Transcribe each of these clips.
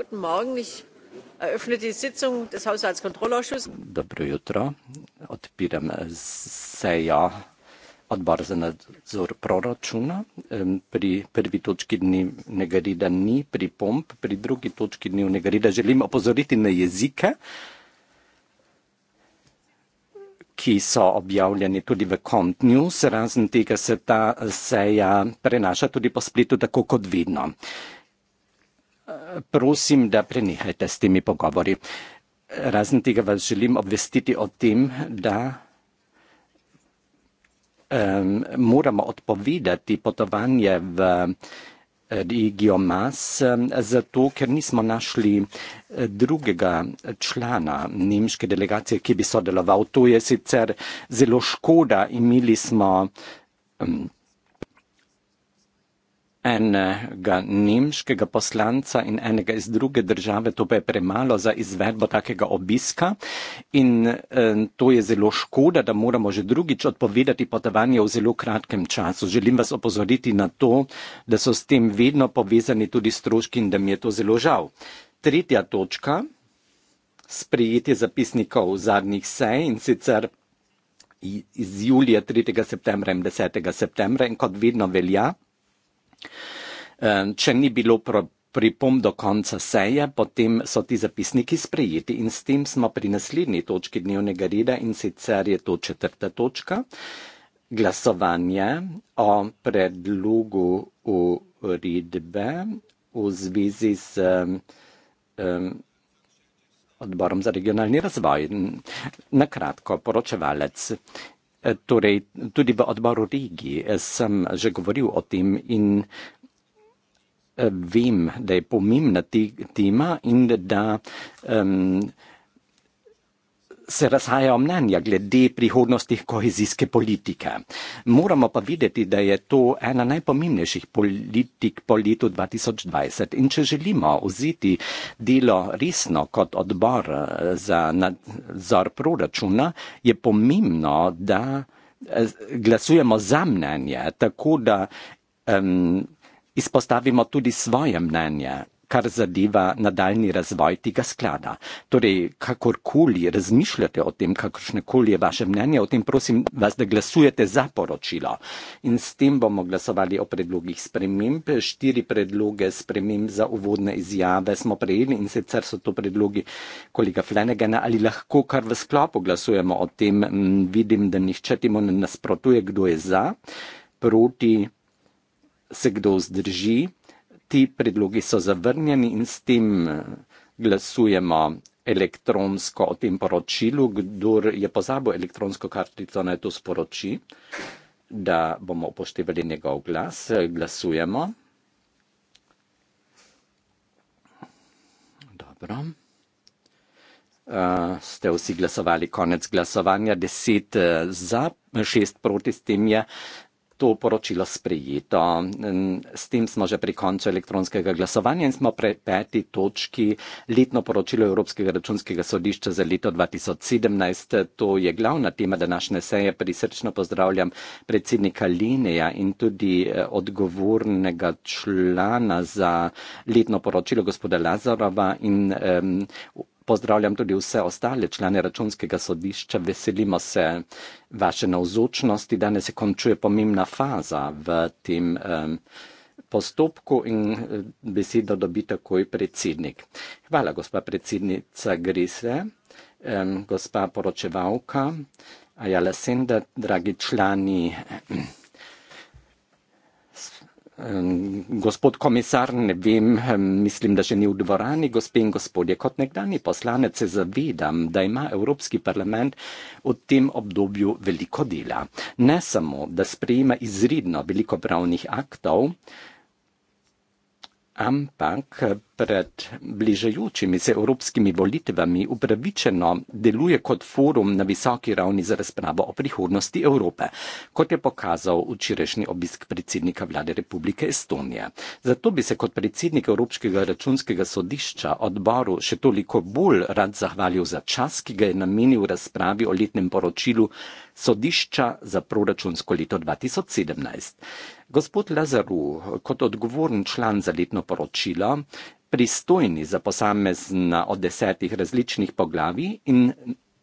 Guten Morgen, ich eröffne die Sitzung des Haushaltskontrollausschusses. Dobro jutro, odpiram e, seja odbor za nadzor proračuna. E, pri prvi točki dnevnega reda ni pripomp, pri drugi točki dnevnega reda želim opozoriti na jezike, ki so objavljeni tudi v Comp News, razen tega se ta seja prenaša tudi po spletu, tako kot vedno prosim, da prenehajte s temi pogovori. Razen tega vas želim obvestiti o tem, da um, moramo odpovedati potovanje v eh, regijo Mas, zato ker nismo našli eh, drugega eh, člana nemške delegacije, ki bi sodeloval. To je sicer zelo škoda, imeli smo. Um, enega nemškega poslanca in enega iz druge države, to pa je premalo za izvedbo takega obiska in eh, to je zelo škoda, da moramo že drugič odpovedati potovanje v zelo kratkem času. Želim vas opozoriti na to, da so s tem vedno povezani tudi stroški in da mi je to zelo žal. Tretja točka, sprejetje zapisnikov zadnjih sej in sicer iz julija 3. septembra in 10. septembra in kot vedno velja, Ehm, če ni bilo pripom do konca seje, potem so ti zapisniki sprejeti in s tem smo pri naslednji točki dnevnega reda in sicer je to četrta točka. Glasovanje o predlogu uredbe v zvezi z um, odborom za regionalni razvoj. Nakratko, poročevalec. Eh, torej tudi v odboru Rigi eh, sem že govoril o tem in eh, vem, da je pomembna tema in da um, se razhajajo mnenja glede prihodnosti kohezijske politike. Moramo pa videti, da je to ena najpomembnejših politik po letu 2020 in če želimo vzeti delo resno kot odbor eh, za nadzor proračuna, je pomembno, da eh, glasujemo za mnenje, tako da um, izpostavimo tudi svoje mnenje kar zadeva nadaljni razvoj tega sklada. Torej, kakorkoli razmišljate o tem, kakršne koli je vaše mnenje, o tem prosim vas, da glasujete za poročilo. In s tem bomo glasovali o predlogih sprememb. Štiri predloge sprememb za uvodne izjave smo prejeli in sicer so to predlogi kolega Flanagana. Ali lahko kar v sklopu glasujemo o tem, m, mm, vidim, da nihče temu ne nasprotuje, kdo je za, proti, se kdo vzdrži ti predlogi so zavrnjeni in s tem eh, glasujemo elektronsko o tem poročilu. Kdor je pozabil elektronsko kartico, naj to sporoči, da bomo upoštevali njegov glas. Eh, glasujemo. Dobro. Uh, ste vsi glasovali konec glasovanja, deset za, šest proti, s tem je to poročilo sprejeto. S tem smo že pri koncu elektronskega glasovanja in smo pri peti točki letno poročilo Evropskega računskega sodišča za leto 2017. To je glavna tema današnje seje. Prisrčno pozdravljam predsednika Lineja in tudi eh, odgovornega člana za letno poročilo gospoda Lazarova in um, pozdravljam tudi vse ostale člane računskega sodišča. Veselimo se vaše navzočnosti. Danes se končuje pomembna faza v tem um, postopku in eh, besedo dobi takoj predsednik. Hvala, gospa predsednica Grise, um, gospa poročevalka Ajala Senda, dragi člani. Um, Gospod komisar, ne vem, mislim, da še ni v dvorani, gospe in gospodje, kot nekdani poslanec se zavedam, da ima Evropski parlament v tem obdobju veliko dela. Ne samo, da sprejema izredno veliko pravnih aktov, ampak pred bližajočimi se evropskimi volitvami upravičeno deluje kot forum na visoki ravni za razpravo o prihodnosti Evrope, kot je pokazal včerajšnji obisk predsednika vlade Republike Estonije. Zato bi se kot predsednik Evropskega računskega sodišča odboru še toliko bolj rad zahvalil za čas, ki ga je namenil razpravi o letnem poročilu sodišča za proračunsko leto 2017. Gospod Lazaru, kot odgovoren član za letno poročilo, pristojni za posamezna od desetih različnih poglavij in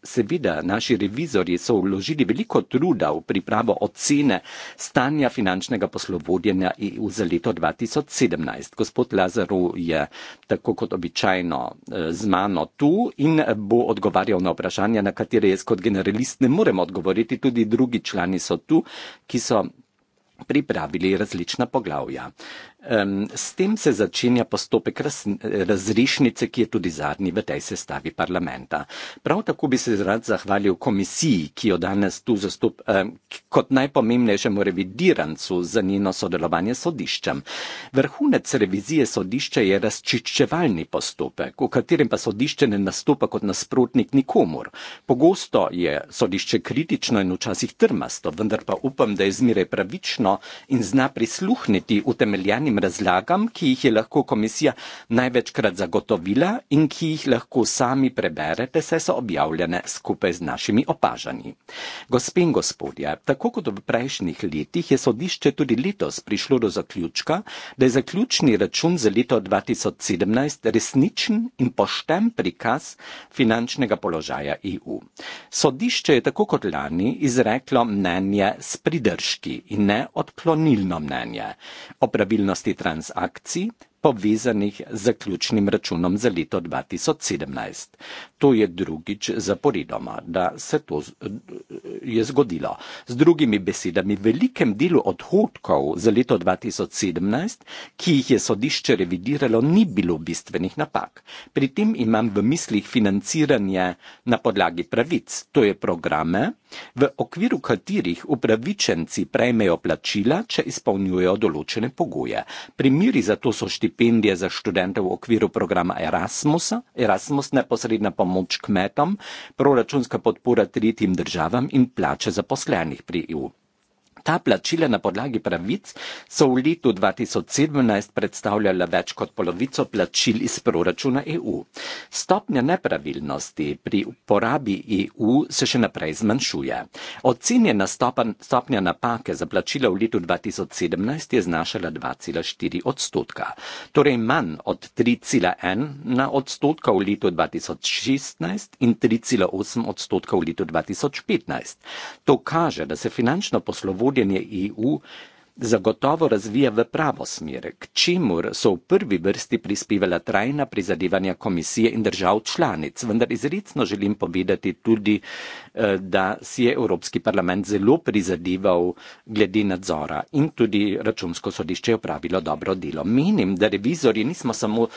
seveda naši revizori so vložili veliko truda v pripravo ocene stanja finančnega poslovodjenja EU za leto 2017. Gospod Lazaru je tako kot običajno eh, z mano tu in bo odgovarjal na vprašanja, na katere jaz kot generalist ne morem odgovoriti. Tudi drugi člani so tu, ki so pripravili različna poglavja. Um, s tem se začenja postopek raz, razrešnice, ki je tudi zadnji v tej sestavi parlamenta. Prav tako bi se rad zahvalil komisiji, ki jo danes tu zastop um, kot najpomembnejšemu revidirancu za njeno sodelovanje s sodiščem. Vrhunec revizije sodišča je razčiščevalni postopek, v katerem pa sodišče ne nastopa kot nasprotnik nikomor. Pogosto je sodišče kritično in včasih trmasto, vendar pa upam, da je zmeraj pravično in zna prisluhniti utemeljanim razlagam, ki jih je lahko komisija največkrat zagotovila in ki jih lahko sami preberete, saj so objavljene skupaj z našimi opažanji. Gospe in gospodje, tako kot v prejšnjih letih je sodišče tudi letos prišlo do zaključka, da je zaključni račun za leto 2017 resničen in pošten prikaz finančnega položaja EU. Sodišče je tako kot lani izreklo mnenje s pridržki in ne odklonilno mnenje. O pravilnosti vrednosti transakcij povezanih z zaključnim računom za leto 2017. To je drugič zaporedoma, da se to je zgodilo. Z drugimi besedami, velikem delu odhodkov za leto 2017, ki jih je sodišče revidiralo, ni bilo bistvenih napak. Pri tem imam v mislih financiranje na podlagi pravic, to je programe, v okviru katerih upravičenci prejmejo plačila, če izpolnjujejo določene pogoje. Primeri za to so številni štipendije za študente v okviru programa Erasmusa, Erasmus neposredna pomoč kmetom, proračunska podpora tretjim državam in plače zaposlenih pri EU ta plačila na podlagi pravic so v letu 2017 predstavljala več kot polovico plačil iz proračuna EU. Stopnja nepravilnosti pri uporabi EU se še naprej zmanjšuje. Ocenjena stopen, stopnja napake za plačila v letu 2017 je znašala 2,4 odstotka, torej manj od 3,1 na odstotka v letu 2016 in 3,8 odstotka v letu 2015. To kaže, da se finančno poslovodje vodenje EU zagotovo razvija v pravo smer, k čemur so v prvi vrsti prispevala trajna prizadevanja komisije in držav članic. Vendar izredno želim povedati tudi, eh, da si je Evropski parlament zelo prizadeval glede nadzora in tudi računsko sodišče je upravilo dobro delo. Menim, da revizori nismo samo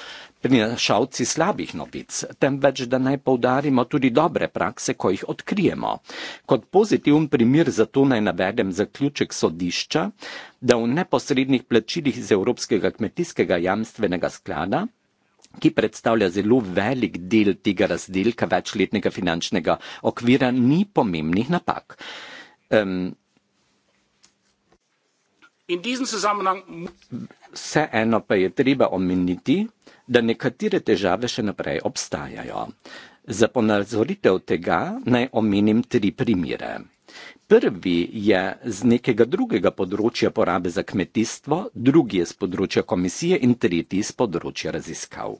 prinašalci slabih novic, temveč da naj povdarimo tudi dobre prakse, ko jih odkrijemo. Kot pozitiven primer za to naj navedem zaključek sodišča, da v neposrednih plačilih iz Evropskega kmetijskega jamstvenega sklada, ki predstavlja zelo velik del tega razdelka večletnega finančnega okvira, ni pomembnih napak. Um, Vseeno pa je treba omeniti, da nekatere težave še naprej obstajajo. Za ponazoritev tega naj omenim tri primere. Prvi je z nekega drugega področja porabe za kmetijstvo, drugi je z področja komisije in tretji je z področja raziskav.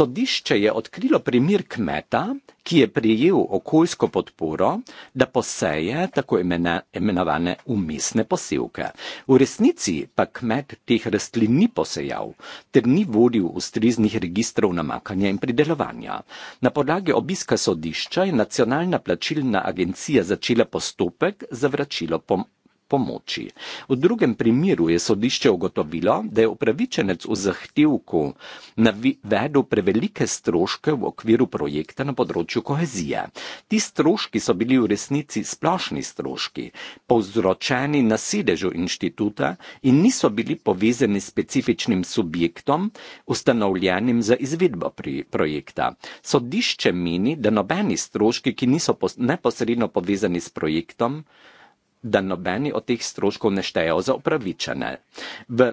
Sodišče je odkrilo primer kmeta, ki je prijel okoljsko podporo, da poseje tako imenovane umestne posevke. V resnici pa kmet teh rastlin ni posejal, ter ni vodil ustriznih registrov namakanja in pridelovanja. Na podlagi obiska sodišča je nacionalna plačilna agencija začela postopek za vračilo pom pomoči. V drugem primeru je sodišče ugotovilo, da je upravičenec v zahtevku navedel prevelike stroške v okviru projekta na področju kohezije. Ti stroški so bili v resnici splošni stroški, povzročeni na sedežu inštituta in niso bili povezani s specifičnim subjektom, ustanovljenim za izvedbo projekta. Sodišče meni, da nobeni stroški, ki niso neposredno povezani s projektom, da nobeni od teh stroškov ne štejejo za upravičene. V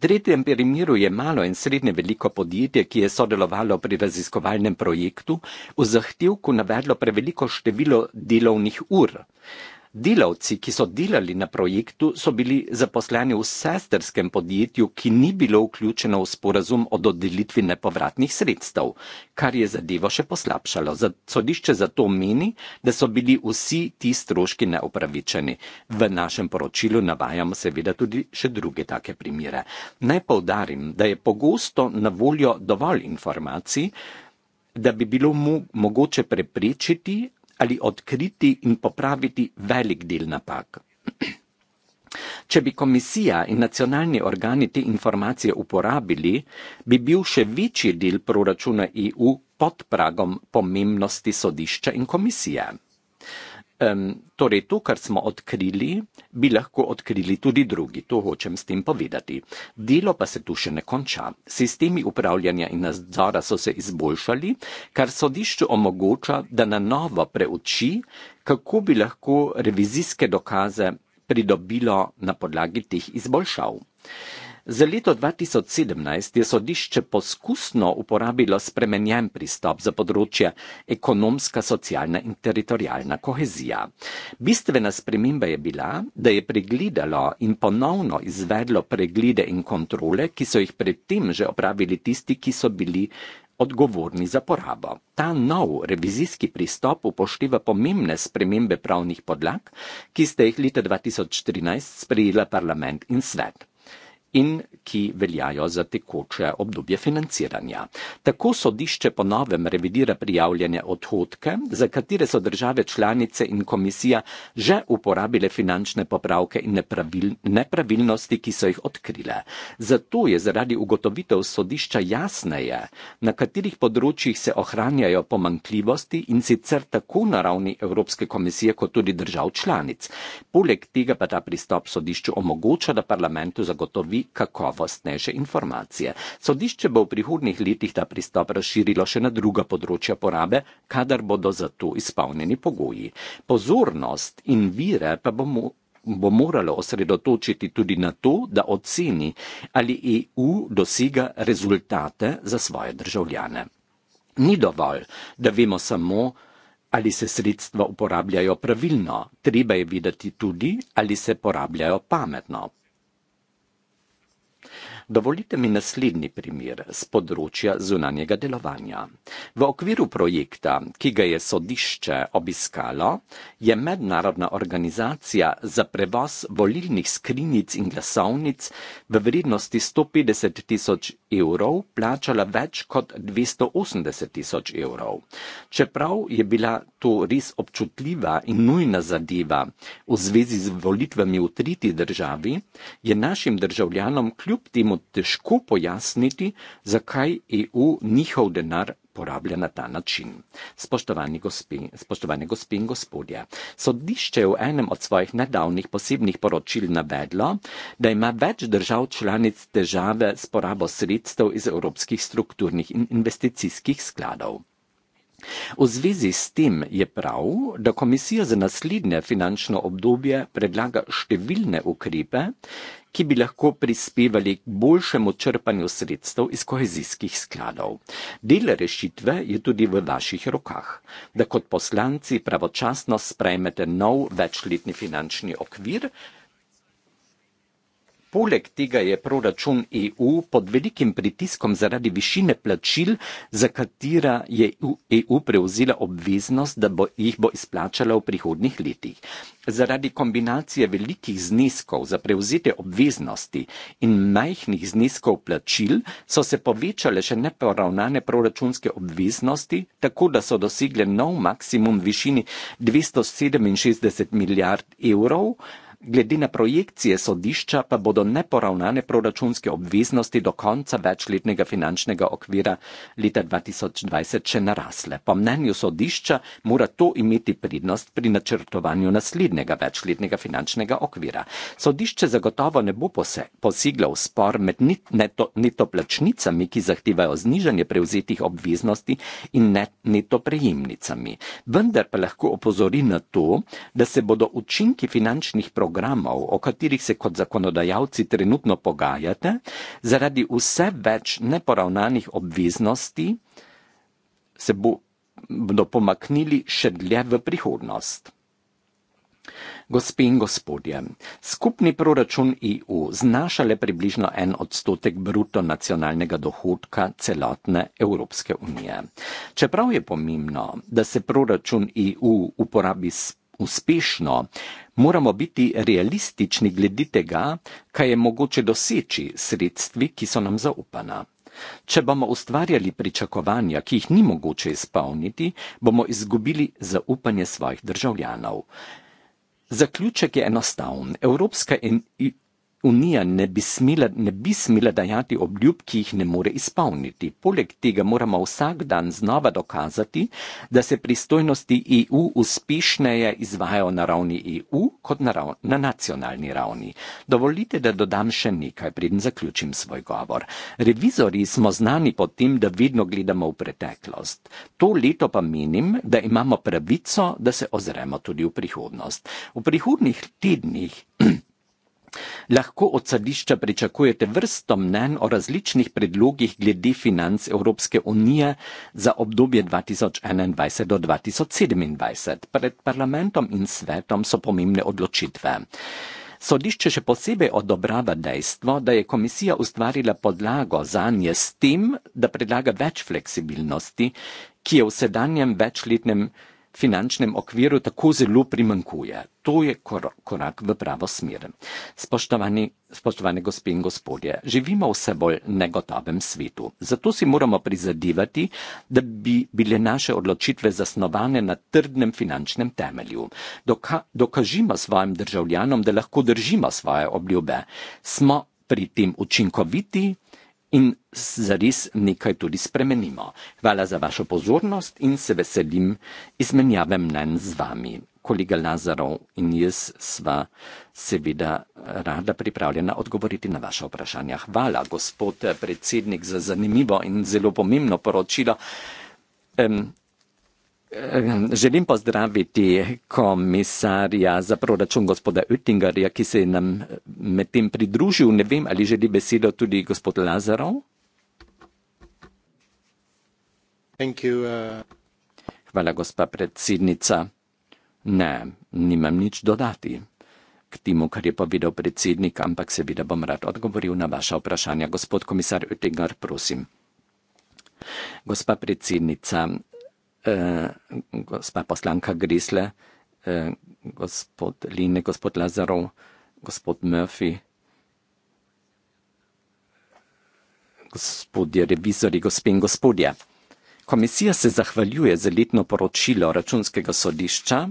tretjem primeru je malo in srednje veliko podjetje, ki je sodelovalo pri raziskovalnem projektu, v zahtevku navedlo preveliko število delovnih ur. Delavci, ki so delali na projektu, so bili zaposleni v sesterskem podjetju, ki ni bilo vključeno v sporazum o dodelitvi nepovratnih sredstev, kar je zadevo še poslabšalo. Sodišče zato meni, da so bili vsi ti stroški neopravičeni. V našem poročilu navajamo seveda tudi še druge take primere. Naj povdarim, da je pogosto na voljo dovolj informacij, da bi bilo mu mogoče preprečiti ali odkriti in popraviti velik del napak. Če bi komisija in nacionalni organi te informacije uporabili, bi bil še večji del proračuna EU pod pragom pomembnosti sodišča in komisije. Um, torej, to, kar smo odkrili, bi lahko odkrili tudi drugi, to hočem s tem povedati. Delo pa se tu še ne konča. Sistemi upravljanja in nadzora so se izboljšali, kar sodišče omogoča, da na novo preuči, kako bi lahko revizijske dokaze pridobilo na podlagi teh izboljšav. Uh, Za leto 2017 je sodišče poskusno uporabilo spremenjen pristop za področje ekonomska, socialna in teritorijalna kohezija. Bistvena sprememba je bila, da je pregledalo in ponovno izvedlo preglede in kontrole, ki so jih predtem že opravili tisti, ki so bili odgovorni za porabo. Ta nov revizijski pristop upošteva pomembne spremembe pravnih podlag, ki ste jih leta 2013 sprejela parlament in svet in ki veljajo za tekoče obdobje financiranja. Tako sodišče ponovem revidira prijavljene odhodke, za katere so države članice in komisija že uporabile finančne popravke in nepravil, nepravilnosti, ki so jih odkrile. Zato je zaradi ugotovitev sodišča jasneje, na katerih področjih se ohranjajo pomankljivosti in sicer tako na ravni Evropske komisije, kot tudi držav članic. Poleg tega pa ta pristop sodišču omogoča, da parlamentu zagotovi kakovostnejše informacije. Sodišče bo v prihodnih letih ta pristop razširilo še na druga področja porabe, kadar bodo za to izpolnjeni pogoji. Pozornost in vire pa bomo bo moralo osredotočiti tudi na to, da oceni, ali EU dosega rezultate za svoje državljane. Ni dovolj, da vemo samo, ali se sredstva uporabljajo pravilno, treba je videti tudi, ali se porabljajo pametno. Dovolite mi naslednji primer z področja zunanjega delovanja. V okviru projekta, ki ga je sodišče obiskalo, je mednarodna organizacija za prevoz volilnih skrinic in glasovnic v vrednosti 150 tisoč evrov plačala več kot 280 tisoč evrov. Čeprav je bila to res občutljiva in nujna zadeva v zvezi z volitvami v tretji državi, je našim državljanom kljub temu težko pojasniti, zakaj EU njihov denar porablja na ta način. Spoštovani gospi, spoštovane gospe in gospodje, sodišče je v enem od svojih nedavnih posebnih poročil navedlo, da ima več držav članic težave s porabo sredstev iz evropskih strukturnih in investicijskih skladov. V zvezi s tem je prav, da komisija za naslednje finančno obdobje predlaga številne ukrepe, ki bi lahko prispevali k boljšemu črpanju sredstev iz kohezijskih skladov. Del rešitve je tudi v vaših rokah, da kot poslanci pravočasno sprejmete nov večletni finančni okvir, Poleg tega je proračun EU pod velikim pritiskom zaradi višine plačil, za katera je EU e prevzela obveznost, da bo jih bo izplačala v prihodnih letih. Zaradi kombinacije velikih zneskov za prevzete obveznosti in majhnih zneskov plačil so se povečale še neporavnane proračunske obveznosti, tako da so dosegle nov maksimum v višini 267 milijard evrov. Glede na projekcije sodišča pa bodo neporavnane proračunske obveznosti do konca večletnega finančnega okvira leta 2020 še narasle. Po mnenju sodišča mora to imeti prednost pri načrtovanju naslednjega večletnega finančnega okvira. Sodišče zagotovo ne bo posiglo v spor med neto, neto plačnicami, ki zahtevajo znižanje prevzetih obveznosti in net, neto prejemnicami. Vendar pa lahko opozori na to, da se bodo učinki finančnih programov programov, o katerih se kot zakonodajalci trenutno pogajate, zaradi vse več neporavnanih obveznosti se bo, bodo pomaknili še dlje v prihodnost. Gospe in gospodje, skupni proračun EU znaša le približno en odstotek bruto nacionalnega dohodka celotne Evropske unije. Čeprav je pomembno, da se proračun EU uporabi uspešno, moramo biti realistični glede tega, kaj je mogoče doseči sredstvi, ki so nam zaupana. Če bomo ustvarjali pričakovanja, ki jih ni mogoče izpolniti, bomo izgubili zaupanje svojih državljanov. Zaključek je enostaven. Evropska unija ne bi, smela, ne bi smela dajati obljub, ki jih ne more izpolniti. Poleg tega moramo vsak dan znova dokazati, da se pristojnosti EU uspešneje izvajo na ravni EU kot na, rav, na nacionalni ravni. Dovolite, da dodam še nekaj, preden zaključim svoj govor. Revizori smo znani po tem, da vedno gledamo v preteklost. To leto pa menim, da imamo pravico, da se ozremo tudi v prihodnost. V prihodnih tednih Lahko od sodišča pričakujete vrsto mnen o različnih predlogih glede financ Evropske unije za obdobje 2021 do 2027. Pred parlamentom in svetom so pomembne odločitve. Sodišče še posebej odobrava dejstvo, da je komisija ustvarila podlago za nje s tem, da predlaga več fleksibilnosti, ki je v sedanjem večletnem finančnem okviru tako zelo primankuje. To je kor korak v pravo smer. Spoštovani, spoštovane gospe in gospodje, živimo v vse bolj negotovem svetu, zato si moramo prizadevati, da bi bile naše odločitve zasnovane na trdnem finančnem temelju. Doka dokažimo svojim državljanom, da lahko držimo svoje obljube. Smo pri tem učinkoviti, in zares nekaj tudi spremenimo. Hvala za vašo pozornost in se veselim izmenjave mnen z vami. Kolega Lazarov in jaz sva seveda rada pripravljena odgovoriti na vaše vprašanja. Hvala, gospod predsednik, za zanimivo in zelo pomembno poročilo. Um, Želim pozdraviti komisarja za proračun gospoda Oettingerja, ki se je nam med tem pridružil. Ne vem, ali želi besedo tudi gospod Lazarov. Uh, Hvala, gospa predsednica. Ne, nimam nič dodati k temu, kar je povedal predsednik, ampak seveda bom rad odgovoril na vaša vprašanja. Gospod komisar Oettinger, prosim. Gospa predsednica, Eh, gospa poslanka Grisle, eh, gospod Line, gospod Lazarov, gospod Murphy, gospodje revizori, gospe in gospodje. Komisija se zahvaljuje za letno poročilo računskega sodišča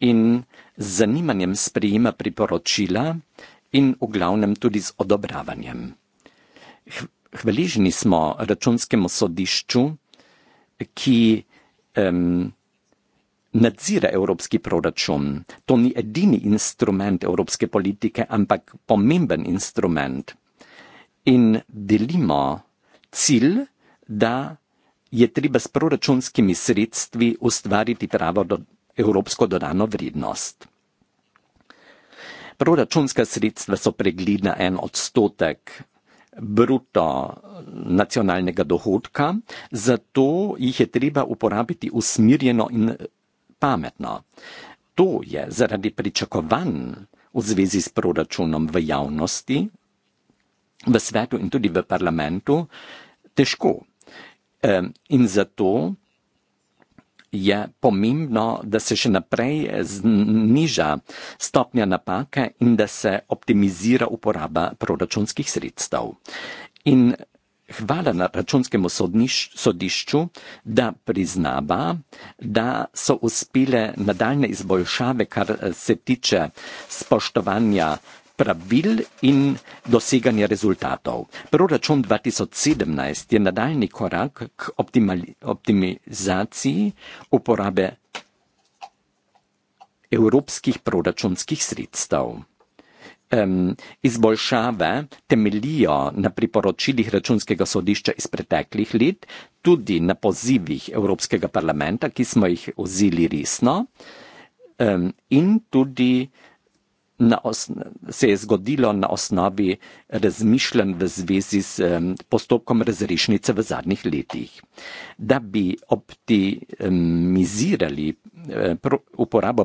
in z zanimanjem sprejema priporočila in v glavnem tudi z odobravanjem. Hvaležni smo računskemu sodišču, ki um, nadzira evropski proračun. To ni edini instrument evropske politike, ampak pomemben instrument. In delimo cilj, da je treba s proračunskimi sredstvi ustvariti pravo do, evropsko dodano vrednost. Proračunska sredstva so pregledna en odstotek bruto nacionalnega dohodka, zato jih je treba uporabiti usmirjeno in pametno. To je zaradi pričakovanj v zvezi s proračunom v javnosti, v svetu in tudi v parlamentu težko. Ehm, in zato je pomembno, da se še naprej zniža stopnja napake in da se optimizira uporaba proračunskih sredstev. In hvala na računskemu sodniš, sodišču, da priznava, da so uspele nadaljne izboljšave, kar se tiče spoštovanja pravil in doseganje rezultatov. Proračun 2017 je nadaljni korak k optimizaciji uporabe evropskih proračunskih sredstev. Um, izboljšave temelijo na priporočilih računskega sodišča iz preteklih let, tudi na pozivih Evropskega parlamenta, ki smo jih vzeli resno um, in tudi na se je zgodilo na osnovi razmišljanj v zvezi s um, postopkom razrešnice v zadnjih letih. Da bi optimizirali e, pro uporabo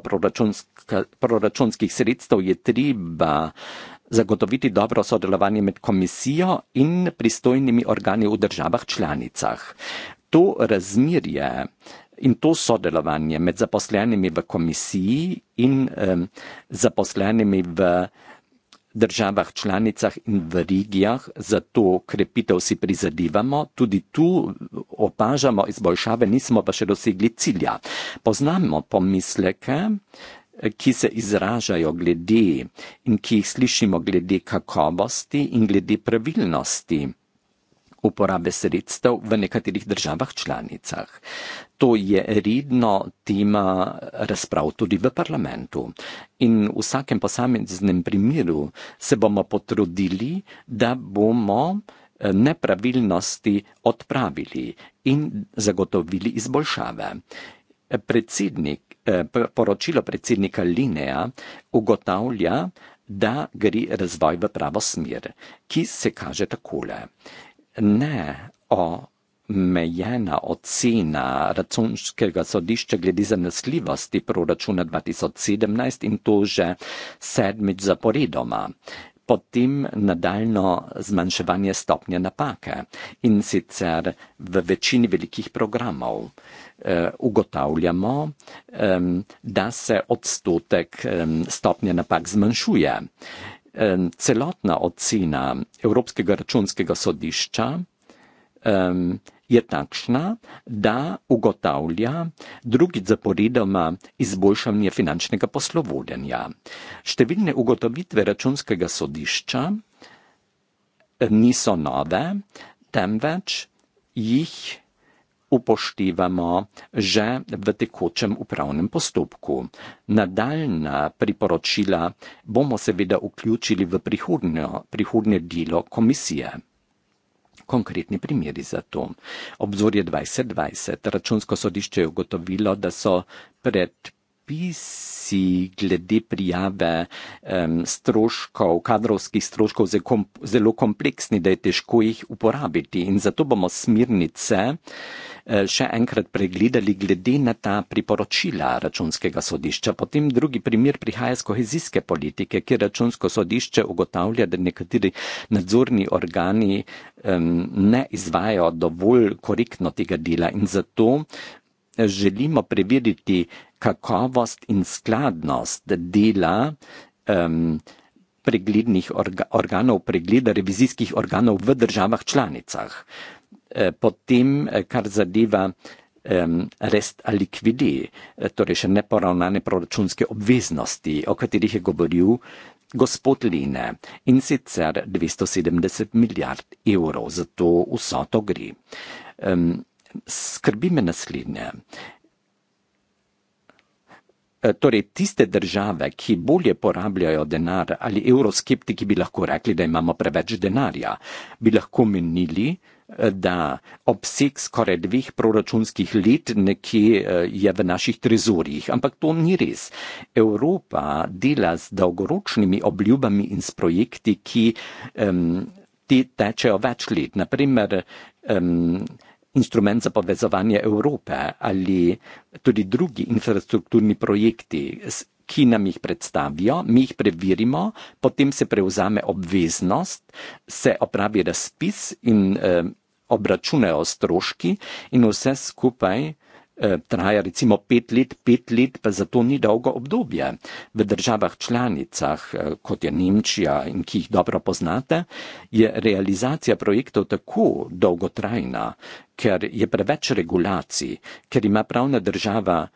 proračunskih sredstev, je treba zagotoviti dobro sodelovanje med komisijo in pristojnimi organi v državah članicah. To razmerje In to sodelovanje med zaposlenimi v komisiji in um, zaposlenimi v državah, članicah in v regijah, za to krepitev si prizadivamo, tudi tu opažamo izboljšave, nismo pa še dosegli cilja. Poznamo pomisleke, ki se izražajo glede in ki jih slišimo glede kakovosti in glede pravilnosti uporabe sredstev v nekaterih državah članicah. To je redno tema razprav tudi v parlamentu. In v vsakem posameznem primeru se bomo potrudili, da bomo eh, nepravilnosti odpravili in zagotovili izboljšave. Eh, predsednik, eh, poročilo predsednika Linea ugotavlja, da gre razvoj v pravo smer, ki se kaže takole ne o mejena ocena računskega sodišča glede zanesljivosti proračuna 2017 in to že sedmič zaporedoma. Potem nadaljno zmanjševanje stopnje napake in sicer v večini velikih programov e, ugotavljamo, e, da se odstotek e, stopnje napak zmanjšuje celotna ocena Evropskega računskega sodišča je takšna, da ugotavlja drugi zaporedoma izboljšanje finančnega poslovodenja. Številne ugotovitve računskega sodišča niso nove, temveč jih upoštevamo že v tekočem upravnem postopku. Nadaljna priporočila bomo seveda vključili v prihodnje delo komisije. Konkretni primeri za to. Obzorje 2020. Računsko sodišče je ugotovilo, da so pred razpisi glede prijave um, stroškov, kadrovskih stroškov zelo kompleksni, da je težko jih uporabiti. In zato bomo smirnice eh, še enkrat pregledali glede na ta priporočila računskega sodišča. Potem drugi primer prihaja iz kohezijske politike, kjer računsko sodišče ugotavlja, da nekateri nadzorni organi um, ne izvajo dovolj korektno tega dela in zato želimo preveriti kakovost in skladnost dela um, preglednih orga, organov, pregleda revizijskih organov v državah članicah. E, potem, e, kar zadeva rest ali kvidi, e, torej še neporavnane proračunske obveznosti, o katerih je govoril gospod Line in sicer 270 milijard evrov, zato vso to gre skrbi me naslednje. E, torej, tiste države, ki bolje porabljajo denar ali euroskeptiki bi lahko rekli, da imamo preveč denarja, bi lahko menili, e, da obseg skoraj dveh proračunskih let nekje e, je v naših trezorjih. Ampak to ni res. Evropa dela z dolgoročnimi obljubami in s projekti, ki um, te tečejo več let. Naprimer, um, instrument za povezovanje Evrope ali tudi drugi infrastrukturni projekti, ki nam jih predstavijo, mi jih preverimo, potem se prevzame obveznost, se opravi razpis in eh, obračunajo stroški in vse skupaj. Eh, traja recimo pet let, pet let pa zato ni dolgo obdobje. V državah članicah, eh, kot je Nemčija in ki jih dobro poznate, je realizacija projektov tako dolgotrajna, ker je preveč regulacij, ker ima pravna država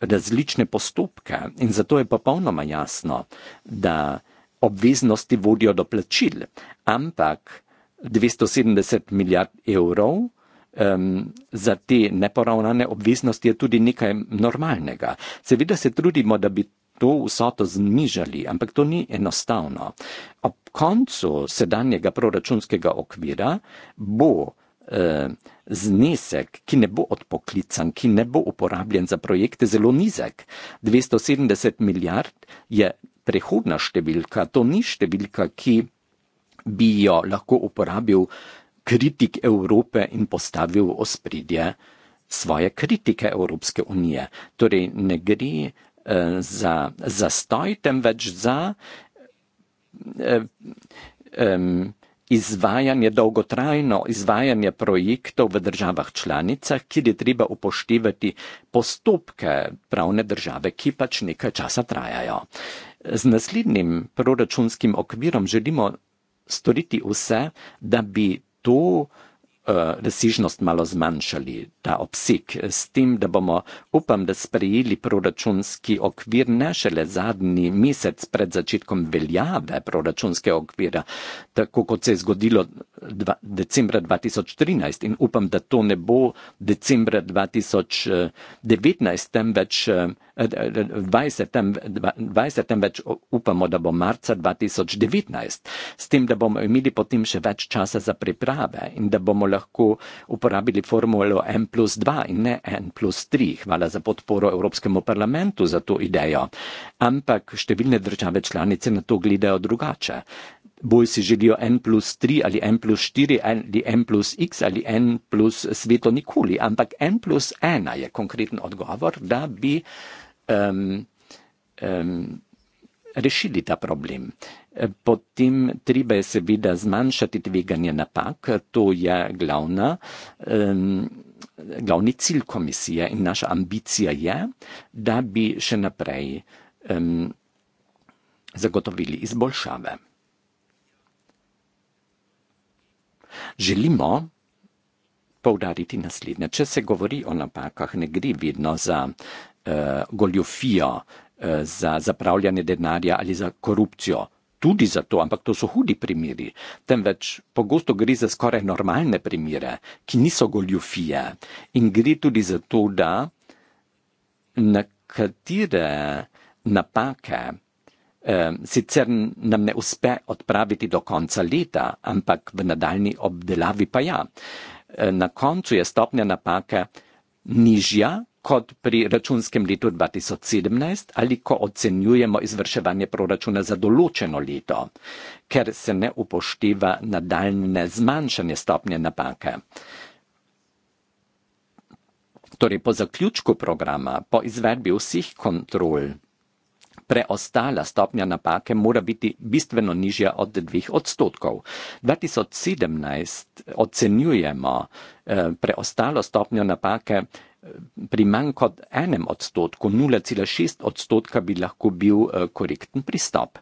različne postopke in zato je popolnoma jasno, da obveznosti vodijo do plačil, ampak 270 milijard evrov um, za te neporavnane obveznosti je tudi nekaj normalnega. Seveda se trudimo, da bi to vsoto znižali, ampak to ni enostavno. Ob koncu sedanjega proračunskega okvira bo e, znesek, ki ne bo odpoklican, ki ne bo uporabljen za projekte, zelo nizek. 270 milijard je prehodna številka, to ni številka, ki bi jo lahko uporabil kritik Evrope in postavil v ospredje svoje kritike Evropske unije. Torej ne gre uh, za zastoj, temveč za uh, um, izvajanje, dolgotrajno izvajanje projektov v državah članicah, kjer je treba upoštevati postopke pravne države, ki pač nekaj časa trajajo. Z naslednjim proračunskim okvirom želimo storiti vse, da bi to eh, razsižnost malo zmanjšali, ta obseg, s tem, da bomo, upam, da sprejeli proračunski okvir ne šele zadnji mesec pred začetkom veljave proračunskega okvira, tako kot se je zgodilo dva, decembra 2013 in upam, da to ne bo decembra 2019, temveč 20, tem, 20, temveč upamo, da bo marca 2019, s tem, da bomo imeli potem še več časa za priprave in da bomo lahko uporabili formulo N plus 2 in ne N plus 3. Hvala za podporo Evropskemu parlamentu za to idejo. Ampak številne države članice na to gledajo drugače. Boj si želijo en plus tri ali en plus štiri ali en plus x ali en plus sveto nikoli, ampak en plus ena je konkreten odgovor, da bi um, um, rešili ta problem. Potem treba je seveda zmanjšati tveganje napak, to je glavna, um, glavni cilj komisije in naša ambicija je, da bi še naprej um, zagotovili izboljšave. Želimo poudariti naslednje. Če se govori o napakah, ne gre vedno za uh, goljofijo, uh, za zapravljanje denarja ali za korupcijo. Tudi zato, ampak to so hudi primeri, temveč pogosto gre za skoraj normalne primere, ki niso goljofije. In gre tudi zato, da nekatere napake, Ehm, sicer nam ne uspe odpraviti do konca leta, ampak v nadaljni obdelavi pa ja. Ehm, na koncu je stopnja napake nižja kot pri računskem letu 2017 ali ko ocenjujemo izvrševanje proračuna za določeno leto, ker se ne upošteva nadaljne zmanjšanje stopnje napake. Torej, po zaključku programa, po izvedbi vseh kontrol, preostala stopnja napake mora biti bistveno nižja od dveh odstotkov. 2017 ocenjujemo eh, preostalo stopnjo napake eh, pri manj kot enem odstotku, 0,6 odstotka bi lahko bil eh, korekten pristop.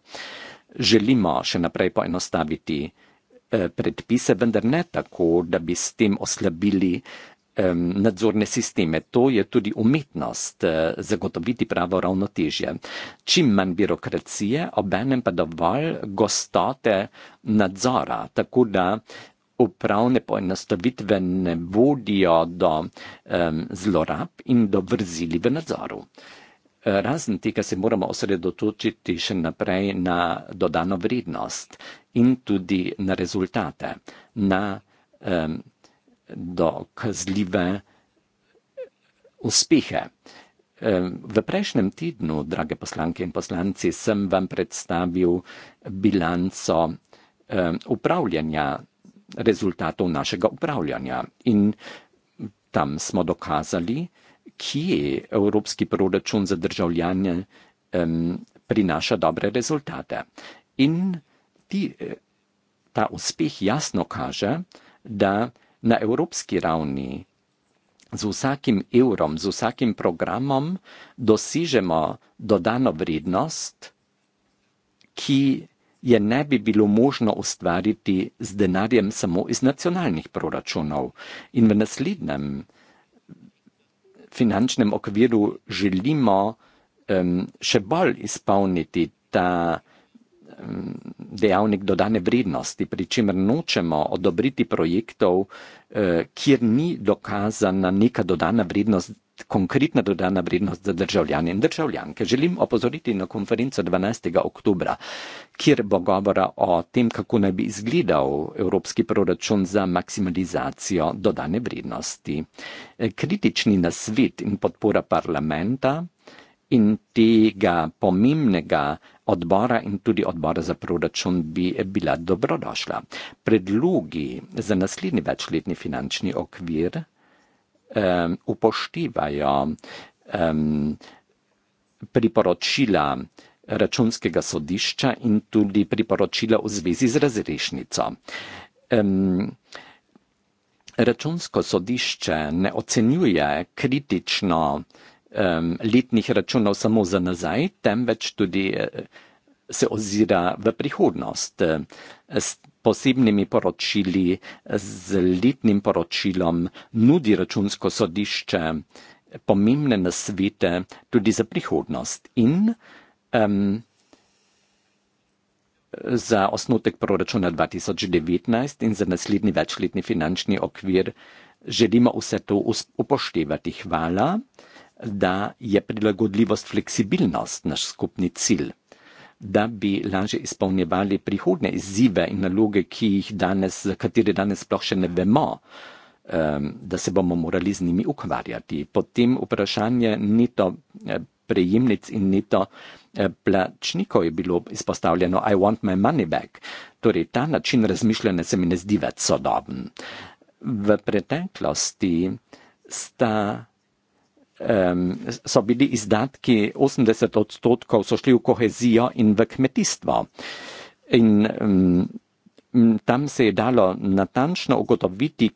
Želimo še naprej poenostaviti predpise, vendar ne tako, da bi s tem oslabili um, nadzorne sisteme. To je tudi umetnost uh, zagotoviti pravo ravnotežje. Čim manj birokracije, obenem pa dovolj gostote nadzora, tako da upravne poenostavitve ne vodijo do um, zlorab in do vrzili v nadzoru. Razen tega se moramo osredotočiti še naprej na dodano vrednost in tudi na rezultate, na um, dokazljive uspehe. V prejšnjem tednu, drage poslanke in poslanci, sem vam predstavil bilanco upravljanja, rezultatov našega upravljanja in tam smo dokazali, kje evropski proračun za državljanje prinaša dobre rezultate. In ti, eh, ta uspeh jasno kaže, da na evropski ravni z vsakim evrom, z vsakim programom dosižemo dodano vrednost, ki je ne bi bilo možno ustvariti z denarjem samo iz nacionalnih proračunov. In v naslednjem finančnem okviru želimo um, še bolj izpolniti ta dejavnik dodane vrednosti, pri čemer nočemo odobriti projektov, eh, kjer ni dokazana neka dodana vrednost, konkretna dodana vrednost za državljane in državljanke. Želim opozoriti na konferenco 12. oktobra, kjer bo govora o tem, kako naj bi izgledal evropski proračun za maksimalizacijo dodane vrednosti. Eh, kritični nasvet in podpora parlamenta in tega pomembnega odbora in tudi odbora za proračun bi bila dobrodošla. Predlogi za naslednji večletni finančni okvir um, upoštevajo um, priporočila računskega sodišča in tudi priporočila v zvezi z razrešnico. Um, računsko sodišče ne ocenjuje kritično um, letnih računov samo za nazaj, temveč tudi eh, se ozira v prihodnost eh, s posebnimi poročili, z letnim poročilom, nudi računsko sodišče pomembne nasvete tudi za prihodnost in um, za osnotek proračuna 2019 in za naslednji večletni finančni okvir želimo vse to upoštevati. Hvala da je prilagodljivost, fleksibilnost naš skupni cilj, da bi lažje izpolnjevali prihodne izzive in naloge, ki jih danes, za katere danes sploh še ne vemo, da se bomo morali z njimi ukvarjati. Potem vprašanje neto eh, prejemnic in neto eh, plačnikov je bilo izpostavljeno, I want my money back. Torej, ta način razmišljanja se mi ne zdi več sodoben. V preteklosti sta um, so bili izdatki 80 odstotkov, so šli v kohezijo in v kmetijstvo. In um, tam se je dalo natančno ugotoviti,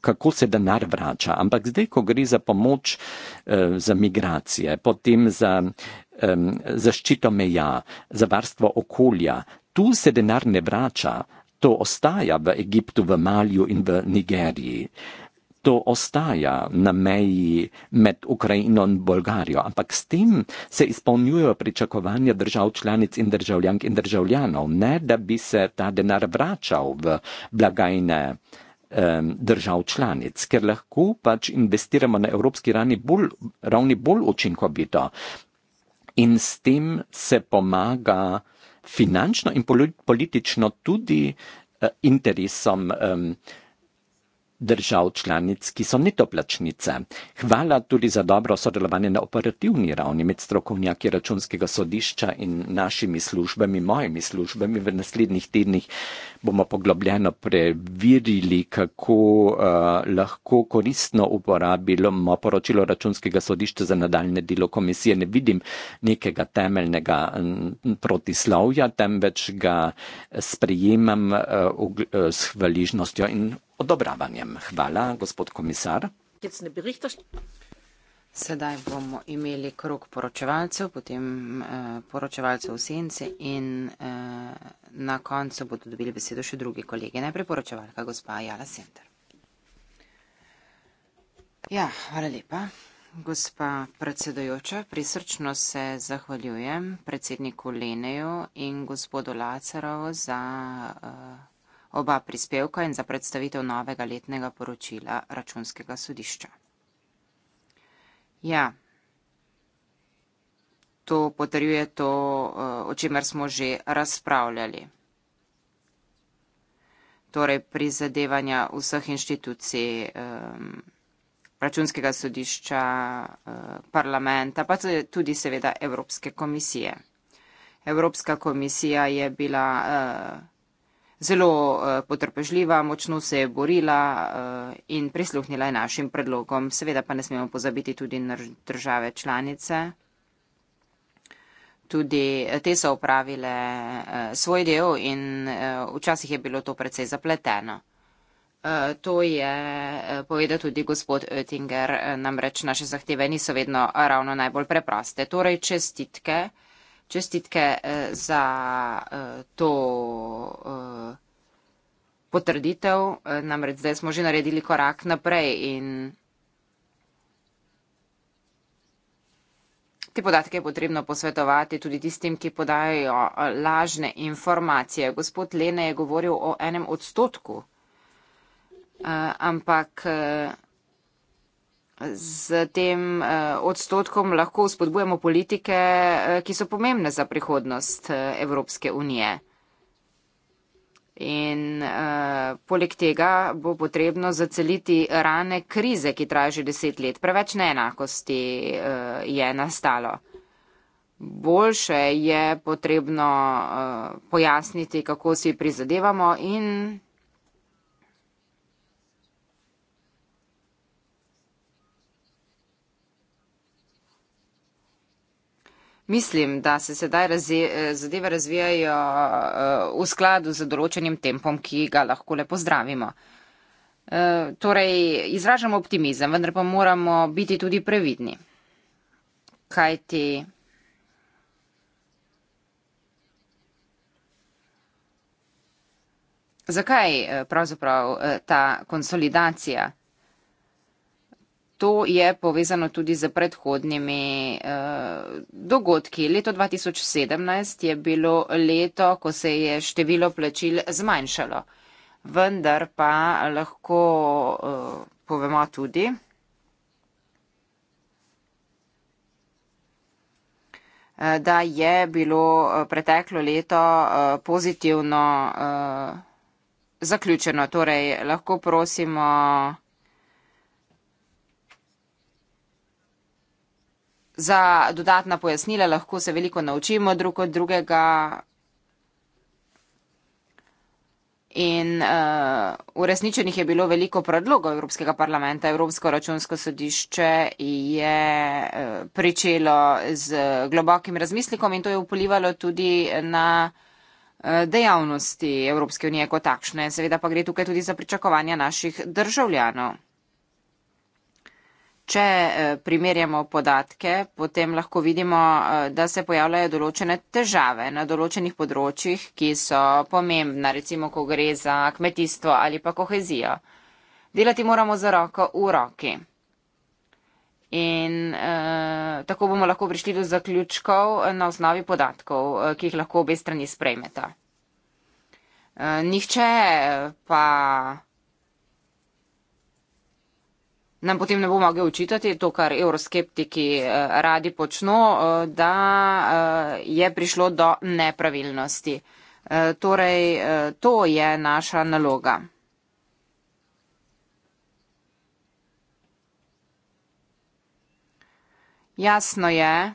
kako se denar vrača. Ampak zdaj, ko gre za pomoč uh, za migracije, potem za um, zaščito meja, za varstvo okolja, tu se denar ne vrača. To ostaja v Egiptu, v Malju in v Nigeriji to ostaja na meji med Ukrajino in Bolgarijo, ampak s tem se izpolnjujejo pričakovanja držav članic in državljank in državljanov, ne da bi se ta denar vračal v blagajne držav članic, ker lahko pač investiramo na evropski ravni bolj, ravni bolj učinkovito in s tem se pomaga finančno in politično tudi eh, interesom um, držav članic, ki so netoplačnice. Hvala tudi za dobro sodelovanje na operativni ravni med strokovnjaki računskega sodišča in našimi službami, mojimi službami. V naslednjih tednih bomo poglobljeno preverili, kako uh, lahko koristno uporabimo poročilo računskega sodišča za nadaljne delo komisije. Ne vidim nekega temeljnega protislovja, temveč ga sprejemam uh, eh, uh, s hvaližnostjo in odobravanjem. Hvala, gospod komisar. Sedaj bomo imeli krok poročevalcev, potem eh, poročevalcev v senci in eh, na koncu bodo dobili besedo še drugi kolegi. Najprej poročevalka gospa Jala Center. Ja, hvala lepa. Gospa predsedojoča, prisrčno se zahvaljujem predsedniku Leneju in gospodu Lacarov za. Eh, oba prispevka in za predstavitev novega letnega poročila računskega sodišča. Ja, to potrjuje to, eh, o čemer smo že razpravljali. Torej prizadevanja vseh inštitucij um, računskega sodišča, uh, parlamenta, pa tudi seveda Evropske komisije. Evropska komisija je bila uh, zelo eh, potrpežljiva, močno se je borila eh, in prisluhnila našim predlogom. Seveda pa ne smemo pozabiti tudi na države članice. Tudi eh, te so upravile svoj del in včasih je bilo to precej zapleteno. To je povedal tudi gospod Oettinger, namreč naše zahteve niso vedno ravno najbolj preproste. Torej, čestitke čestitke eh, za eh, to eh, potrditev, namreč zdaj smo že naredili korak naprej in te podatke je potrebno posvetovati tudi tistim, ki podajajo lažne informacije. Gospod Lene je govoril o enem odstotku, ampak z tem eh, odstotkom lahko spodbujamo politike, eh, ki so pomembne za prihodnost eh, Evropske unije. In uh, poleg tega bo potrebno zaceliti rane krize, ki traja že deset let. Preveč neenakosti uh, je nastalo. Boljše je potrebno uh, pojasniti, kako si prizadevamo in Mislim, da se sedaj razje, eh, zadeve razvijajo eh, v skladu z določenim tempom, ki ga lahko le pozdravimo. Eh, torej, izražamo optimizem, vendar pa moramo biti tudi previdni. Kaj ti? Zakaj pravzaprav ta konsolidacija? to je povezano tudi z predhodnimi uh, dogodki. Leto 2017 je bilo leto, ko se je število plačil zmanjšalo. Vendar pa lahko uh, povemo tudi, eh, da je bilo preteklo leto pozitivno zaključeno. Torej, lahko prosimo za dodatna pojasnila lahko se veliko naučimo drug od drugega. In uh, uresničenih je bilo veliko predlogov Evropskega parlamenta. Evropsko računsko sodišče je uh, pričelo z globokim razmislikom in to je vplivalo tudi na uh, dejavnosti Evropske unije kot takšne. Seveda pa gre tukaj tudi za pričakovanja naših državljanov. Če eh, primerjamo podatke, potem lahko vidimo, eh, da se pojavljajo določene težave na določenih področjih, ki so pomembna, recimo, ko gre za kmetijstvo ali pa kohezijo. Delati moramo za roko v roki. In eh, tako bomo lahko prišli do zaključkov eh, na osnovi podatkov, ki jih lahko obe strani sprejmeta. Eh, nihče pa nam potem ne bo mogel očitati to, kar euroskeptiki eh, radi počno, eh, da eh, je prišlo do nepravilnosti. Torej, to je naša naloga. Jasno je,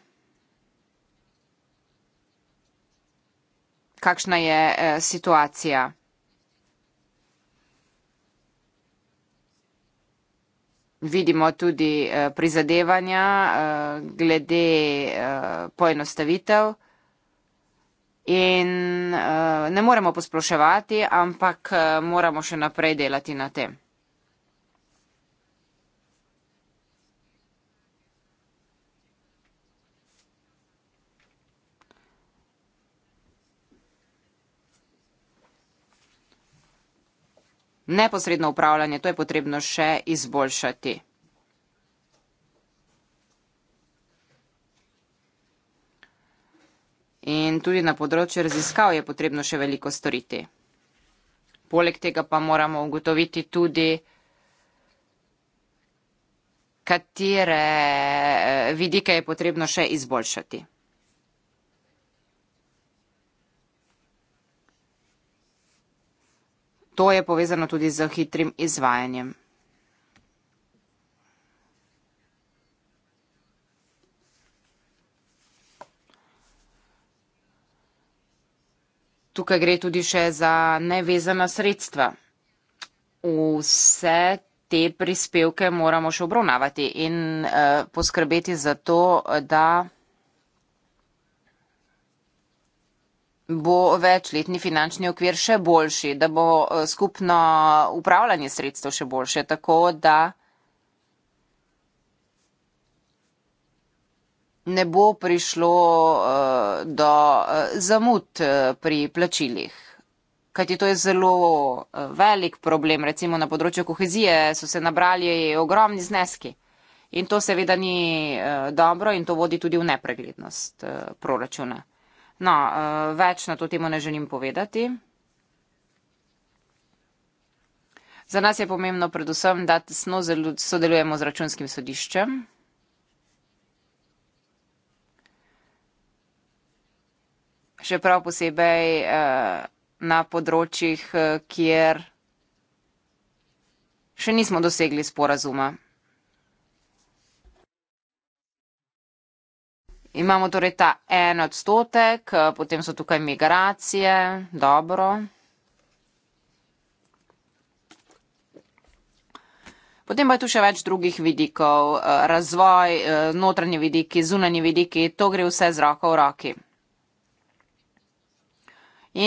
kakšna je situacija. vidimo tudi eh, prizadevanja eh, glede eh, poenostavitev. In ne moremo posploševati, ampak moramo še naprej delati na tem. neposredno upravljanje, to je potrebno še izboljšati. In tudi na področju raziskav je potrebno še veliko storiti. Poleg tega pa moramo ugotoviti tudi, katere eh, vidike je potrebno še izboljšati. To je povezano tudi z hitrim izvajanjem. Tukaj gre tudi še za nevezana sredstva. Vse te prispevke moramo še obravnavati in uh, poskrbeti za to, da. bo večletni finančni okvir še boljši, da bo eh, skupno upravljanje sredstev še boljše. Tako da ne bo prišlo eh, do eh, zamud pri plačilih. Kajti to je zelo velik problem. Recimo na področju kohezije so se nabrali ogromni zneski. In to seveda ni dobro in to vodi tudi v nepreglednost proračuna. No, eh, več na to temo ne želim povedati. Za nas je pomembno predvsem, da tesno sodelujemo z računskim sodiščem. Še prav posebej eh, na področjih, eh, kjer še nismo dosegli sporazuma. Imamo torej ta en odstotek, eh, potem so tukaj migracije, dobro. Potem pa je tu še več drugih vidikov, eh, razvoj, eh, notranji vidiki, zunanji vidiki, to gre vse z roko v roki.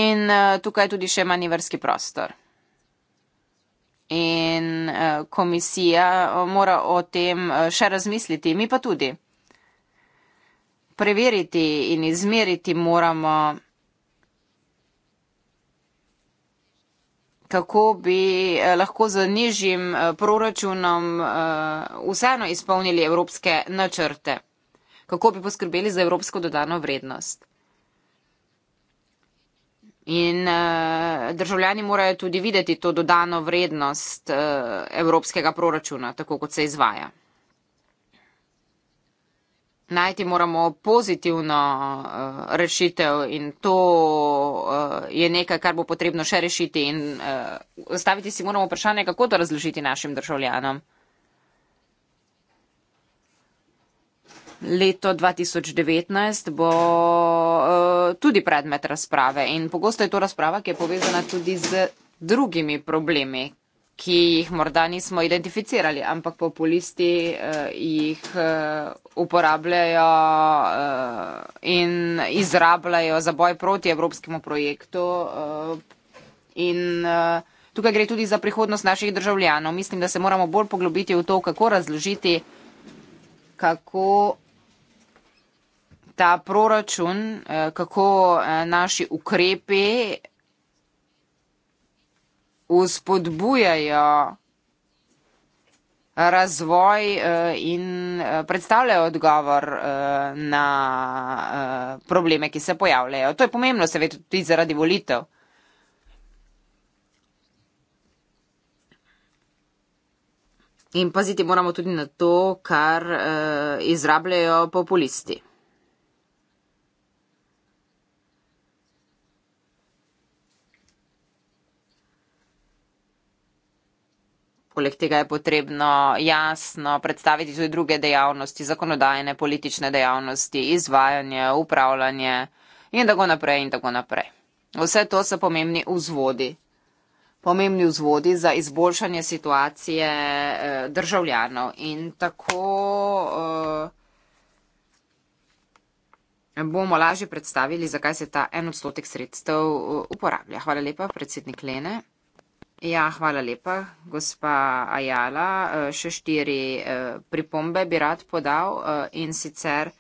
In tukaj je tudi še manjverski prostor. In komisija mora o tem še razmisliti, mi pa tudi preveriti in izmeriti moramo, kako bi eh, lahko z nižjim eh, proračunom eh, vseeno izpolnili evropske načrte, kako bi poskrbeli za evropsko dodano vrednost. In državljani morajo tudi videti to dodano vrednost evropskega proračuna, tako kot se izvaja najti moramo pozitivno uh, rešitev in to uh, je nekaj, kar bo potrebno še rešiti in uh, eh, staviti si moramo vprašanje, kako to razložiti našim državljanom. Leto 2019 bo uh, tudi predmet razprave in pogosto je to razprava, ki je povezana tudi z drugimi problemi, ki jih morda nismo identificirali, ampak populisti uh, jih uh, uporabljajo uh, in izrabljajo za boj proti evropskemu projektu. Uh, in uh, tukaj gre tudi za prihodnost naših državljanov. Mislim, da se moramo bolj poglobiti v to, kako razložiti, kako. Ta proračun, kako naši ukrepi vzpodbujajo razvoj eh, in eh, predstavljajo odgovor eh, na probleme, ki se pojavljajo. To je pomembno, seveda, tudi zaradi volitev. In paziti moramo tudi na to, kar izrabljajo populisti. Poleg tega je potrebno jasno predstaviti tudi druge dejavnosti, zakonodajne, politične dejavnosti, izvajanje, upravljanje in tako naprej in tako naprej. Vse to so pomembni vzvodi. Pomembni vzvodi za izboljšanje situacije eh, državljanov in tako eh, bomo lažje predstavili, zakaj se ta en odstotek sredstev eh, uporablja. Hvala lepa, predsednik Lene. Ja, hvala lepa, gospa Ajala. E, še štiri e, pripombe bi rad podal e, in sicer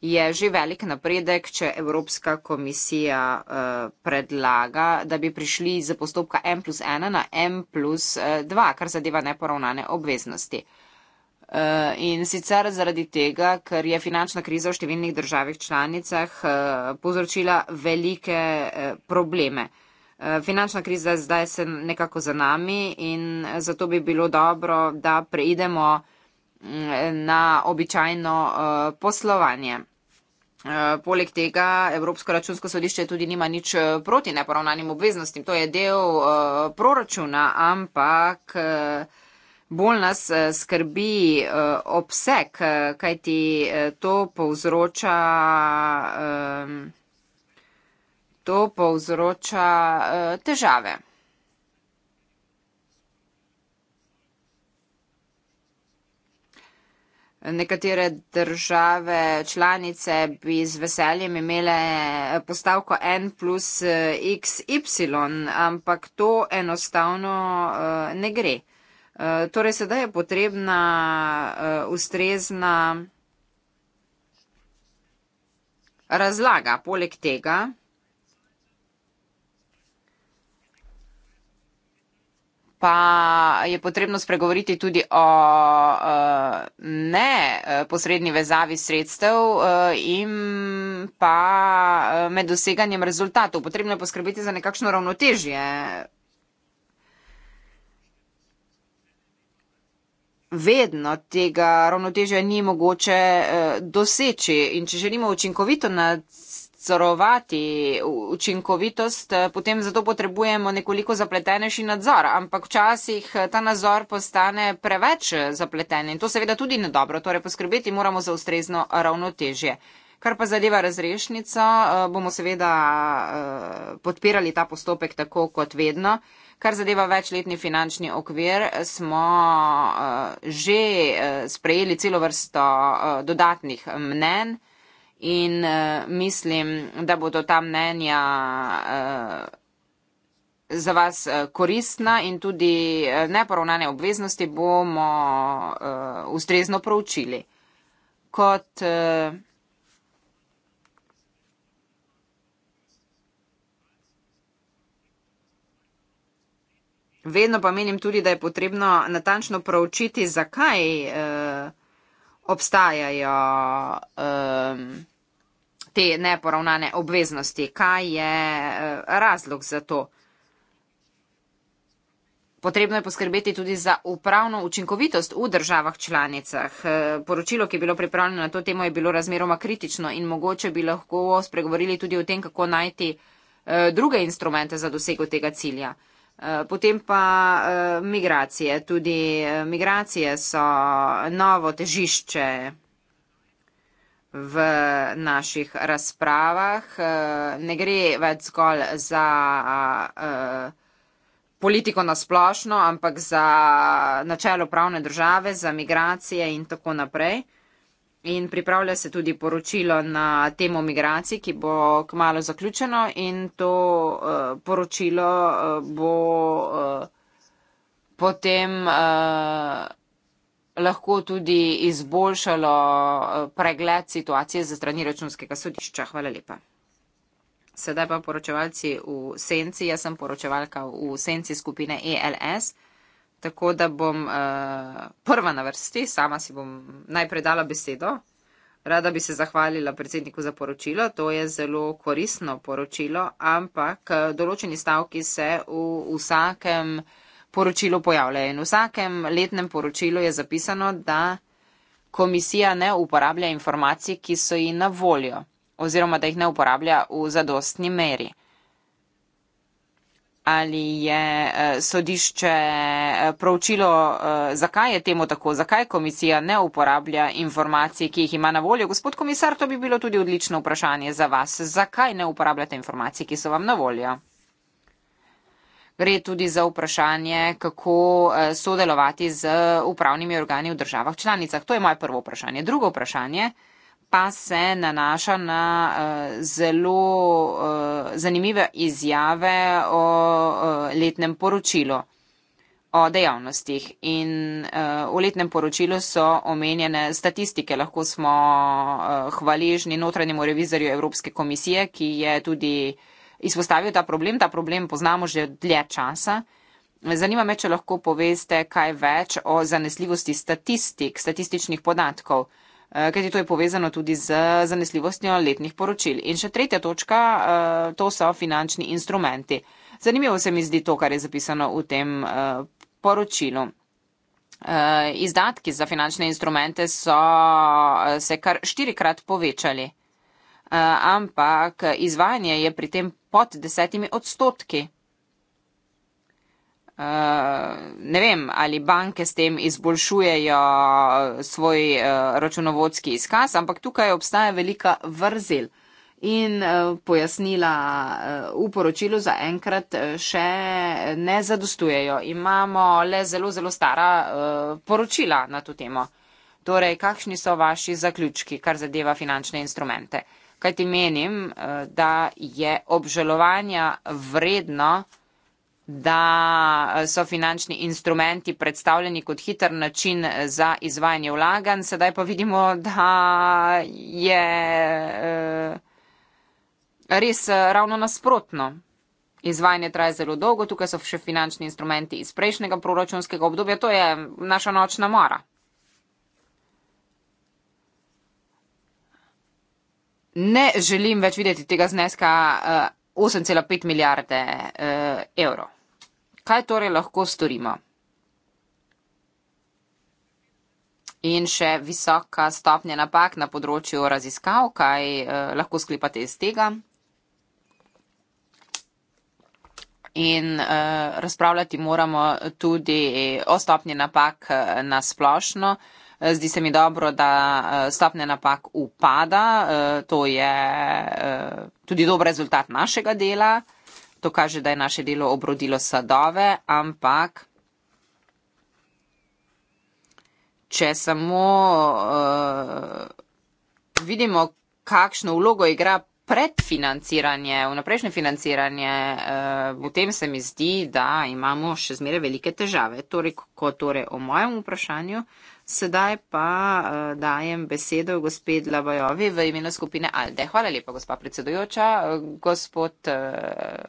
je že velik napredek, če Evropska komisija predlaga, da bi prišli za postopka M plus 1 na M plus 2, kar zadeva neporavnane obveznosti. In sicer zaradi tega, ker je finančna kriza v številnih državih članicah povzročila velike probleme finančna kriza zdaj se nekako za nami in zato bi bilo dobro, da preidemo mm, na običajno eh, poslovanje. Eh, poleg tega Evropsko računsko sodišče tudi nima nič eh, proti neporavnanim obveznostim. To je del proračuna, ampak bolj nas skrbi obseg, kaj ti to povzroča to povzroča eh, težave. Nekatere države članice bi z veseljem imele postavko N plus eh, XY, ampak to enostavno eh, ne gre. Torej, sedaj je potrebna ustrezna razlaga. Poleg tega pa je potrebno spregovoriti tudi o eh, neposredni eh, vezavi sredstev eh, in pa med doseganjem rezultatov. Potrebno je poskrbeti za nekakšno ravnotežje. Vedno tega ravnotežja ni mogoče doseči in če želimo učinkovito nadzirati, nadzorovati učinkovitost, eh, potem zato potrebujemo nekoliko zapletenejši nadzor. Ampak včasih eh, ta nadzor postane preveč eh, zapleten in to seveda tudi ni dobro. Torej, poskrbeti moramo za ustrezno ravnotežje. Kar pa zadeva razrešnico, bomo seveda podpirali ta postopek tako kot vedno. Kar zadeva večletni finančni okvir, smo že sprejeli celo vrsto dodatnih mnen in uh, mislim, da bodo ta mnenja uh, za vas uh, koristna in tudi uh, neporovnane obveznosti bomo uh, ustrezno proučili. Kot, uh, vedno pa menim tudi, da je potrebno natančno proučiti, zakaj uh, obstajajo. Uh, te neporavnane obveznosti. Kaj je eh, razlog za to? Potrebno je poskrbeti tudi za upravno učinkovitost v državah članicah. Eh, poročilo, ki je bilo pripravljeno na to temo, je bilo razmeroma kritično in mogoče bi lahko spregovorili tudi o tem, kako najti eh, druge instrumente za dosego tega cilja. Potem pa migracije. Tudi migracije so novo težišče v naših razpravah. Eh, ne gre več zgolj za eh, politiko nasplošno, ampak za načelo pravne države, za migracije in tako naprej. In pripravlja se tudi poročilo na temo migracij, ki bo kmalo zaključeno in to eh, poročilo bo potem lahko tudi izboljšalo eh, pregled situacije za strani računskega sodišča. Hvala lepa. Sedaj pa poročevalci v senci. Jaz sem poročevalka v senci skupine ELS, tako da bom uh, prva na vrsti, sama si bom najprej dala besedo. Rada bi se zahvalila predsedniku za poročilo, to je zelo koristno poročilo, ampak eh, določeni stavki se v vsakem poročilu pojavljajo. In v vsakem letnem poročilu je zapisano, da komisija ne uporablja informacij, ki so ji na voljo oziroma da jih ne uporablja v zadostni meri. Ali je eh, sodišče eh, pravčilo, eh, zakaj je temu tako, zakaj komisija ne uporablja informacij, ki jih ima na voljo? Gospod komisar, to bi bilo tudi odlično vprašanje za vas. Zakaj ne uporabljate informacij, ki so vam na voljo? gre tudi za vprašanje, kako eh, sodelovati z upravnimi organi v državah članicah. To je moje prvo vprašanje. Drugo vprašanje pa se nanaša na eh, zelo eh, zanimive izjave o letnem poročilu o dejavnostih. In v letnem poročilu so omenjene statistike. Lahko smo hvaležni notranjemu revizorju Evropske komisije, ki je tudi izpostavil ta problem. Ta problem poznamo že dlje časa. Zanima me, če lahko poveste kaj več o zanesljivosti statistik, statističnih podatkov, eh, kajti to je povezano tudi z zanesljivostjo letnih poročil. In še tretja točka, eh, to so finančni instrumenti. Zanimivo se mi zdi to, kar je zapisano v tem eh, poročilu. Izdatki za finančne instrumente so se kar štirikrat povečali. Eh, ampak izvajanje je pri tem pod desetimi odstotki. Eh, ne vem, ali banke s tem izboljšujejo svoj eh, računovodski izkaz, ampak tukaj obstaja velika vrzel. In pojasnila v poročilu za enkrat še ne zadostujejo. Imamo le zelo, zelo stara poročila na to temo. Torej, kakšni so vaši zaključki, kar zadeva finančne instrumente? kajti menim, eh, da je obžalovanja vredno, da eh, so finančni instrumenti predstavljeni kot hiter način eh, za izvajanje vlaganj. Sedaj pa vidimo, da je res ravno nasprotno. Izvajanje traje zelo dolgo, tukaj so še finančni instrumenti iz prejšnjega proračunskega obdobja, to je naša nočna mora. ne želim več videti tega zneska uh, eh, 8,5 milijarde uh, evrov. Kaj torej lahko storimo? In še visoka stopnja napak na področju raziskav, kaj uh, lahko sklepate iz tega. In uh, razpravljati moramo tudi o stopnji napak na splošno. Uh, zdi se mi dobro, da eh, stopnja napak upada. Eh, to je eh, tudi dober rezultat našega dela. To kaže, da je naše delo obrodilo sadove, ampak če samo uh, vidimo, kakšno vlogo igra predfinanciranje, vnaprejšnje financiranje, uh, v tem se mi zdi, da imamo še zmeraj velike težave. Torej, ko torej o mojem vprašanju, uh, Sedaj pa uh, dajem besedo gospod Lavajovi v imenu skupine Alde. Hvala lepa, gospa predsedujoča. Gospod uh,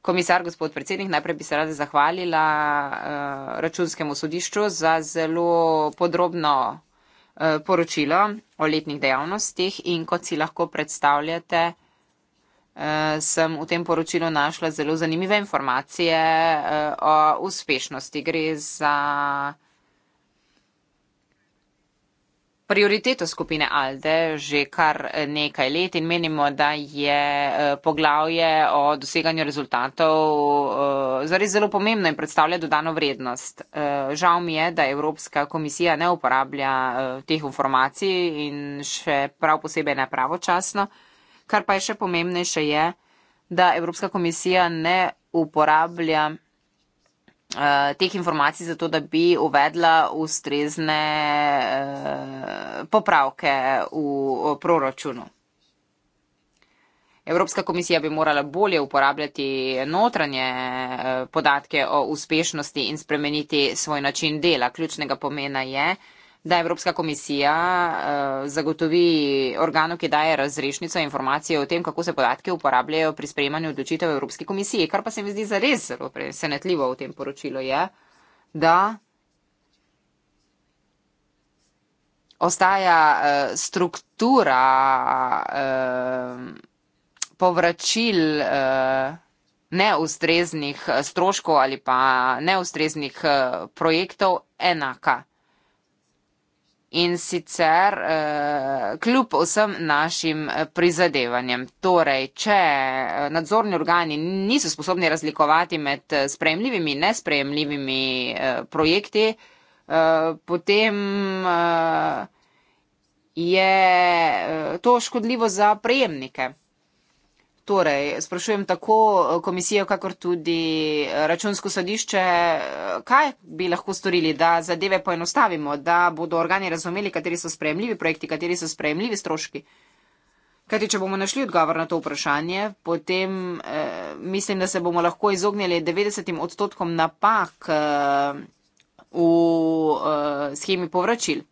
komisar, gospod predsednik, najprej bi se rada zahvalila uh, računskemu sodišču za zelo podrobno uh, poročilo o letnih dejavnostih in kot si lahko predstavljate, sem v tem poročilu našla zelo zanimive informacije o uspešnosti. Gre za prioriteto skupine ALDE že kar nekaj let in menimo, da je eh, poglavje o doseganju rezultatov eh, zares zelo pomembno in predstavlja dodano vrednost. Eh, žal mi je, da Evropska komisija ne uporablja teh informacij in še prav posebej ne pravočasno. Kar pa je še pomembnejše je, da Evropska komisija ne uporablja Eh, teh informacij za to, da bi uvedla ustrezne eh, popravke v proračunu. Evropska komisija bi morala bolje uporabljati notranje eh, podatke o uspešnosti in spremeniti svoj način dela. Ključnega pomena je, da Evropska komisija uh, zagotovi organu, ki daje razrešnico informacije o tem, kako se podatke uporabljajo pri sprejemanju odločitev Evropske komisije. Kar pa se mi zdi zares zelo presenetljivo v tem poročilu je, da ostaja uh, struktura uh, povračil. Uh, neustreznih stroškov ali pa neustreznih projektov enaka in sicer uh, kljub vsem našim eh, prizadevanjem. Torej, če eh, nadzorni organi niso sposobni razlikovati med sprejemljivimi in nesprejemljivimi uh, projekti, uh, potem. Uh, Je to škodljivo za prejemnike? Torej, sprašujem tako eh, komisijo, kakor tudi eh, računsko sodišče, eh, kaj bi lahko storili, da zadeve poenostavimo, da bodo organi razumeli, kateri so sprejemljivi projekti, kateri so sprejemljivi stroški. Kajti, če bomo našli odgovor na to vprašanje, potem eh, mislim, da se bomo lahko izognili 90 odstotkom napak eh, v eh, schemi povračil.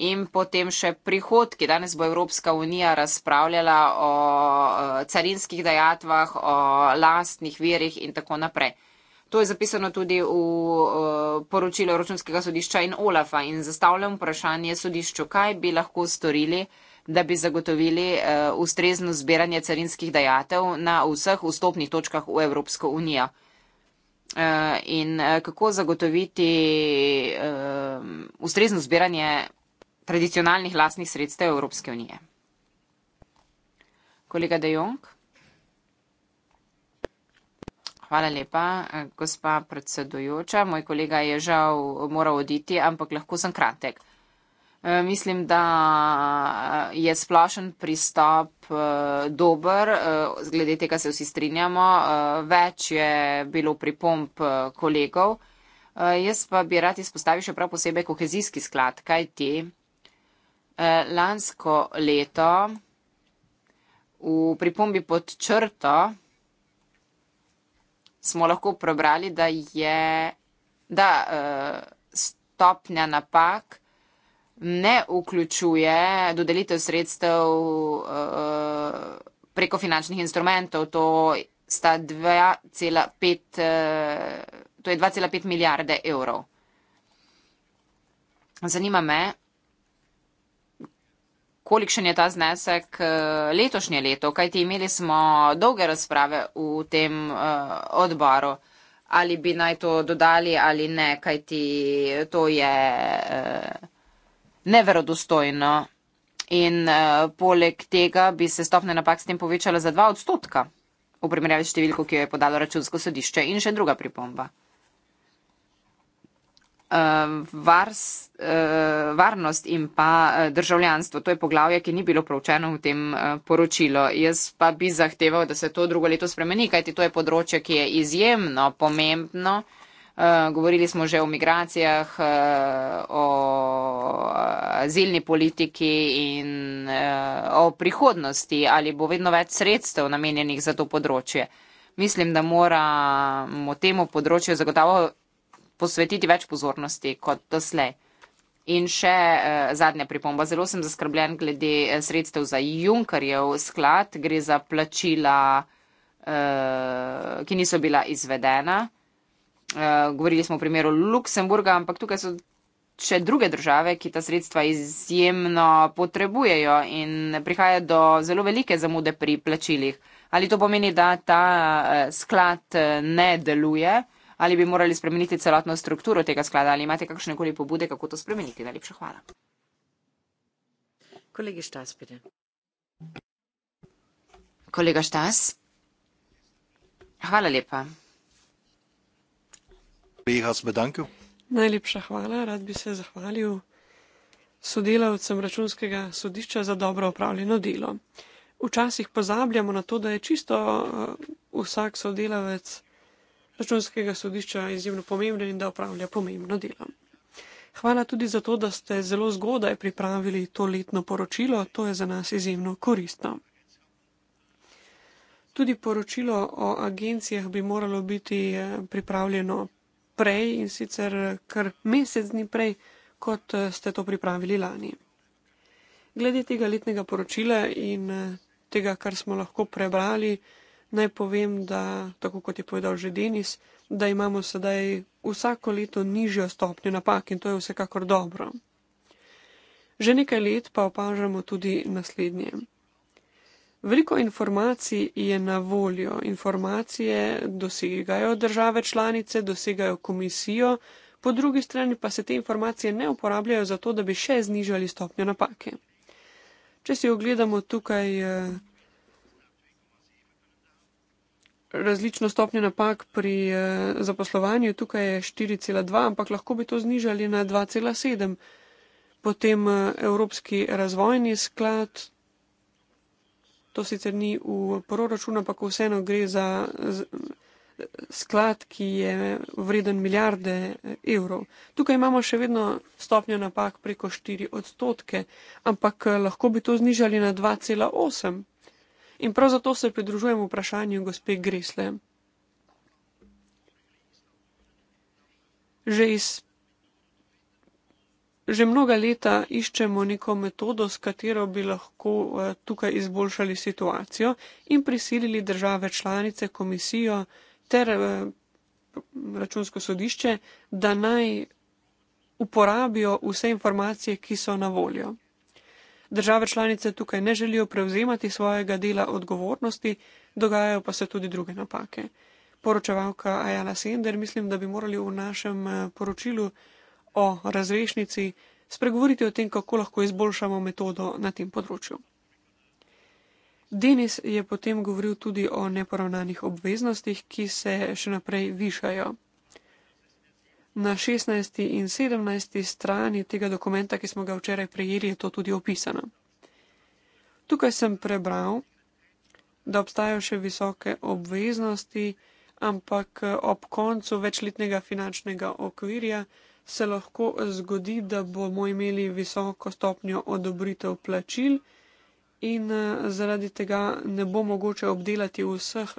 in potem še prihodki. Danes bo Evropska unija razpravljala o e, carinskih dejatvah, o lastnih verjih in tako naprej. To je zapisano tudi v e, poročilu Evropskega sodišča in OLAFA in zastavljam vprašanje sodišču, kaj bi lahko storili, da bi zagotovili e, ustrezno zbiranje carinskih dejatev na vseh vstopnih točkah v Evropsko unijo. In kako zagotoviti ustrezno zbiranje tradicionalnih lastnih sredstev Evropske unije. Kolega De Jong. Hvala lepa, gospa predsedujoča. Moj kolega je žal moral oditi, ampak lahko sem kratek. E, mislim, da je splošen pristop e, dober, e, glede tega se vsi strinjamo, več je bilo pripomp kolegov. Jaz pa bi rad izpostavil še prav posebej kohezijski sklad, kaj ti Eh, lansko leto v pripombi pod črto smo lahko prebrali, da je da eh, stopnja napak ne vključuje dodelitev sredstev eh, preko finančnih instrumentov. To sta 2,5 to je 2,5 milijarde evrov. Zanima me, kolikšen je ta znesek eh, letošnje leto, kajti imeli smo dolge razprave v tem eh, odboru, ali bi naj to dodali ali ne, kajti to je eh, neverodostojno. In poleg tega bi se stopne napak s tem povečala za dva odstotka v primerjavi s številko, ki jo je podalo računsko sodišče. In še druga pripomba. Um, vars, uh, varnost in pa uh, državljanstvo. To je poglavje, ki ni bilo proučeno v tem uh, poročilu. Jaz pa bi zahteval, da se to drugo leto spremeni, kajti to je področje, ki je izjemno pomembno. Govorili smo že o migracijah, o azilni politiki in o prihodnosti, ali bo vedno več sredstev namenjenih za to področje. Mislim, da moramo temu področju zagotavljati posvetiti več pozornosti kot doslej. In še eh, zadnja pripomba. Zelo sem zaskrbljen glede eh, sredstev za Junkerjev sklad. Gre za plačila, eh, ki niso bila izvedena. Eh, govorili smo o primeru Luksemburga, ampak tukaj so še druge države, ki ta sredstva izjemno potrebujejo in prihaja do zelo velike zamude pri plačilih. Ali to pomeni, da ta eh, sklad eh, ne deluje? ali bi morali spremeniti celotno strukturo tega sklada, ali imate kakšne koli pobude, kako to spremeniti. Najlepša hvala. Kolegi Štas, pide. Kolega Štas, hvala lepa. Najlepša hvala, rad bi se zahvalil sodelavcem računskega sodišča za dobro opravljeno delo. Včasih pozabljamo na to, da je čisto eh, vsak sodelavec računskega sodišča izjemno pomemben in da upravlja pomembno delo. Hvala tudi za to, da ste zelo zgodaj pripravili to letno poročilo, to je za nas izjemno koristno. Tudi poročilo o agencijah bi moralo biti eh, pripravljeno prej in sicer kar mesec dni prej, kot eh, ste to pripravili lani. Glede tega letnega poročila in eh, tega, kar smo lahko prebrali, Naj povem, da tako kot je povedal že Denis, da imamo sedaj vsako leto nižjo stopnjo napak in to je vsekakor dobro. Že nekaj let pa opažamo tudi naslednje. Veliko informacij je na voljo, informacije dosegajo države članice, dosegajo komisijo, po drugi strani pa se te informacije ne uporabljajo za to, da bi še znižali stopnjo napake. Če si ogledamo tukaj eh, različno stopnjo napak pri eh, zaposlovanju, tukaj je 4,2, ampak lahko bi to znižali na 2,7. Potem eh, Evropski razvojni sklad, to sicer ni v proračunu, ampak vseeno gre za z, sklad, ki je vreden milijarde eh, evrov. Tukaj imamo še vedno stopnjo napak preko 4 odstotke, ampak eh, lahko bi to znižali na 2,8. In prav zato se pridružujem vprašanju gospe Gresle. Že, iz, že mnoga leta iščemo neko metodo, s katero bi lahko eh, tukaj izboljšali situacijo in prisilili države članice, komisijo ter eh, računsko sodišče, da naj uporabijo vse informacije, ki so na voljo. Države članice tukaj ne želijo prevzemati svojega dela odgovornosti, dogajajo pa se tudi druge napake. Poročevalka Ajala Sender, mislim, da bi morali v našem eh, poročilu o razrešnici spregovoriti o tem, kako lahko izboljšamo metodo na tem področju. Denis je potem govoril tudi o neporavnanih obveznostih, ki se še naprej višajo na 16. in 17. strani tega dokumenta, ki smo ga včeraj prejeli, je to tudi opisano. Tukaj sem prebral, da obstajajo še visoke obveznosti, ampak ob koncu večletnega finančnega okvirja se lahko zgodi, da bomo imeli visoko stopnjo odobritev plačil in zaradi tega ne bo mogoče obdelati vseh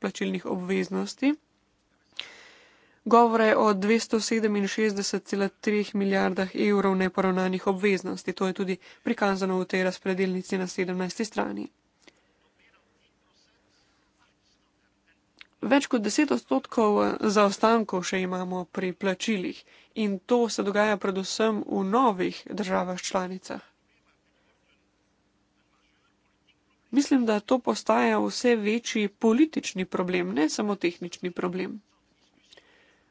plačilnih obveznosti. Govore o 267,3 milijardah evrov neporavnanih obveznosti. To je tudi prikazano v tej razpredelnici na 17. strani. Več kot 10 odstotkov zaostankov še imamo pri plačilih in to se dogaja predvsem v novih državah članicah. Mislim, da to postaja vse večji politični problem, ne samo tehnični problem.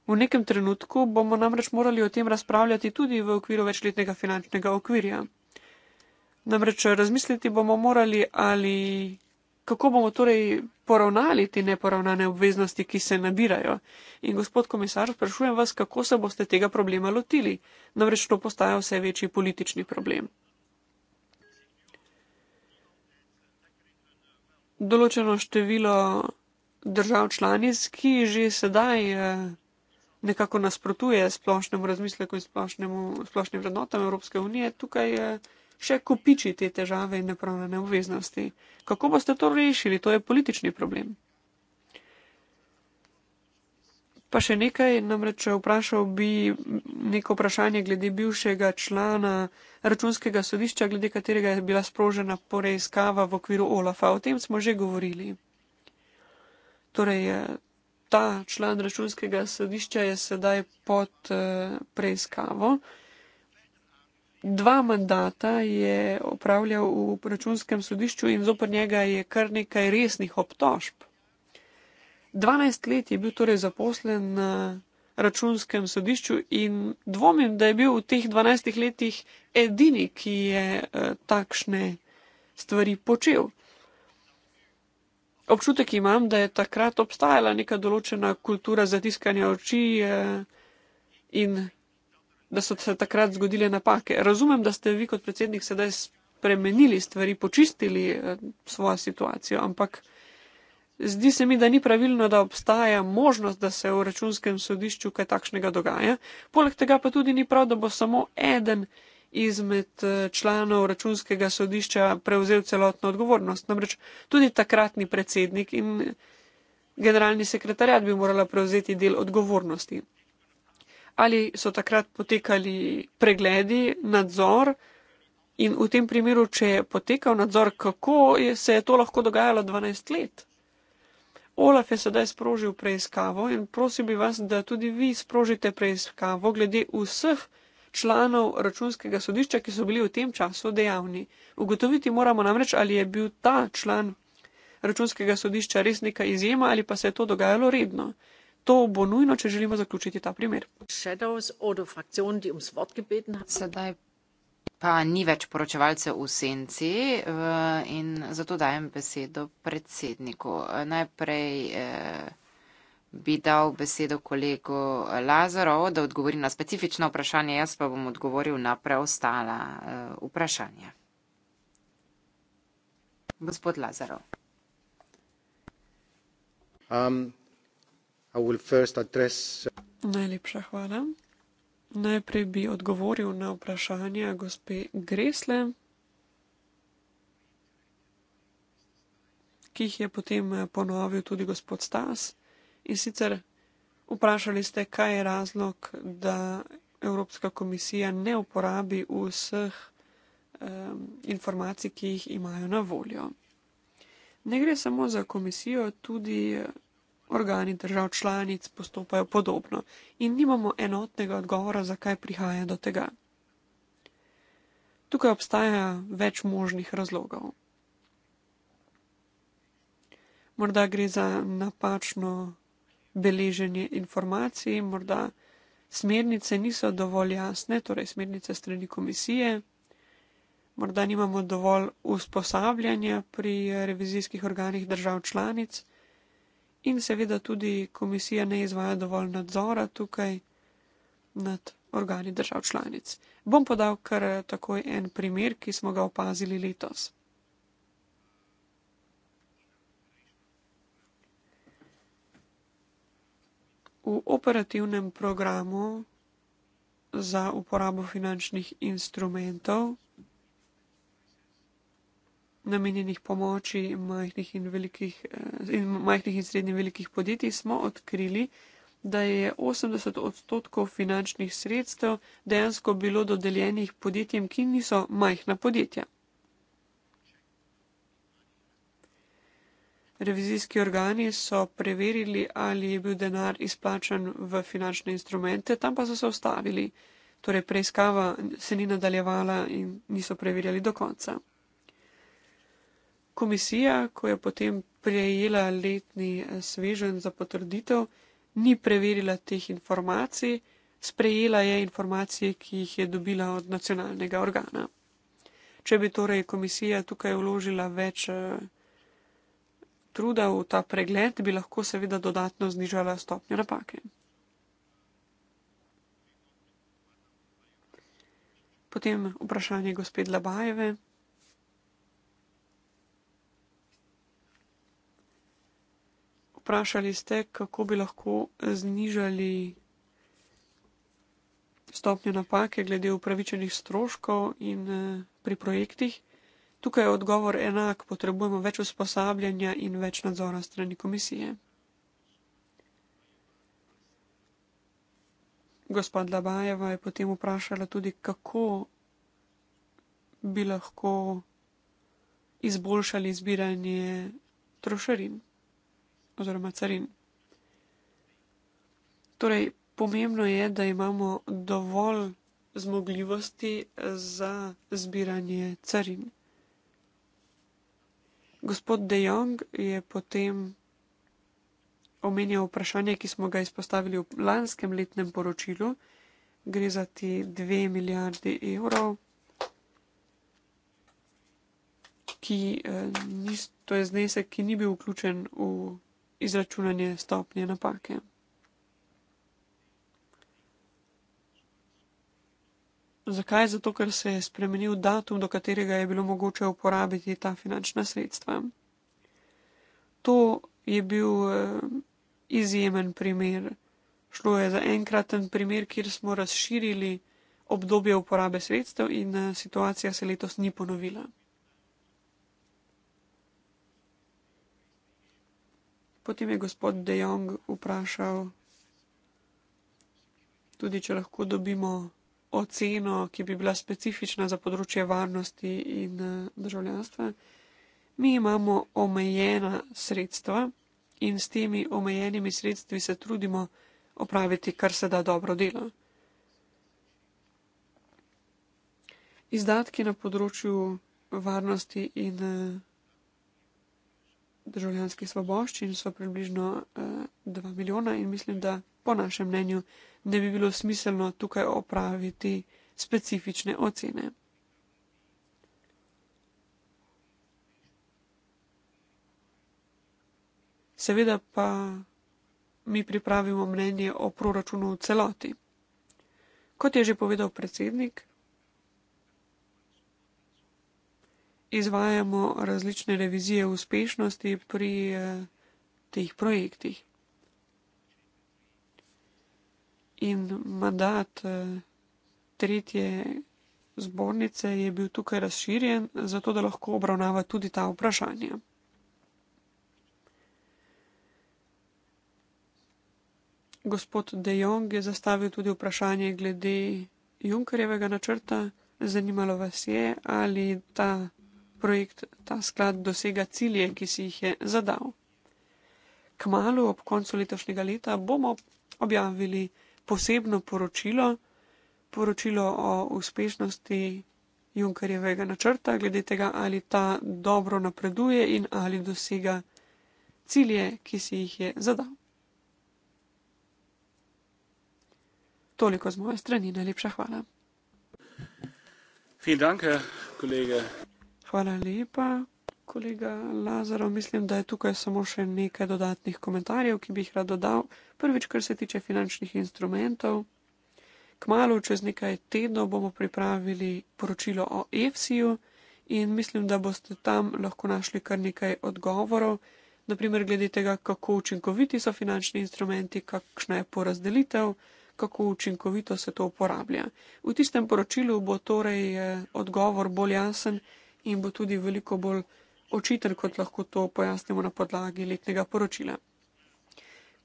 V nekem trenutku bomo namreč morali o tem razpravljati tudi v okviru večletnega finančnega okvirja. Namreč razmisliti bomo morali, ali kako bomo torej poravnali te neporavnane obveznosti, ki se nabirajo. In gospod komisar, sprašujem vas, kako se boste tega problema lotili. Namreč to postaja vse večji politični problem. Določeno število držav članic, ki že sedaj. Eh, nekako nasprotuje splošnemu razmisleku in splošnim vrednotam Evropske unije, tukaj eh, še kopiči te težave in nepravne neobveznosti. Kako boste to rešili? To je politični problem. Pa še nekaj, namreč vprašal bi neko vprašanje glede bivšega člana računskega sodišča, glede katerega je bila sprožena preiskava v okviru OLAF-a. O tem smo že govorili. Torej, eh, ta član računskega sodišča je sedaj pod eh, preiskavo. Dva mandata je upravljal v računskem sodišču in zoper njega je kar nekaj resnih obtožb. 12 let je bil torej zaposlen na računskem sodišču in dvomim, da je bil v teh 12 letih edini, ki je eh, takšne stvari počel občutek imam, da je takrat obstajala neka določena kultura zatiskanja oči eh, in da so se takrat zgodile napake. Razumem, da ste vi kot predsednik sedaj spremenili stvari, počistili eh, svojo situacijo, ampak zdi se mi, da ni pravilno, da obstaja možnost, da se v računskem sodišču kaj takšnega dogaja. Poleg tega pa tudi ni prav, da bo samo eden izmed eh, članov računskega sodišča prevzel celotno odgovornost. Namreč tudi takratni predsednik in generalni sekretarjat bi morala prevzeti del odgovornosti. Ali so takrat potekali pregledi, nadzor in v tem primeru, če je potekal nadzor, kako je, se je to lahko dogajalo 12 let? Olaf je sedaj sprožil preiskavo in prosil bi vas, da tudi vi sprožite preiskavo glede vseh članov računskega sodišča, ki so bili v tem času dejavni. Ugotoviti moramo namreč, ali je bil ta član računskega sodišča res neka izjema ali pa se je to dogajalo redno. To bo nujno, če želimo zaključiti ta primer. Sedaj pa ni več poročevalcev v senci eh, in zato dajem besedo predsedniku. Eh, najprej. Eh, bi dal besedo kolegu Lazarovu, da odgovori na specifično vprašanje, jaz pa bom odgovoril na preostala eh, vprašanja. Gospod Lazarov. Um, uh, Najlepša hvala. Najprej bi odgovoril na vprašanje gospe Gresle, ki jih je potem eh, ponovil tudi gospod Stas. In sicer vprašali ste, kaj je razlog, da Evropska komisija ne uporabi vseh um, informacij, ki jih imajo na voljo. Ne gre samo za komisijo, tudi organi držav članic postopajo podobno in nimamo enotnega odgovora, zakaj prihaja do tega. Tukaj obstaja več možnih razlogov. Morda gre za napačno beleženje informacij, morda smernice niso dovolj jasne, torej smernice strani komisije, morda nimamo dovolj usposabljanja pri revizijskih organih držav članic in seveda tudi komisija ne izvaja dovolj nadzora tukaj nad organi držav članic. Bom podal kar takoj en primer, ki smo ga opazili letos. v operativnem programu za uporabo finančnih instrumentov, namenjenih pomoči majhnih in, velikih, eh, in, majhnih in srednjih velikih podjetij, smo odkrili, da je 80 odstotkov finančnih sredstev dejansko bilo dodeljenih podjetjem, ki niso majhna podjetja. Revizijski organi so preverili, ali je bil denar izplačan v finančne instrumente, tam pa so se ustavili. Torej, preiskava se ni nadaljevala in niso preverjali do konca. Komisija, ko je potem prejela letni eh, svežen za potrditev, ni preverila teh informacij, sprejela je informacije, ki jih je dobila od nacionalnega organa. Če bi torej komisija tukaj vložila več eh, truda v ta pregled, bi lahko seveda dodatno znižala stopnjo napake. Potem vprašanje gospod Labajeve. Vprašali ste, kako bi lahko znižali stopnjo napake glede upravičenih stroškov in eh, pri projektih. Tukaj je odgovor enak, potrebujemo več usposabljanja in več nadzora strani komisije. Gospod Labajeva je potem vprašala tudi, kako bi lahko izboljšali zbiranje trošarin oziroma carin. Torej, pomembno je, da imamo dovolj zmogljivosti za zbiranje carin. Gospod De Jong je potem omenjal vprašanje, ki smo ga izpostavili v lanskem letnem poročilu. Gre za ti dve milijardi evrov, ki eh, ni, to je znesek, ki ni bil vključen v izračunanje stopnje napake. Zakaj? Zato, ker se je spremenil datum, do katerega je bilo mogoče uporabiti ta finančna sredstva. To je bil eh, izjemen primer. Šlo je za enkraten primer, kjer smo razširili obdobje uporabe sredstev in eh, situacija se letos ni ponovila. Potem je gospod De Jong vprašal, tudi če lahko dobimo oceno, ki bi bila specifična za področje varnosti in eh, državljanstva. Mi imamo omejena sredstva in s temi omejenimi sredstvi se trudimo opraviti kar se da dobro delo. Izdatki na področju varnosti in eh, državljanskih svoboščin so približno eh, 2 milijona in mislim, da po našem mnenju ne bi bilo smiselno tukaj opraviti specifične ocene. Seveda pa mi pripravimo mnenje o proračunu v celoti. Kot je že povedal predsednik, izvajamo različne revizije uspešnosti pri eh, teh projektih. In mandat eh, tretje zbornice je bil tukaj razširjen, zato da lahko obravnava tudi ta vprašanja. Gospod De Jong je zastavil tudi vprašanje glede Junkerjevega načrta. Zanimalo vas je, ali ta projekt, ta sklad dosega cilje, ki si jih je zadal. Kmalo ob koncu letošnjega leta bomo objavili posebno poročilo, poročilo o uspešnosti Junkerjevega načrta, glede tega, ali ta dobro napreduje in ali dosega cilje, ki si jih je zadal. Toliko z moje strani, najlepša hvala. Vielen Dank, Herr Kollege. Hvala lepa. Kolega Lazaro, mislim, da je tukaj samo še nekaj dodatnih komentarjev, ki bi jih rad dodal. Prvič, kar se tiče finančnih instrumentov. Kmalo, čez nekaj tednov, bomo pripravili poročilo o EFSI-ju in mislim, da boste tam lahko našli kar nekaj odgovorov, naprimer glede tega, kako učinkoviti so finančni instrumenti, kakšna je porazdelitev, kako učinkovito se to uporablja. V tistem poročilu bo torej eh, odgovor bolj jasen in bo tudi veliko bolj očiten, kot lahko to pojasnimo na podlagi letnega poročila.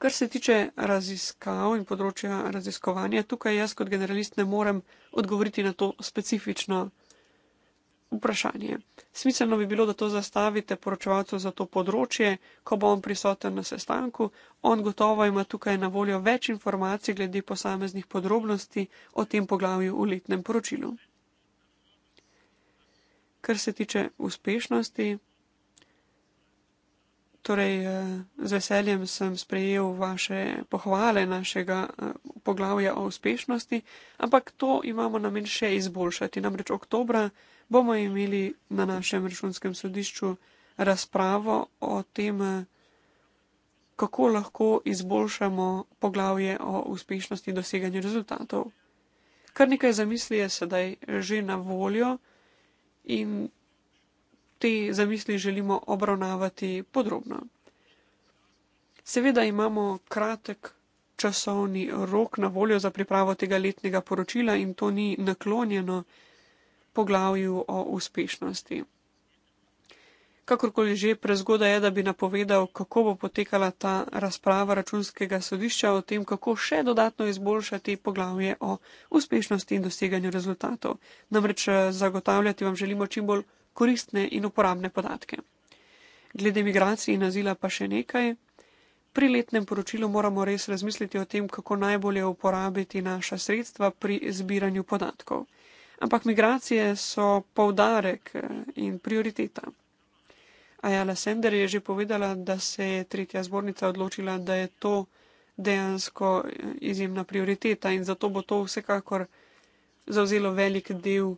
Kar se tiče raziskav in področja raziskovanja, tukaj jaz kot generalist ne morem odgovoriti na to specifično vprašanje. Smiselno bi bilo, da to zastavite poročevalcu za to področje, ko bo on prisoten na sestanku. On gotovo ima tukaj na voljo več informacij glede posameznih podrobnosti o tem poglavju v letnem poročilu. Kar se tiče uspešnosti, torej eh, z veseljem sem sprejel vaše pohvale našega eh, poglavja o uspešnosti, ampak to imamo namen še izboljšati. Namreč oktobra bomo imeli na našem računskem sodišču razpravo o tem, eh, kako lahko izboljšamo poglavje o uspešnosti doseganja rezultatov. Kar nekaj zamisli je sedaj že na voljo in te zamisli želimo obravnavati podrobno. Seveda imamo kratek časovni rok na voljo za pripravo tega letnega poročila in to ni naklonjeno poglavju o uspešnosti. Kakorkoli že, prezgoda je, da bi napovedal, kako bo potekala ta razprava računskega sodišča o tem, kako še dodatno izboljšati poglavje o uspešnosti in doseganju rezultatov. Namreč eh, zagotavljati vam želimo čim bolj koristne in uporabne podatke. Glede migracij in azila pa še nekaj. Pri letnem poročilu moramo res razmisliti o tem, kako najbolje uporabiti naša sredstva pri zbiranju podatkov. Ampak migracije so poudarek eh, in prioriteta. Ajala Sender je že povedala, da se je tretja zbornica odločila, da je to dejansko eh, izjemna prioriteta in zato bo to vsekakor zauzelo velik del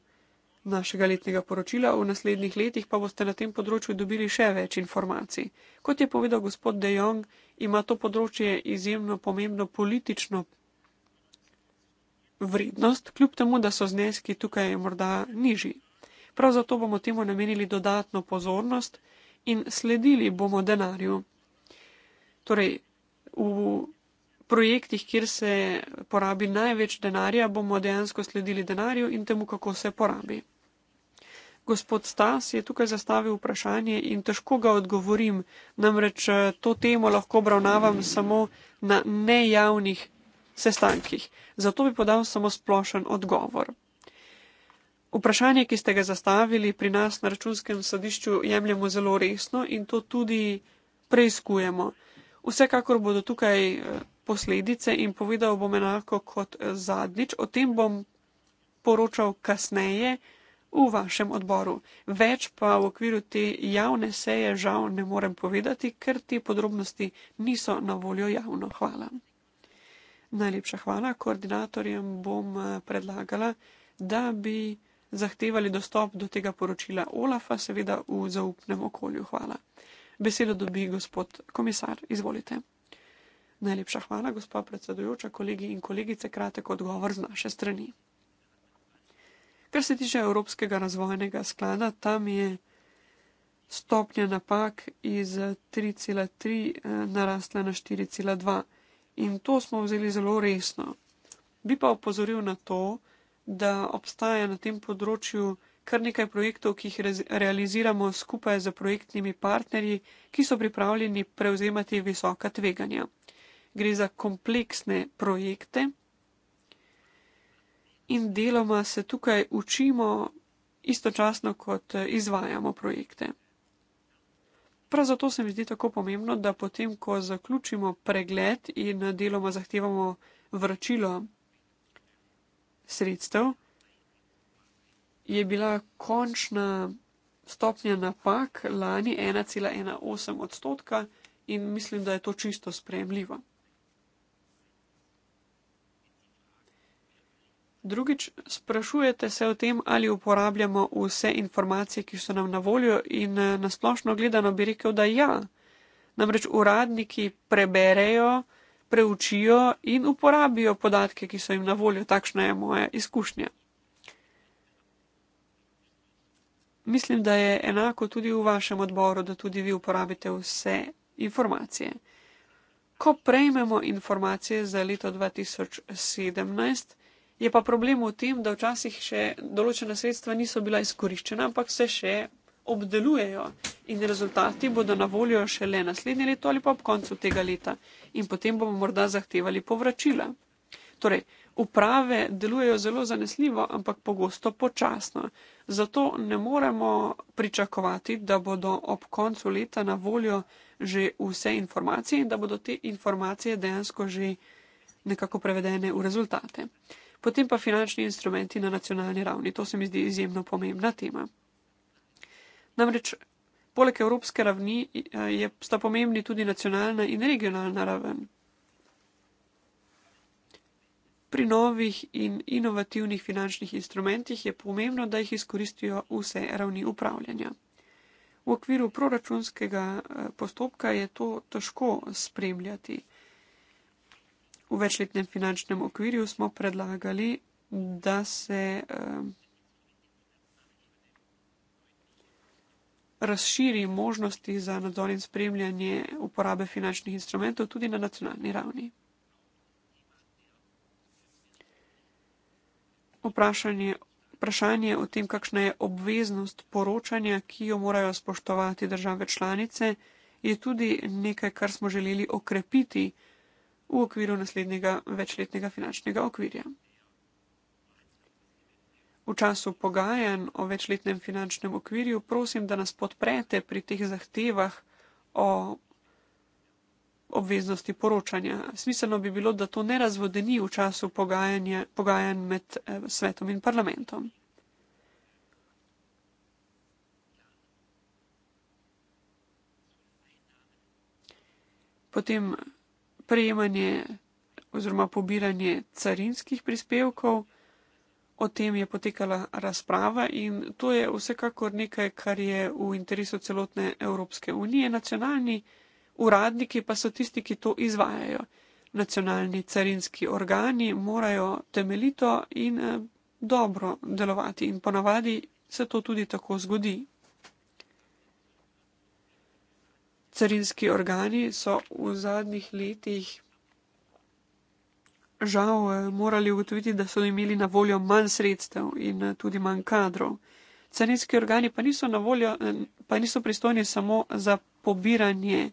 našega letnega poročila. V naslednjih letih pa boste na tem področju dobili še več informacij. Kot je povedal gospod De Jong, ima to področje izjemno pomembno politično vrednost, kljub temu, da so zneski tukaj morda nižji. Prav zato bomo temu namenili dodatno pozornost in sledili bomo denarju. Torej, v projektih, kjer se porabi največ denarja, bomo dejansko sledili denarju in temu, kako se porabi. Gospod Stas je tukaj zastavil vprašanje in težko ga odgovorim, namreč eh, to temo lahko obravnavam samo na nejavnih sestankih. Zato bi podal samo splošen odgovor. Vprašanje, ki ste ga zastavili pri nas na računskem sodišču, jemljemo zelo resno in to tudi preizkujemo. Vsekakor bodo tukaj eh, posledice in povedal bom enako kot eh, zadnjič. O tem bom poročal kasneje v vašem odboru. Več pa v okviru te javne seje žal ne morem povedati, ker te podrobnosti niso na voljo javno. Hvala. Najlepša hvala. Koordinatorjem bom eh, predlagala, da bi zahtevali dostop do tega poročila OLAF-a, seveda v zaupnem okolju. Hvala. Besedo dobi gospod komisar, izvolite. Najlepša hvala, gospa predsedujoča, kolegi in kolegice, kratek odgovor z naše strani. Kar se tiče Evropskega razvojnega sklada, tam je stopnja napak iz 3,3 eh, narasla na 4,2 in to smo vzeli zelo resno. Bi pa opozoril na to, da da obstaja na tem področju kar nekaj projektov, ki jih re realiziramo skupaj z projektnimi partnerji, ki so pripravljeni prevzemati visoka tveganja. Gre za kompleksne projekte in deloma se tukaj učimo istočasno, kot izvajamo projekte. Prav zato se mi zdi tako pomembno, da potem, ko zaključimo pregled in deloma zahtevamo vračilo sredstev, je bila končna stopnja napak lani 1,18 odstotka in mislim, da je to čisto sprejemljivo. Drugič, sprašujete se o tem, ali uporabljamo vse informacije, ki so nam na voljo in eh, nasplošno gledano bi rekel, da ja. Namreč uradniki preberejo, preučijo in uporabijo podatke, ki so jim na voljo. Takšna je moja izkušnja. Mislim, da je enako tudi v vašem odboru, da tudi vi uporabite vse informacije. Ko prejmemo informacije za leto 2017, je pa problem v tem, da včasih še določena sredstva niso bila izkoriščena, ampak se še obdelujejo in rezultati bodo na voljo šele naslednje leto ali pa ob koncu tega leta in potem bomo morda zahtevali povračila. Torej, uprave delujejo zelo zanesljivo, ampak pogosto počasno. Zato ne moremo pričakovati, da bodo ob koncu leta na voljo že vse informacije in da bodo te informacije dejansko že nekako prevedene v rezultate. Potem pa finančni instrumenti na nacionalni ravni. To se mi zdi izjemno pomembna tema. Namreč, poleg evropske ravni, eh, je, sta pomembni tudi nacionalna in regionalna raven. Pri novih in inovativnih finančnih instrumentih je pomembno, da jih izkoristijo vse ravni upravljanja. V okviru proračunskega eh, postopka je to težko spremljati. V večletnem finančnem okvirju smo predlagali, da se. Eh, razširi možnosti za nadzor in spremljanje uporabe finančnih instrumentov tudi na nacionalni ravni. Vprašanje, vprašanje o tem, kakšna je obveznost poročanja, ki jo morajo spoštovati države članice, je tudi nekaj, kar smo želeli okrepiti v okviru naslednjega večletnega finančnega okvirja v času pogajanj o večletnem finančnem okvirju, prosim, da nas podprete pri teh zahtevah o obveznosti poročanja. Smiselno bi bilo, da to ne razvodeni v času pogajanj med eh, svetom in parlamentom. Potem prejemanje oziroma pobiranje carinskih prispevkov o tem je potekala razprava in to je vsekakor nekaj, kar je v interesu celotne Evropske unije. Nacionalni uradniki pa so tisti, ki to izvajajo. Nacionalni carinski organi morajo temeljito in eh, dobro delovati in ponavadi se to tudi tako zgodi. Carinski organi so v zadnjih letih žal eh, morali ugotoviti, da so imeli na voljo manj sredstev in eh, tudi manj kadrov. Carinski organi pa niso, voljo, eh, pa niso pristojni samo za pobiranje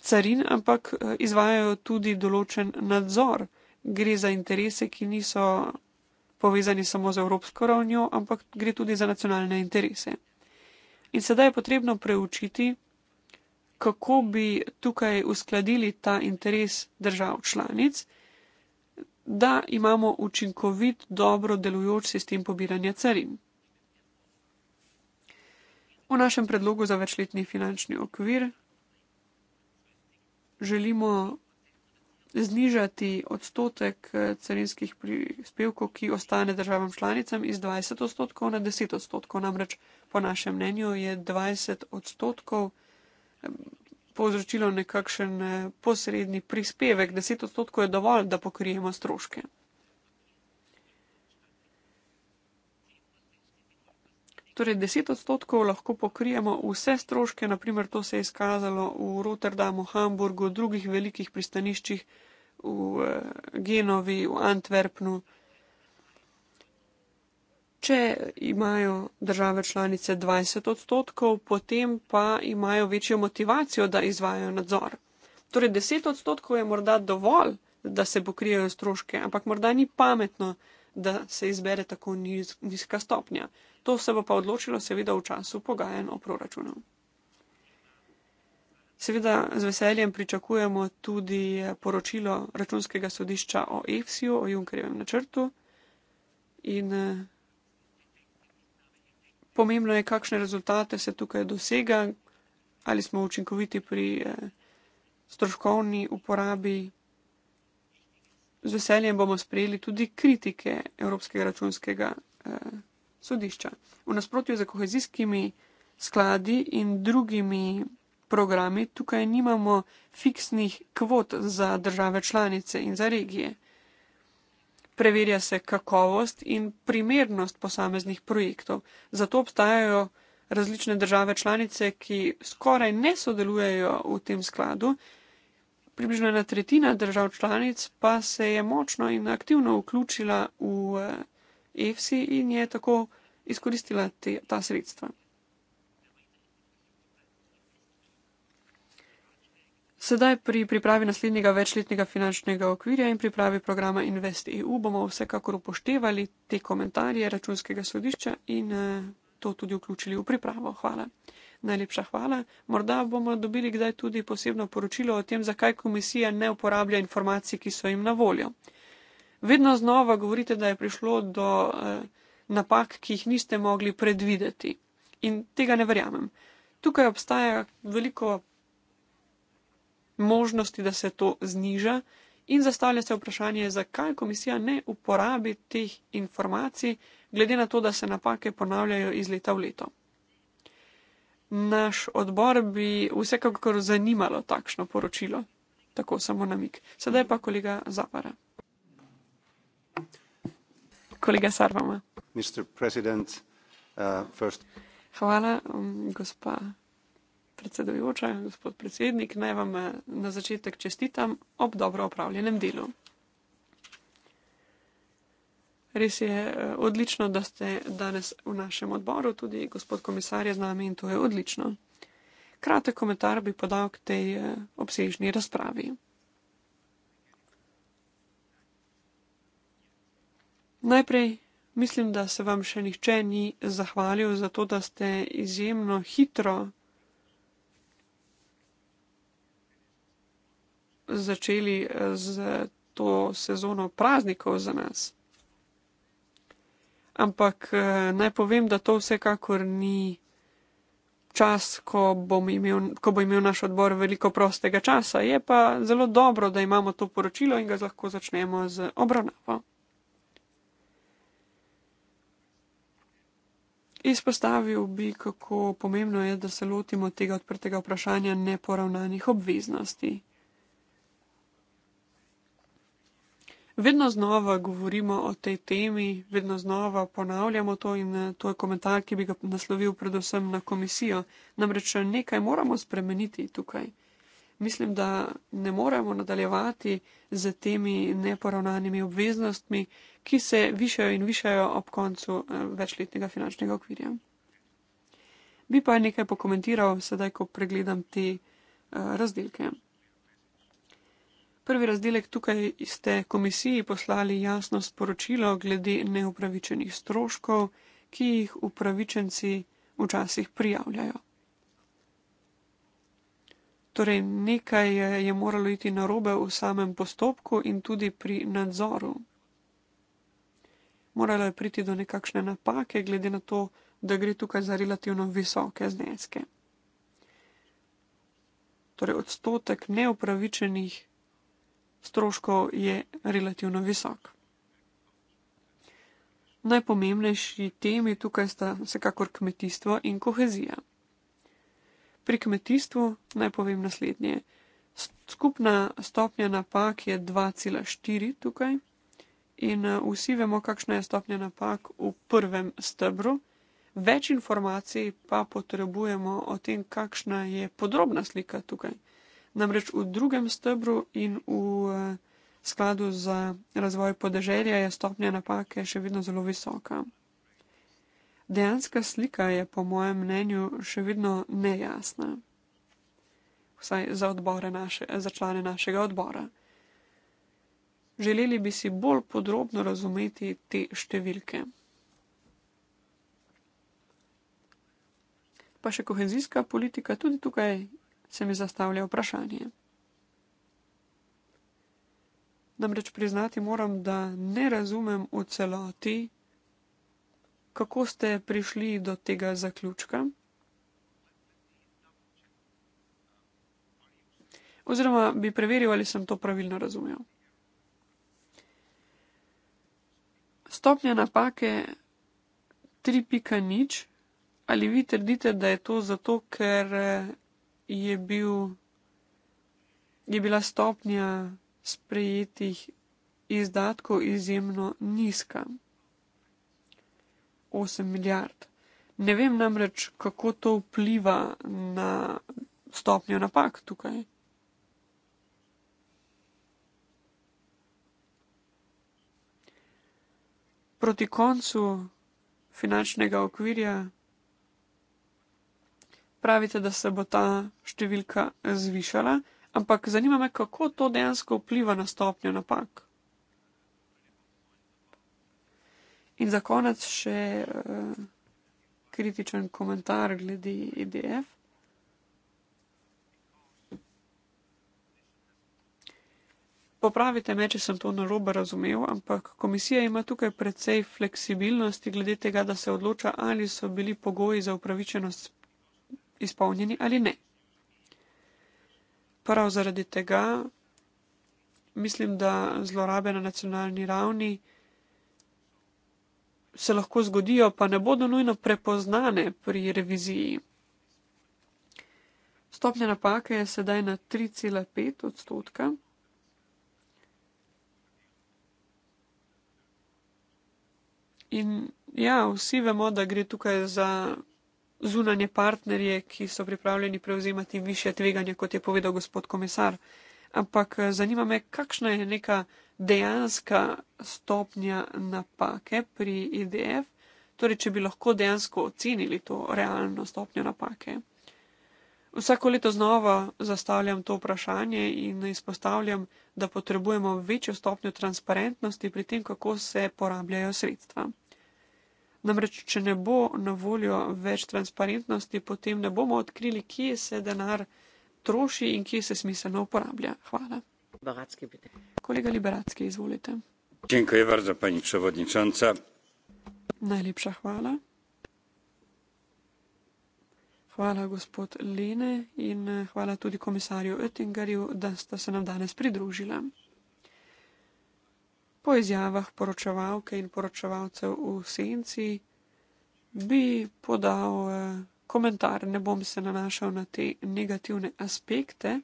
carin, ampak izvajajo tudi določen nadzor. Gre za interese, ki niso povezani samo z evropsko ravnjo, ampak gre tudi za nacionalne interese. In sedaj je potrebno preučiti, kako bi tukaj uskladili ta interes držav članic da imamo učinkovit, dobro delujoč sistem pobiranja carin. V našem predlogu za večletni finančni okvir želimo znižati odstotek eh, carinskih prispevkov, ki ostane državam članicam iz 20 odstotkov na 10 odstotkov. Namreč po našem mnenju je 20 odstotkov povzročilo nekakšen eh, posredni prispevek, 10 odstotkov je dovolj, da pokrijemo stroške. Torej, 10 odstotkov lahko pokrijemo vse stroške, naprimer to se je izkazalo v Rotterdamu, Hamburgu, drugih velikih pristaniščih, v eh, Genovi, v Antwerpnu. Če imajo države članice 20 odstotkov, potem pa imajo večjo motivacijo, da izvajo nadzor. Torej 10 odstotkov je morda dovolj, da se pokrijejo stroške, ampak morda ni pametno, da se izbere tako niz, nizka stopnja. To se bo pa odločilo seveda v času pogajen o proračunu. Seveda z veseljem pričakujemo tudi poročilo računskega sodišča o EFSI-ju, o Junkerjevem načrtu. In pomembno je, kakšne rezultate se tukaj dosega, ali smo učinkoviti pri eh, stroškovni uporabi. Z veseljem bomo sprejeli tudi kritike Evropskega računskega eh, sodišča. V nasprotju z kohezijskimi skladi in drugimi programi, tukaj nimamo fiksnih kvot za države članice in za regije preverja se kakovost in primernost posameznih projektov. Zato obstajajo različne države članice, ki skoraj ne sodelujejo v tem skladu. Približno ena tretjina držav članic pa se je močno in aktivno vključila v eh, EFSI in je tako izkoristila te, ta sredstva. Sedaj pri pripravi naslednjega večletnega finančnega okvirja in pripravi programa Invest EU bomo vsekakor upoštevali te komentarje računskega sodišča in eh, to tudi vključili v pripravo. Hvala. Najlepša hvala. Morda bomo dobili kdaj tudi posebno poročilo o tem, zakaj komisija ne uporablja informacij, ki so jim na voljo. Vedno znova govorite, da je prišlo do eh, napak, ki jih niste mogli predvideti. In tega ne verjamem. Tukaj obstaja veliko možnosti, da se to zniža, in zastavlja se vprašanje, zakaj komisija ne uporabi teh informacij, glede na to, da se napake ponavljajo iz leta v leto. Naš odbor bi vsekakor zanimalo takšno poročilo, tako samo namik. Sedaj pa kolega Zapara. Kolega Sarvama. Uh, Hvala, um, gospa predsedujoča, gospod predsednik, naj vam eh, na začetek čestitam ob dobro opravljenem delu. Res je eh, odlično, da ste danes v našem odboru, tudi gospod komisar je z nami in to je odlično. Kratek komentar bi podal k tej eh, obsežni razpravi. Najprej mislim, da se vam še nihče ni zahvalil za to, da ste izjemno hitro začeli eh, z to sezono praznikov za nas. Ampak eh, naj povem, da to vsekakor ni čas, ko, imel, ko bo imel naš odbor veliko prostega časa. Je pa zelo dobro, da imamo to poročilo in ga lahko začnemo z obravnavo. Izpostavil bi, kako pomembno je, da se lotimo tega odprtega vprašanja neporavnanih obveznosti. Vedno znova govorimo o tej temi, vedno znova ponavljamo to in eh, to je komentar, ki bi ga naslovil predvsem na komisijo. Namreč eh, nekaj moramo spremeniti tukaj. Mislim, da ne moremo nadaljevati z temi neporavnanimi obveznostmi, ki se višajo in višajo ob koncu eh, večletnega finančnega okvirja. Bi pa nekaj pokomentiral sedaj, ko pregledam te uh, razdelke. Prvi razdelek tukaj ste komisiji poslali jasno sporočilo glede neupravičenih stroškov, ki jih upravičenci včasih prijavljajo. Torej, nekaj je, je moralo iti narobe v samem postopku in tudi pri nadzoru. Moralo je priti do nekakšne napake, glede na to, da gre tukaj za relativno visoke zneske. Torej, odstotek neupravičenih stroškov je relativno visok. Najpomembnejši temi tukaj sta vsekakor kmetijstvo in kohezija. Pri kmetijstvu naj povem naslednje. Skupna stopnja napak je 2,4 tukaj in eh, vsi vemo, kakšna je stopnja napak v prvem stebru. Več informacij pa potrebujemo o tem, kakšna je podrobna slika tukaj. Namreč v drugem stebru in v eh, skladu za razvoj podeželja je stopnja napake še vedno zelo visoka. Dejanska slika je po mojem mnenju še vedno nejasna. Vsaj za, naše, za člane našega odbora. Želeli bi si bolj podrobno razumeti te številke. Pa še kohezijska politika, tudi tukaj se mi zastavlja vprašanje. Namreč priznati moram, da ne razumem v celoti, kako ste prišli do tega zaključka. Oziroma, bi preveril, ali sem to pravilno razumel. Stopnja napake 3.0 ali vi trdite, da je to zato, ker je, bil, je bila stopnja sprejetih izdatkov izjemno nizka. 8 milijard. Ne vem namreč, kako to vpliva na stopnjo napak tukaj. Proti koncu finančnega okvirja pravite, da se bo ta številka zvišala, ampak zanima me, kako to dejansko vpliva na stopnjo napak. In za konec še uh, kritičen komentar glede IDF. E Popravite me, če sem to narobe razumel, ampak komisija ima tukaj precej fleksibilnosti glede tega, da se odloča, ali so bili pogoji za upravičenost izpolnjeni ali ne. Prav zaradi tega mislim, da zlorabe na nacionalni ravni se lahko zgodijo, pa ne bodo nujno prepoznane pri reviziji. Stopnja napake je sedaj na 3,5 odstotka. In ja, vsi vemo, da gre tukaj za zunanje partnerje, ki so pripravljeni prevzemati više tveganja, kot je povedal gospod komisar. Ampak eh, zanima me, kakšna je neka dejanska stopnja napake pri IDF, e torej če bi lahko dejansko ocenili to realno stopnjo napake. Vsako leto znova zastavljam to vprašanje in izpostavljam, da potrebujemo večjo stopnjo transparentnosti pri tem, kako se porabljajo sredstva. Namreč, če ne bo na voljo več transparentnosti, potem ne bomo odkrili, kje se denar troši in kje se smiselno uporablja. Hvala. Liberacki, Kolega Liberacki, izvolite. Dziękuję bardzo pani przewodnicząca. Najlepsza chwała. Hvala, gospod Lene, in hvala tudi komisarju Oettingerju, da sta se nam danes pridružila po izjavah poročevalke in poročevalcev v senci, bi podal eh, komentar. Ne bom se nanašal na te negativne aspekte,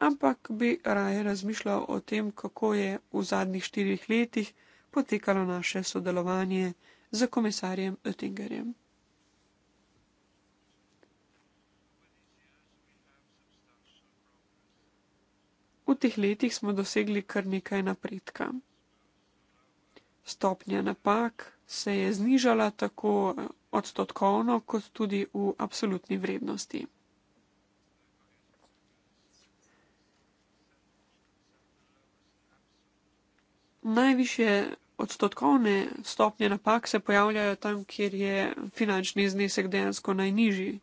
ampak bi raje razmišljal o tem, kako je v zadnjih štirih letih potekalo naše sodelovanje z komisarjem Oettingerjem. V teh letih smo dosegli kar nekaj napredka stopnja napak se je znižala tako odstotkovno, kot tudi v absolutni vrednosti. Najviše odstotkovne stopnje napak se pojavljajo tam, kjer je finančni znesek dejansko najnižji.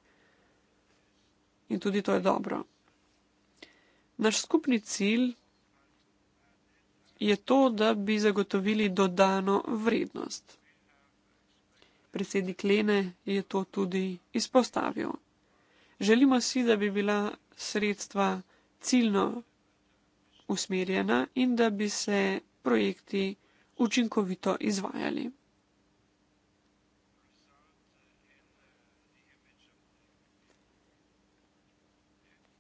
In tudi to je dobro. Naš skupni cilj je to, da bi zagotovili dodano vrednost. Predsednik Lene je to tudi izpostavil. Želimo si, da bi bila sredstva ciljno usmerjena in da bi se projekti učinkovito izvajali.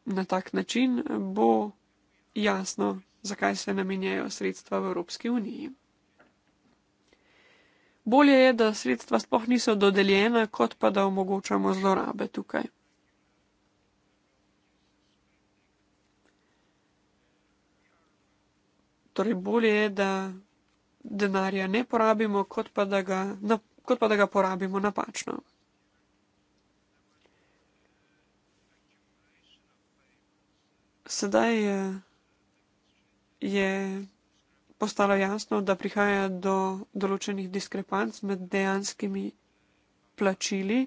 Na tak način bo jasno zakaj se namenjajo sredstva v Evropski uniji. Bolje je, da sredstva sploh niso dodeljena, kot pa da omogočamo zlorabe tukaj. Torej, bolje je, da denarja ne porabimo, kot pa da ga, na, kot pa da ga porabimo napačno. Sedaj je. Uh, je postalo jasno, da prihaja do določenih diskrepanc med dejanskimi plačili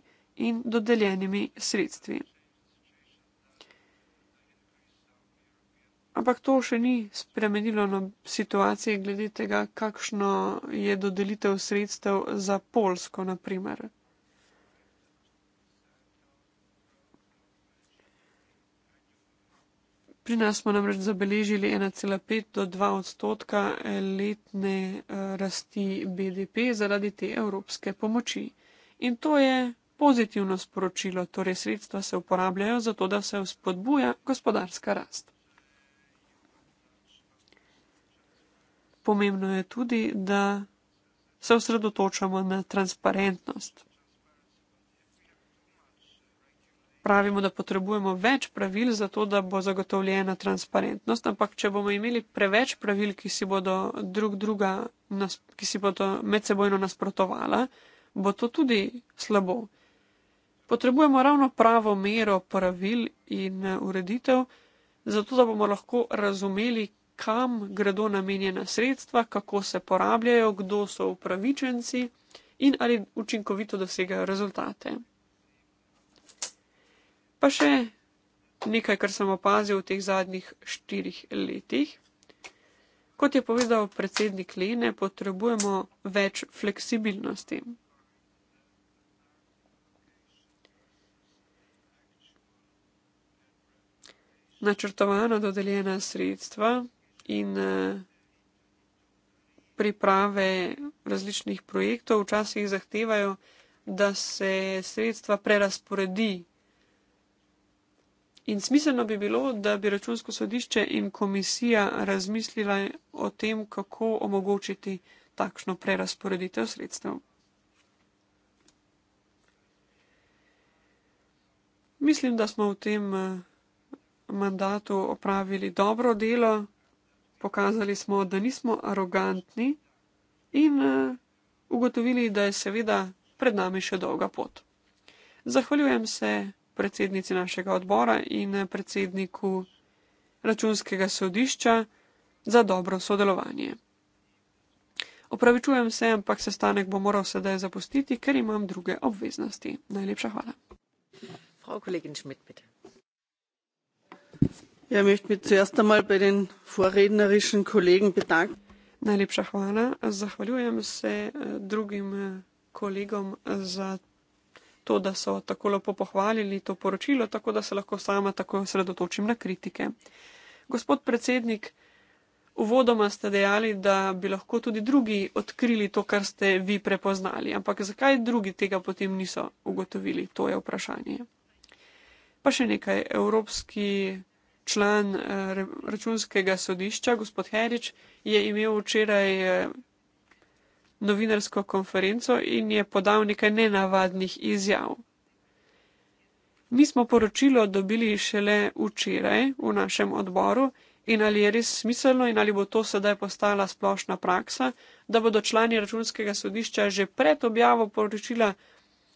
in dodeljenimi sredstvi. Ampak to še ni spremenilo na no- situacije glede tega, kakšno je dodelitev sredstev za Polsko, naprimer. Pri nas smo namreč zabeležili 1,5 do 2 odstotka letne eh, rasti BDP zaradi te evropske pomoči. In to je pozitivno sporočilo, torej sredstva se uporabljajo za to, da se vzpodbuja gospodarska rast. Pomembno je tudi, da se osredotočamo na transparentnost. pravimo, da potrebujemo več pravil za to, da bo zagotovljena transparentnost, ampak če bomo imeli preveč pravil, ki si bodo drug druga, nas, ki si bodo medsebojno nasprotovala, bo to tudi slabo. Potrebujemo ravno pravo mero pravil in eh, ureditev, zato da bomo lahko razumeli, kam gredo namenjena sredstva, kako se porabljajo, kdo so upravičenci in ali učinkovito dosegajo rezultate. Pa še nekaj, kar sem opazil v teh zadnjih štirih letih. Kot je povedal predsednik Lene, potrebujemo več fleksibilnosti. Načrtovano dodeljena sredstva in eh, priprave različnih projektov včasih zahtevajo, da se sredstva prerasporedi In smiselno bi bilo, da bi računsko sodišče in komisija razmislila o tem, kako omogočiti takšno prerasporeditev sredstev. Mislim, da smo v tem eh, mandatu opravili dobro delo, pokazali smo, da nismo arogantni in eh, ugotovili, da je seveda pred nami še dolga pot. Zahvaljujem se predsednici našega odbora in predsedniku računskega sodišča za dobro sodelovanje. Opravičujem se, ampak sestanek bom moral sedaj zapustiti, ker imam druge obveznosti. Najlepša hvala. Frau Kollegin Schmidt, bitte. Ja, möchte mich zuerst einmal bei den vorrednerischen Kollegen bedanken. Najlepša hvala. Zahvaljujem se eh, drugim eh, kolegom za to, da so tako lepo pohvalili to poročilo, tako da se lahko sama tako osredotočim na kritike. Gospod predsednik, uvodoma ste dejali, da bi lahko tudi drugi odkrili to, kar ste vi prepoznali, ampak zakaj drugi tega potem niso ugotovili, to je vprašanje. Pa še nekaj, evropski. Član eh, računskega sodišča, gospod Herič, je imel včeraj eh, novinarsko konferenco in je podal nekaj nenavadnih izjav. Mi smo poročilo dobili šele včeraj v našem odboru in ali je res smiselno in ali bo to sedaj postala splošna praksa, da bodo člani računskega sodišča že pred objavo poročila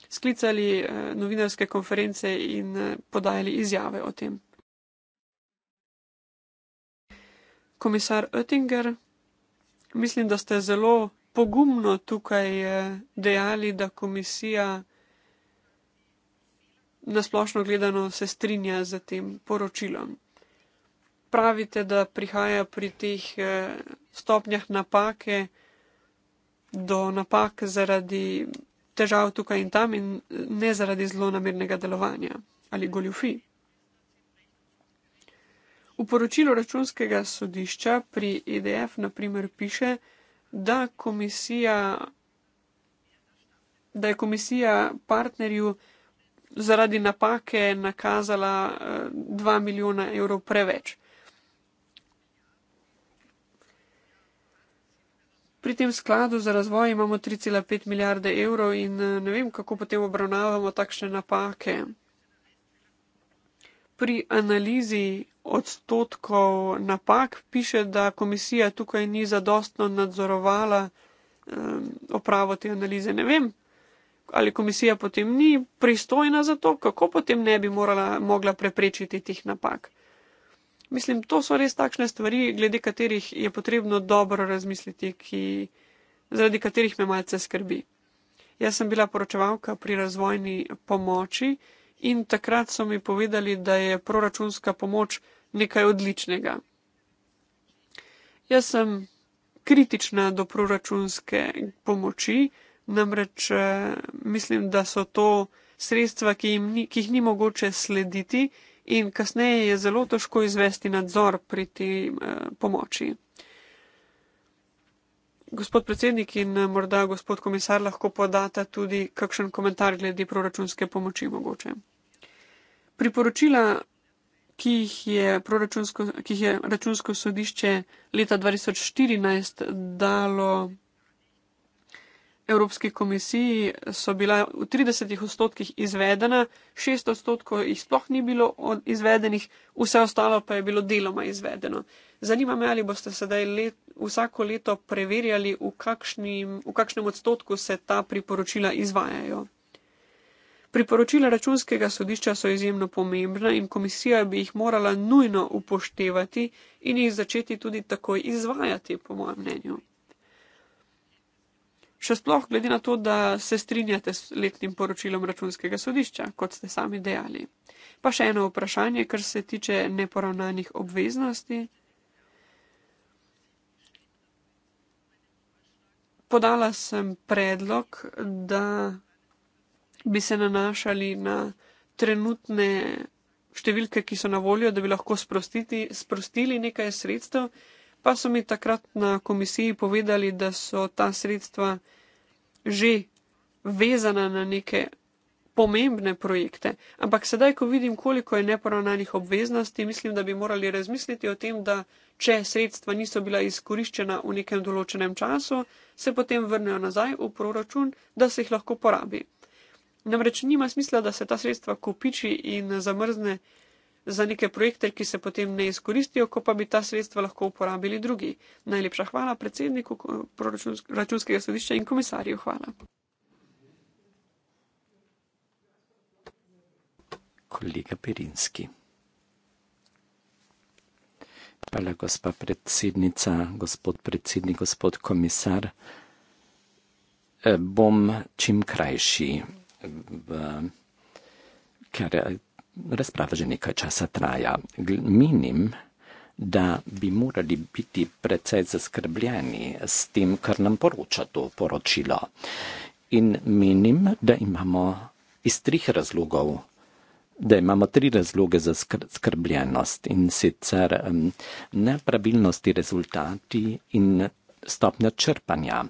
sklicali eh, novinarske konference in eh, podajali izjave o tem. Komisar Oettinger, mislim, da ste zelo pogumno tukaj eh, dejali, da komisija nasplošno gledano se strinja z tem poročilom. Pravite, da prihaja pri teh eh, stopnjah napake do napak zaradi težav tukaj in tam in eh, ne zaradi zlonamernega delovanja ali goljufi. V poročilu računskega sodišča pri EDF naprimer piše, da komisija, da je komisija partnerju zaradi napake nakazala 2 eh, milijona evrov preveč. Pri tem skladu za razvoj imamo 3,5 milijarde evrov in eh, ne vem, kako potem obravnavamo takšne napake. Pri analizi odstotkov napak. Piše, da komisija tukaj ni zadostno nadzorovala um, opravo te analize. Ne vem, ali komisija potem ni pristojna za to, kako potem ne bi morala, mogla preprečiti tih napak. Mislim, to so res takšne stvari, glede katerih je potrebno dobro razmisliti, ki, zaradi katerih me malce skrbi. Jaz sem bila poročevalka pri razvojni pomoči in takrat so mi povedali, da je proračunska pomoč nekaj odličnega. Jaz sem kritična do proračunske pomoči, namreč eh, mislim, da so to sredstva, ki, ni, ki jih ni mogoče slediti in kasneje je zelo težko izvesti nadzor pri tej eh, pomoči. Gospod predsednik in eh, morda gospod komisar lahko podata tudi kakšen komentar glede proračunske pomoči mogoče. Priporočila, ki jih, ki jih je računsko sodišče leta 2014 dalo Evropski komisiji, so bila v 30 odstotkih izvedena, 6 odstotkov jih sploh ni bilo izvedenih, vse ostalo pa je bilo deloma izvedeno. Zanima me, ali boste sedaj let, vsako leto preverjali, v, kakšnim, v kakšnem odstotku se ta priporočila izvajajo. Priporočila računskega sodišča so izjemno pomembna in komisija bi jih morala nujno upoštevati in jih začeti tudi takoj izvajati, po mojem mnenju. Še sploh glede na to, da se strinjate s letnim poročilom računskega sodišča, kot ste sami dejali. Pa še eno vprašanje, kar se tiče neporavnanih obveznosti. Podala sem predlog, da bi se nanašali na trenutne številke, ki so na voljo, da bi lahko sprostili nekaj sredstev, pa so mi takrat na komisiji povedali, da so ta sredstva že vezana na neke pomembne projekte. Ampak sedaj, ko vidim, koliko je neporavnanih obveznosti, mislim, da bi morali razmisliti o tem, da če sredstva niso bila izkoriščena v nekem določenem času, se potem vrnejo nazaj v proračun, da se jih lahko porabi. Namreč nima smisla, da se ta sredstva kupiči in zamrzne za neke projekte, ki se potem ne izkoristijo, ko pa bi ta sredstva lahko uporabili drugi. Najlepša hvala predsedniku proračunskega sodišča in komisarju. Hvala. Kolega Perinski. Hvala, gospa predsednica, gospod predsednik, gospod komisar. E, bom čim krajši v ker eh, razprava že nekaj časa traja. Menim, da bi morali biti precej zaskrbljeni s tem, kar nam poroča to poročilo. In menim, da imamo iz trih razlogov, da imamo tri razloge za skrbljenost in sicer nepravilnosti rezultati in stopnja črpanja.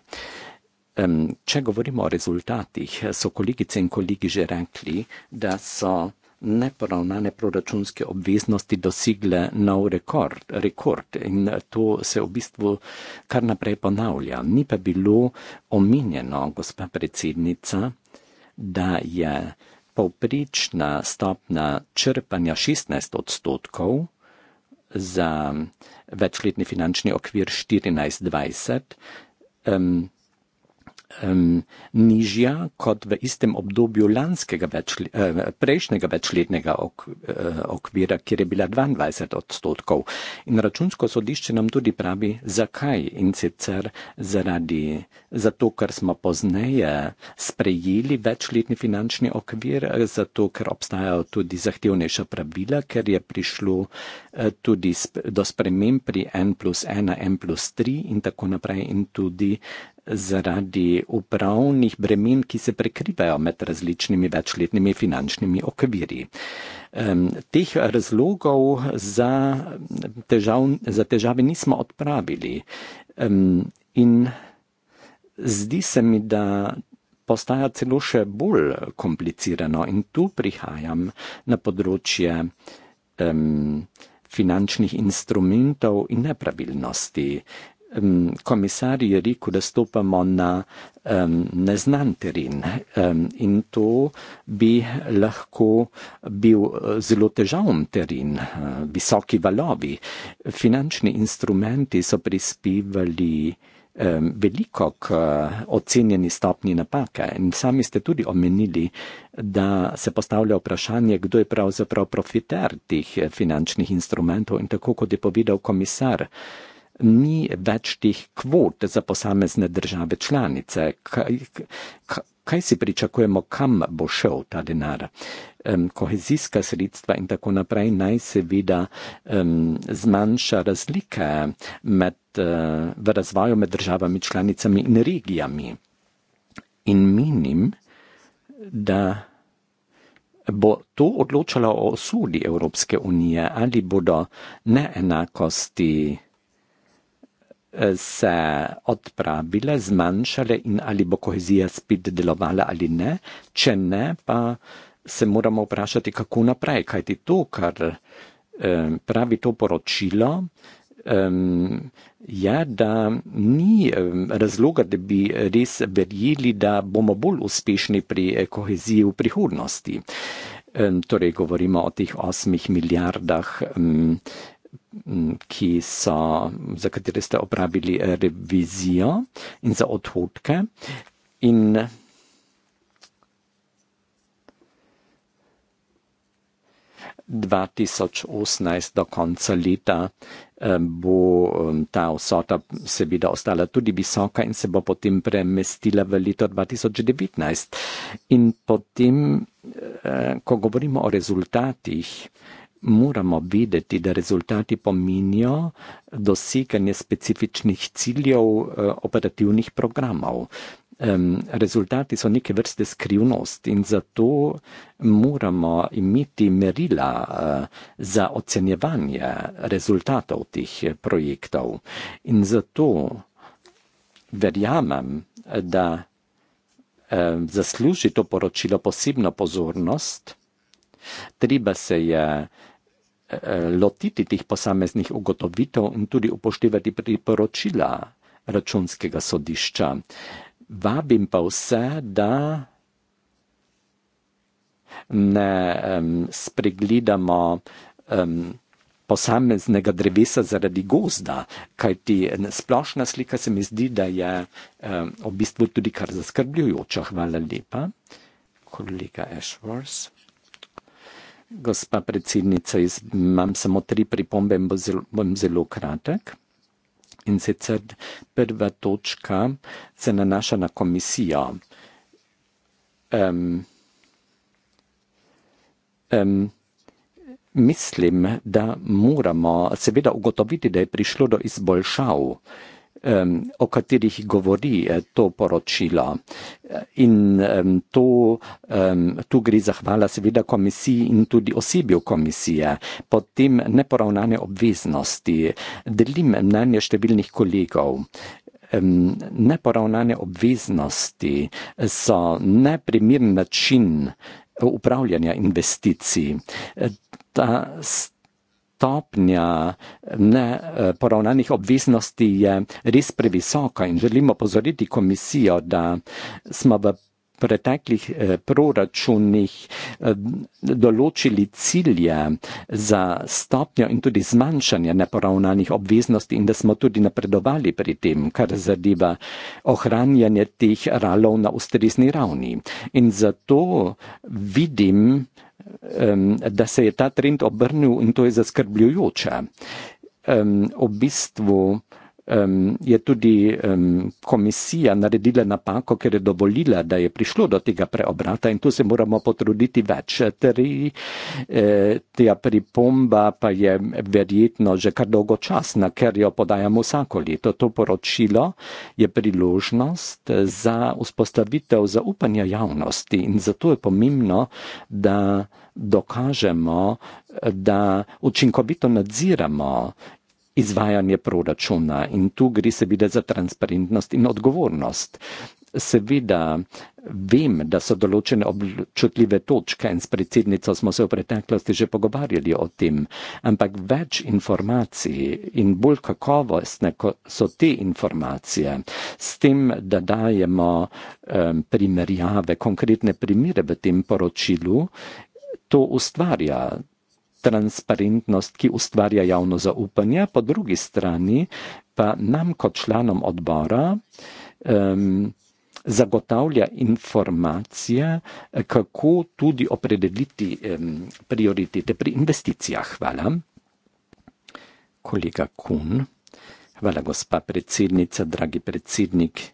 Če govorimo o rezultatih, so kolegice in kolegi že rekli, da so neporavnane proračunske obveznosti dosegle nov rekord, rekord in to se v bistvu kar naprej ponavlja. Ni pa bilo omenjeno, gospa predsednica, da je povprečna stopna črpanja 16 odstotkov za večletni finančni okvir 14-20 um, nižja kot v istem obdobju lanskega večle, uh, prejšnjega večletnega ok, uh, okvira, kjer je bila 22 odstotkov. In računsko sodišče nam tudi pravi, zakaj in sicer zaradi, zato ker smo pozneje sprejeli večletni finančni okvir, eh, zato ker obstajajo tudi zahtevnejša pravila, ker je prišlo uh, tudi sp do sprememb pri N plus 1, N plus 3 in tako naprej in tudi uh, zaradi upravnih bremen, ki se prekrivajo med različnimi večletnimi finančnimi okvirji. Teh razlogov za, težav, za težave nismo odpravili in zdi se mi, da postaja celo še bolj komplicirano in tu prihajam na področje finančnih instrumentov in nepravilnosti, um, komisar je rekel, da stopamo na um, neznan teren um, in to bi lahko bil eh, zelo težavn teren, uh, visoki valovi. Finančni instrumenti so prispevali um, veliko k uh, ocenjeni stopni napake in sami ste tudi omenili, da se postavlja vprašanje, kdo je pravzaprav profiter teh finančnih instrumentov in tako kot je povedal komisar ni več teh kvot za posamezne države članice. Kaj, kaj si pričakujemo, kam bo šel ta denar? Kohezijska sredstva in tako naprej naj seveda um, zmanjša razlike med, uh, v razvoju med državami članicami in regijami. In menim, da bo to odločalo o sudi Evropske unije, ali bodo neenakosti se odpravile, zmanjšale in ali bo kohezija spet delovala ali ne. Če ne, pa se moramo vprašati, kako naprej, kajti to, kar pravi to poročilo, je, da ni razloga, da bi res verjeli, da bomo bolj uspešni pri eh, koheziji v prihodnosti. Torej, govorimo o teh osmih milijardah ki so, za katere ste opravili revizijo in za odhodke. In dva tisoč osemnajst do konca leta eh, bo ta vsota seveda ostala tudi visoka in se bo potem premestila v leto dva tisoč devetnajst. In potem, eh, ko govorimo o rezultatih, moramo vedeti, da rezultati pominjo doseganje specifičnih ciljev eh, operativnih programov. Rezultati so neke vrste skrivnost in zato moramo imeti merila eh, za ocenjevanje rezultatov teh eh, projektov. In zato verjamem, da zasluži to poročilo posebno pozornost. Treba se je Eh, lotiti tih posameznih ugotovitev in tudi upoštevati priporočila računskega sodišča. Vabim pa vse, da ne um, spregledamo um, posameznega drevesa zaradi gozda, kajti splošna slika se mi zdi, da je um, v bistvu tudi kar zaskrbljujoča. Hvala lepa, kolega Ashworth. Gospa predsednica, imam samo tri pripombe in bom zelo kratek. In sicer prva točka se nanaša na komisijo. Um, um, mislim, da moramo seveda ugotoviti, da je prišlo do izboljšav o katerih govori eh, to poročilo. In to, tu gre zahvala seveda komisiji in tudi osebju komisije, potem neporavnane obveznosti. Delim mnenje številnih kolegov. Neporavnane obveznosti so neprimern način upravljanja investicij. Ta, stopnja neporavnanih eh, obveznosti je res previsoka in želimo pozoriti komisijo, da smo v preteklih eh, proračunih eh, določili cilje za stopnjo in tudi zmanjšanje neporavnanih obveznosti in da smo tudi napredovali pri tem, kar zadeva ohranjanje teh ralov na ustrezni ravni. In zato vidim, um, da se je ta trend obrnil in to je zaskrbljujoče. Um, v bistvu um, je tudi um, komisija naredila napako, ker je dovolila, da je prišlo do tega preobrata in tu se moramo potruditi več. Tri, eh, tja pripomba pa je verjetno že kar dolgočasna, ker jo podajamo vsako leto. To poročilo je priložnost za vzpostavitev zaupanja javnosti in zato je pomembno, da dokažemo, da učinkovito nadziramo izvajanje proračuna in tu gre seveda za transparentnost in odgovornost. Seveda vem, da so določene občutljive točke in s predsednico smo se v preteklosti že pogovarjali o tem, ampak več informacij in bolj kakovostne so te informacije, s tem, da dajemo um, primerjave, konkretne primere v tem poročilu, to ustvarja transparentnost, ki ustvarja javno zaupanje, po drugi strani pa nam kot članom odbora um, zagotavlja informacije, kako tudi opredeliti um, prioritete pri investicijah. Hvala. Kolega Kun, hvala gospa predsednica, dragi predsednik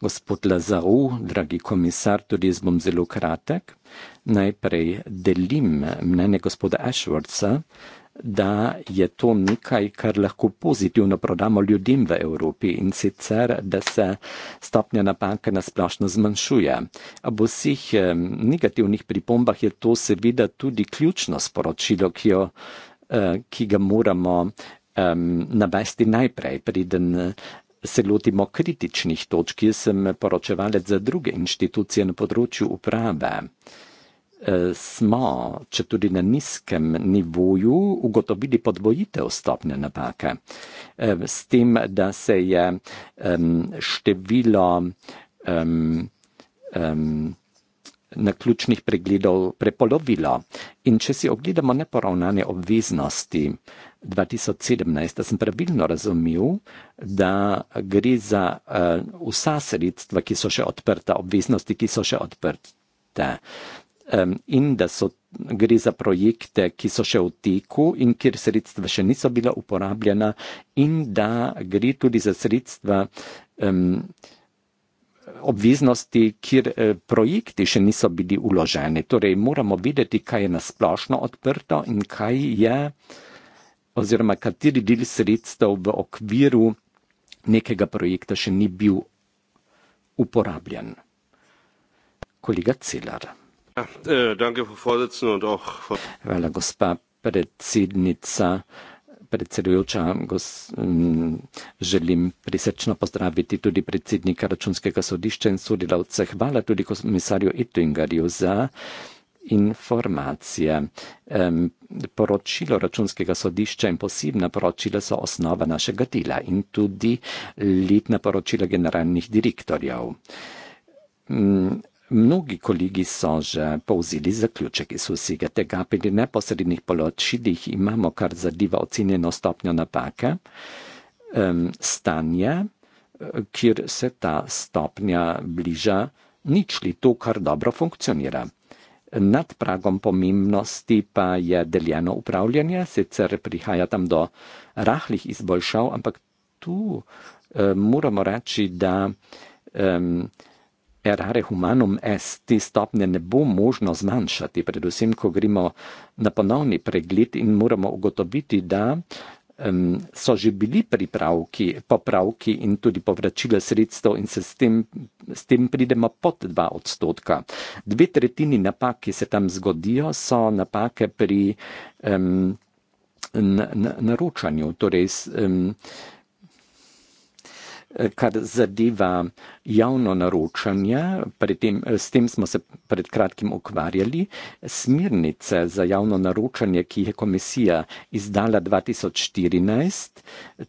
gospod Lazaru, dragi komisar, tudi jaz bom zelo kratek. Najprej delim mnenje gospoda Ashworda, da je to nekaj, kar lahko pozitivno prodamo ljudem v Evropi in sicer, da se stopnja napake nasplošno zmanjšuje. Ob vseh negativnih pripombah je to seveda tudi ključno sporočilo, ki, jo, eh, ki ga moramo. Um, navesti najprej, preden se lotimo kritičnih točk, jaz sem poročevalec za druge inštitucije na področju uprave. E, smo, če tudi na nizkem nivoju, ugotovili podvojitev stopne napake. E, s tem, da se je število naključnih pregledov prepolovilo. In če si ogledamo neporavnane obveznosti, 2017, da sem pravilno razumel, da gre za uh, vsa sredstva, ki so še odprta, obveznosti, ki so še odprte. Um, in da so, gre za projekte, ki so še v teku in kjer sredstva še niso bila uporabljena, in da gre tudi za sredstva. Um, obveznosti, kjer eh, projekti še niso bili uloženi. Torej, moramo videti, kaj je nasplošno odprto in kaj je, oziroma kateri del sredstev v okviru nekega projekta še ni bil uporabljen. Kolega Celar. Ja, eh, Hvala, gospa predsednica, predsedujoča. Mm, želim prisrčno pozdraviti tudi predsednika računskega sodišča in sodelavce. Hvala tudi komisarju Ettingerju za uh, informacije. Um, poročilo računskega sodišča in posebna poročila so osnova našega dela in tudi letna poročila generalnih direktorjev. Um, mnogi kolegi so že povzeli zaključek iz vsega tega, pri neposrednih poročilih imamo kar zadeva ocenjeno stopnjo napake, um, stanje, kjer se ta stopnja bliža ničli, to kar dobro funkcionira. Nad pragom pomembnosti pa je deljeno upravljanje, sicer prihaja tam do rahlih izboljšav, ampak tu eh, moramo reči, da eh, erare humanum est te stopnje ne bo možno zmanjšati, predvsem, ko gremo na ponovni pregled in moramo ugotoviti, da eh, um, so že bili pripravki, popravki in tudi povračila sredstev in se s tem, s tem pridemo pod 2 odstotka. Dve tretjini napak, ki se tam zgodijo, so napake pri um, naročanju, torej um, kar zadeva javno naročanje, tem, s tem smo se pred kratkim ukvarjali, smernice za javno naročanje, ki jih je komisija izdala 2014,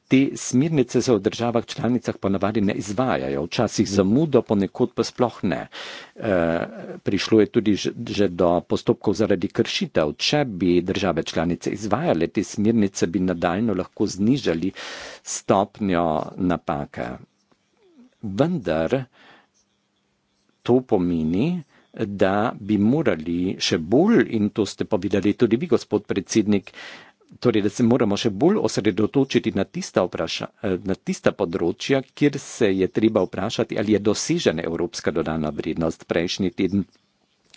te smernice se v državah članicah ponavadi ne izvajajo, včasih zamudo, ponekod pa sploh ne. E, prišlo je tudi že do postopkov zaradi kršitev. Če bi države članice izvajale te smernice, bi nadaljno lahko znižali stopnjo napake vendar to pomeni, da bi morali še bolj, in to ste povedali tudi vi, gospod predsednik, torej, da se moramo še bolj osredotočiti na tista, vpraša, na tista področja, kjer se je treba vprašati, ali je dosežena evropska dodana vrednost. Prejšnji teden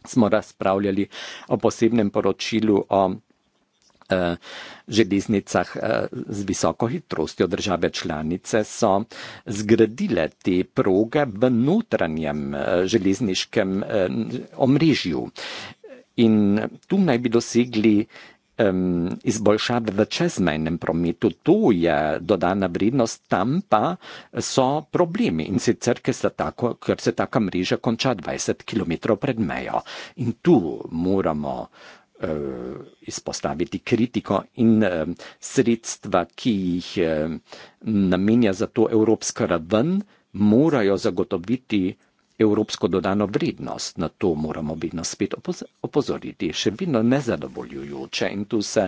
smo razpravljali o posebnem poročilu o Eh, železnicah eh, z visoko hitrostjo države članice so zgradile te proge v notranjem eh, železniškem omrežju. In tu naj bi dosegli izboljšave v čezmejnem prometu, to je dodana vrednost, tam pa so problemi in sicer, ker se, tako, ker se taka mreža konča 20 km pred mejo. In tu moramo Eh, izpostaviti kritiko in eh, sredstva, ki jih eh, namenja za to Evropska raven, morajo zagotoviti evropsko dodano vrednost. Na to moramo vedno spet opozoriti. Še vedno nezadovoljujoče in tu se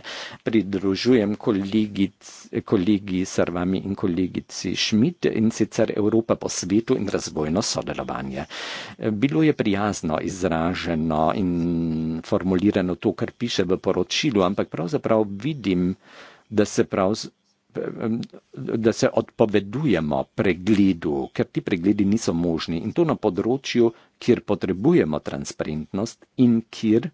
pridružujem kolegic, kolegi Sarvami in kolegici Schmidt in sicer Evropa po svetu in razvojno sodelovanje. Bilo je prijazno izraženo in formulirano to, kar piše v poročilu, ampak pravzaprav vidim, da se pravzaprav da se odpovedujemo pregledu, ker ti pregledi niso možni in to na področju, kjer potrebujemo transparentnost in kjer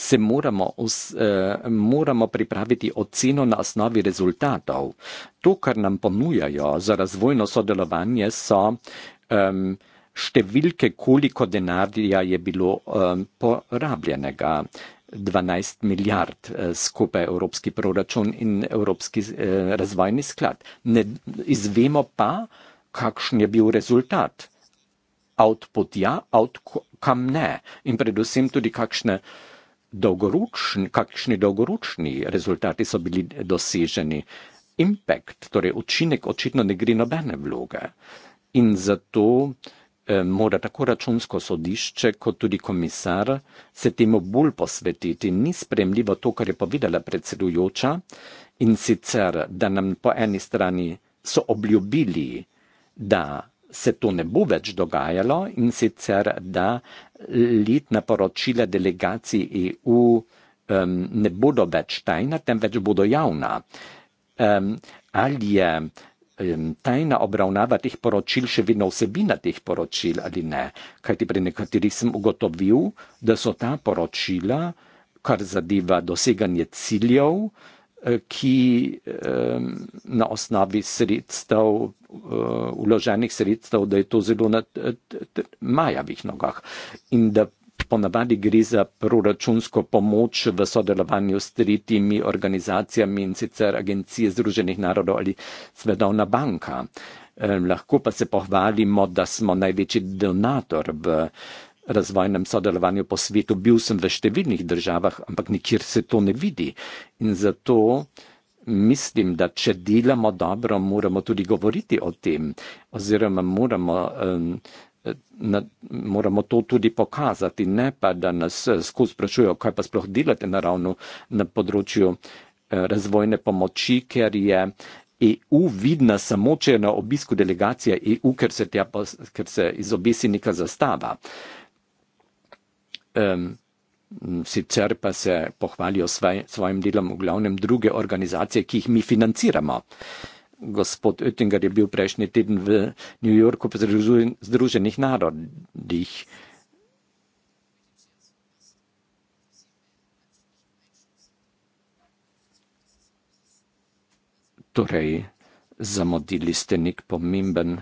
se moramo, os, eh, moramo pripraviti oceno na osnovi rezultatov. To, kar nam ponujajo za razvojno sodelovanje, so um, številke, koliko denarja je bilo um, porabljenega. 12 milijard eh, skupaj Evropski proračun in Evropski eh, razvojni sklad. Ne izvemo pa, kakšen je bil rezultat. Output ja, outcome ne. In predvsem tudi, kakšne dolgoročni, kakšni dolgoročni rezultati so bili doseženi. Impact, torej učinek, očitno ne gre nobene vloge. In zato. Eh, mora tako računsko sodišče kot tudi komisar se temu bolj posvetiti. Ni spremljivo to, kar je povedala predsedujoča in sicer, da nam po eni strani so obljubili, da se to ne bo več dogajalo in sicer, da letna poročila delegacij EU um, ne bodo več tajna, temveč bodo javna. Um, ali je tajna obravnava teh poročil še vedno vsebina teh poročil ali ne. Kaj ti pri nekaterih sem ugotovil, da so ta poročila, kar zadeva doseganje ciljev, eh, ki na osnovi sredstev, uloženih eh, sredstev, da je to zelo na majavih nogah. In da Ponavadi gre za proračunsko pomoč v sodelovanju s tretjimi organizacijami in sicer Agencije Združenih narodov ali Svetovna banka. Eh, lahko pa se pohvalimo, da smo največji donator v razvojnem sodelovanju po svetu. Bil sem v številnih državah, ampak nikjer se to ne vidi. In zato mislim, da če delamo dobro, moramo tudi govoriti o tem oziroma moramo. Um, na, moramo to tudi pokazati, ne pa, da nas eh, skozi sprašujejo, kaj pa sploh delate na ravno na področju eh, razvojne pomoči, ker je EU vidna samo, če je na obisku delegacija EU, ker se, tja, ker se izobesi neka zastava. Um, sicer pa se pohvalijo svaj, svojim delom v glavnem druge organizacije, ki jih mi financiramo. Uh, gospod Oettinger je bil prejšnji teden v New Yorku pri Združenih narodih. Torej, zamodili ste nek pomemben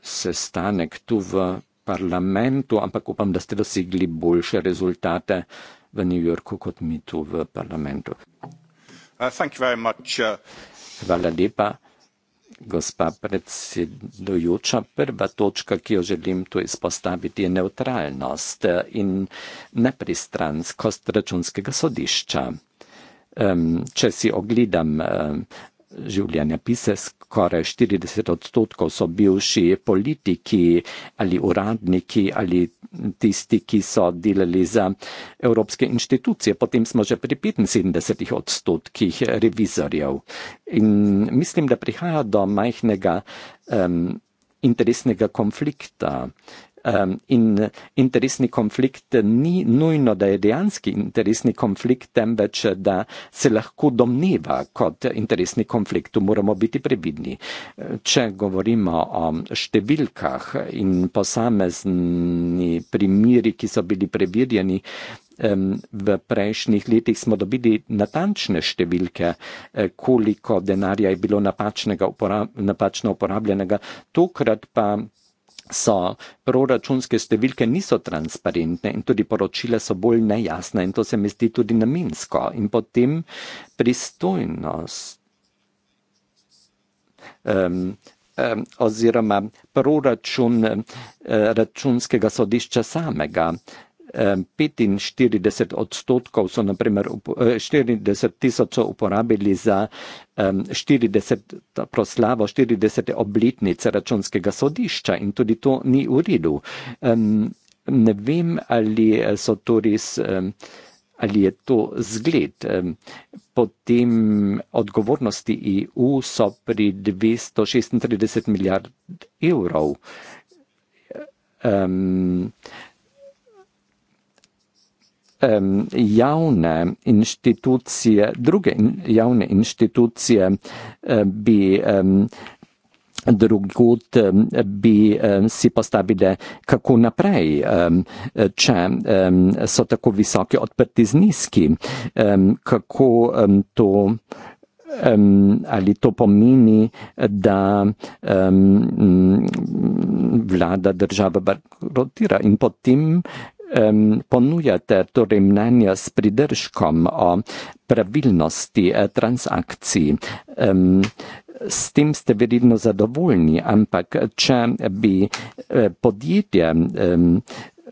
sestanek tu v parlamentu, ampak upam, da ste dosegli boljše rezultate v New Yorku kot mi tu v parlamentu. Uh, thank you very much, uh... Hvala lepa gospa predsedujoča, prva točka, ki jo želim tu izpostaviti, je neutralnost eh, in nepristranskost računskega sodišča. Če si ogledam eh, življenjepise, skoraj 40 odstotkov so bivši politiki ali uradniki ali tisti, ki so delali za evropske inštitucije. Potem smo že pri 75 odstotkih revizorjev. In mislim, da prihaja do majhnega um, interesnega konflikta um, in interesni konflikt ni nujno, da je dejanski interesni konflikt, temveč da se lahko domneva kot interesni konflikt. Tu moramo biti previdni. Če govorimo o številkah in posamezni primiri, ki so bili preverjeni, ehm, V prejšnjih letih smo dobili natančne številke, eh, koliko denarja je bilo napačno uporabljenega, tokrat pa so, proračunske številke niso transparentne in tudi poročila so bolj nejasna in to se mi zdi tudi namensko. In potem pristojnost um, um, oziroma proračun um, računskega sodišča samega. 45 odstotkov so naprimer 40 eh, tisočov uporabili za 40 proslavo 40 obletnice računskega sodišča in tudi to ni v redu. Ne vem, ali eh, so to res, ali je to zgled. Potem odgovornosti EU so pri 236 milijard evrov um, javne inštitucije, druge in, javne inštitucije uh, bi um, drugot bi e, si postavile kako naprej, če so tako visoki odprti zniski, kako to ali to pomeni, da vlada država bankrotira in potem, um, ponujate torej mnenja s pridržkom o pravilnosti eh, transakcij. Um, S tem ste verjetno zadovoljni, ampak če bi eh, podjetje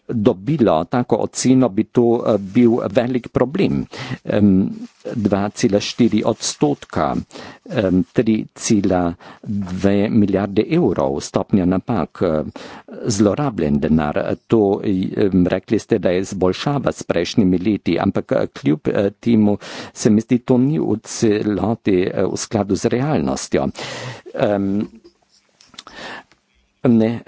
dobilo tako oceno, bi to eh, bil velik problem. 2,4 odstotka, 3,2 milijarde evrov stopnja napak, eh, zlorabljen denar. To rekli ste, da je zboljšava s prejšnjimi leti, ampak eh, kljub temu se mi zdi, to ni v celoti v skladu z realnostjo. Ne,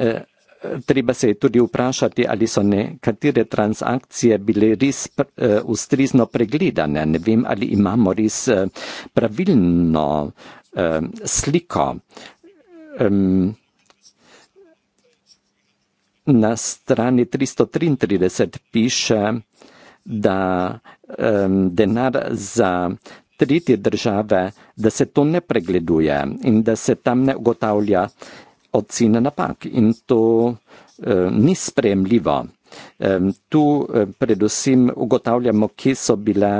treba se je tudi vprašati, ali so nekatere transakcije bile res eh, ustrizno pregledane. Ne vem, ali imamo res eh, pravilno eh, sliko. Na strani 333 piše, da denar za tretje države, da se to ne pregleduje in da se tam ne ugotavlja ocene napak in to eh, ni spremljivo. Eh, tu eh, predvsem ugotavljamo, kje so bila,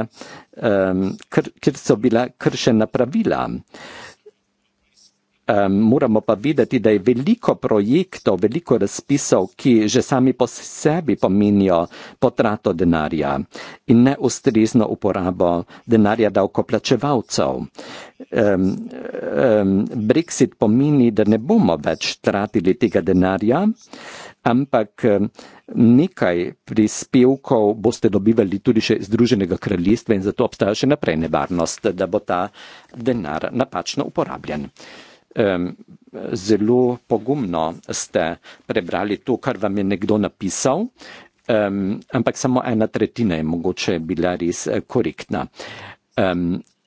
eh, kr, kjer so bila kršena pravila. Eh, um, moramo pa videti, da je veliko projektov, veliko razpisov, ki že sami po sebi pominjajo potrato denarja in neustrezno uporabo denarja davkoplačevalcev. Um, um, Brexit pomeni, da ne bomo več tratili tega denarja, ampak nekaj prispevkov boste dobivali tudi še iz Združenega kraljestva in zato obstaja še naprej nevarnost, da bo ta denar napačno uporabljen zelo pogumno ste prebrali to, kar vam je nekdo napisal, ampak samo ena tretjina je mogoče bila res eh, korektna.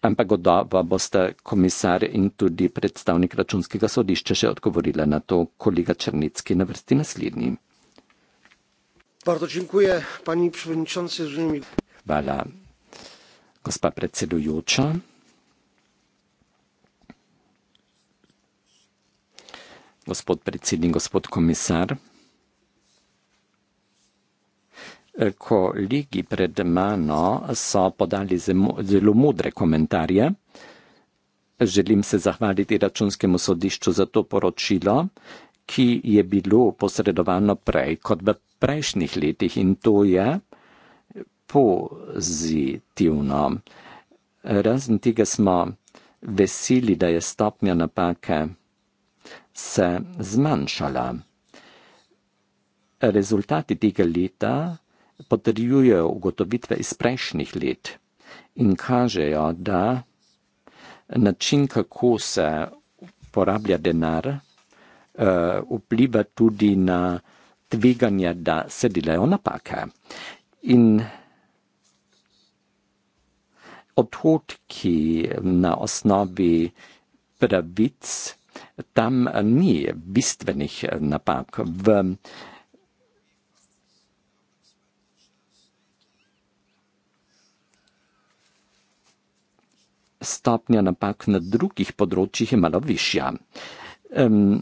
Ampak godova boste komisar in tudi predstavnik računskega sodišča še odgovorila na to, kolega Črnecki na vrsti naslednji. Hvala, gospa predsedujoča. gospod predsednik, gospod komisar. Kolegi pred mano so podali zelo modre komentarje. Želim se zahvaliti računskemu sodišču za to poročilo, ki je bilo posredovano prej kot v prejšnjih letih in to je pozitivno. Razen tega smo veseli, da je stopnja napake se zmanjšala. Rezultati tega leta potrjujejo ugotovitve iz prejšnjih let in kažejo, da način, kako se porablja denar, eh, vpliva tudi na tveganje, da se delajo napake. In odhodki na osnovi pravic, tam ni bistvenih napak. V stopnja napak na drugih področjih je malo višja. Um,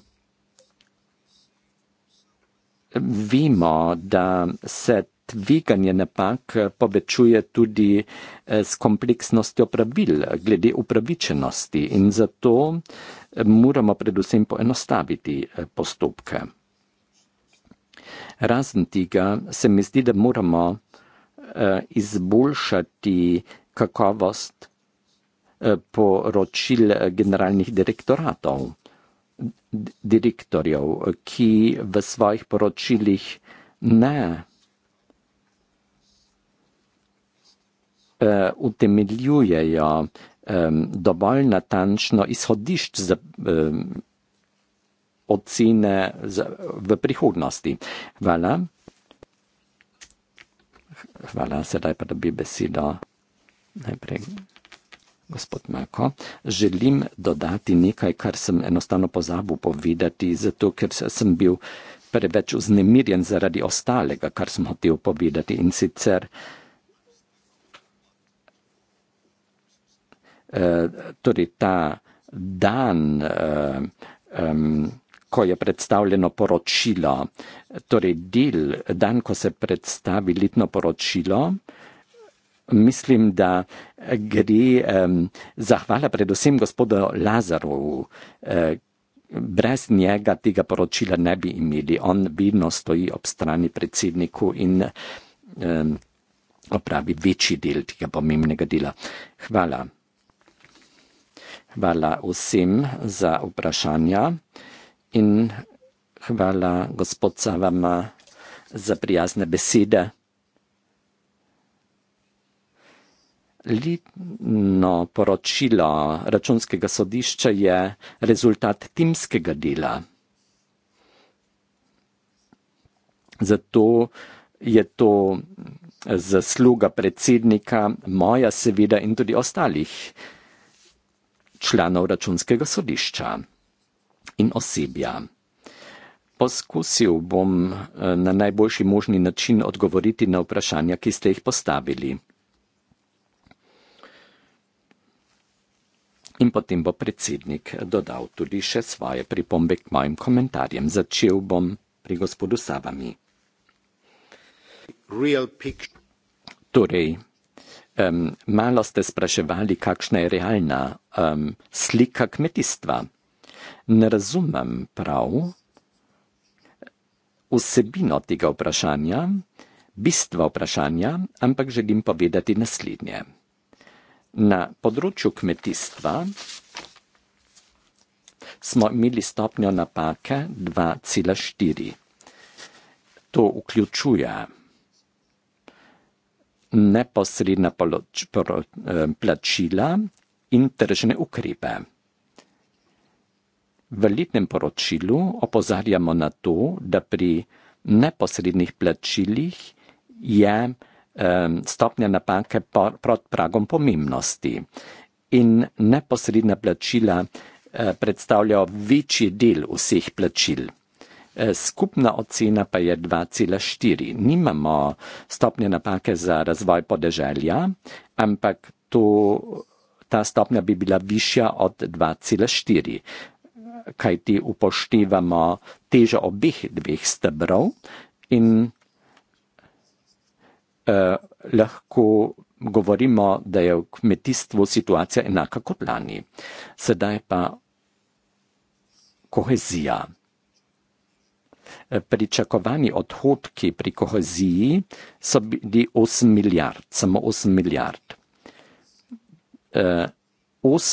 vemo, da se tveganje napak povečuje tudi eh, s kompleksnostjo pravil glede upravičenosti in zato moramo predvsem poenostaviti eh, postopke. Razen tega se mi zdi, da moramo eh, izboljšati kakovost eh, poročil generalnih direktoratov, direktorjev, ki v svojih poročilih ne utemeljujejo dovolj natančno izhodišč za um, ocene za, v prihodnosti. Hvala. Hvala, sedaj pa dobi besedo najprej. Gospod Mako, želim dodati nekaj, kar sem enostavno pozabil povedati, zato ker sem bil preveč vznemirjen zaradi ostalega, kar sem hotel povedati in sicer. Eh, tudi torej, ta dan, eh, ko je predstavljeno poročilo, torej del, dan, ko se predstavi letno poročilo, mislim, da gre zahvala predvsem gospodu Lazaru. Eh, brez njega tega poročila ne bi imeli. On vedno stoji ob strani predsedniku in opravi večji del tega pomembnega dela. Hvala. Hvala vsem za vprašanja in hvala gospodca vama za prijazne besede. Letno poročilo računskega sodišča je rezultat timskega dela. Zato je to zasluga predsednika, moja seveda in tudi ostalih članov računskega sodišča in osebja. Poskusil bom eh, na najboljši možni način odgovoriti na vprašanja, ki ste jih postavili. In potem bo predsednik dodal tudi še svoje pripombe k mojim komentarjem. Začel bom pri gospodu Savami. Torej, um, malo ste spraševali, kakšna je realna um, slika kmetijstva. Ne razumem prav vsebino tega vprašanja, bistva vprašanja, ampak želim povedati naslednje. Na področju kmetijstva smo imeli stopnjo napake 2,4. To vključuje neposredna eh, plačila in tržne ukrepe. V letnem poročilu opozarjamo na to, da pri neposrednih plačilih je eh, stopnja napake pod pragom pomembnosti in neposredna plačila eh, predstavljajo večji del vseh plačil. E, skupna ocena pa je 2,4. Nimamo stopnje napake za razvoj podeželja, ampak to, ta stopnja bi bila višja od 2,4, kaj ti upoštevamo težo obeh dveh stebrov in eh, lahko govorimo, da je v kmetijstvu situacija enaka kot lani. Sedaj pa kohezija pričakovani odhodki pri koheziji so bili 8 milijard, samo 8 milijard. 8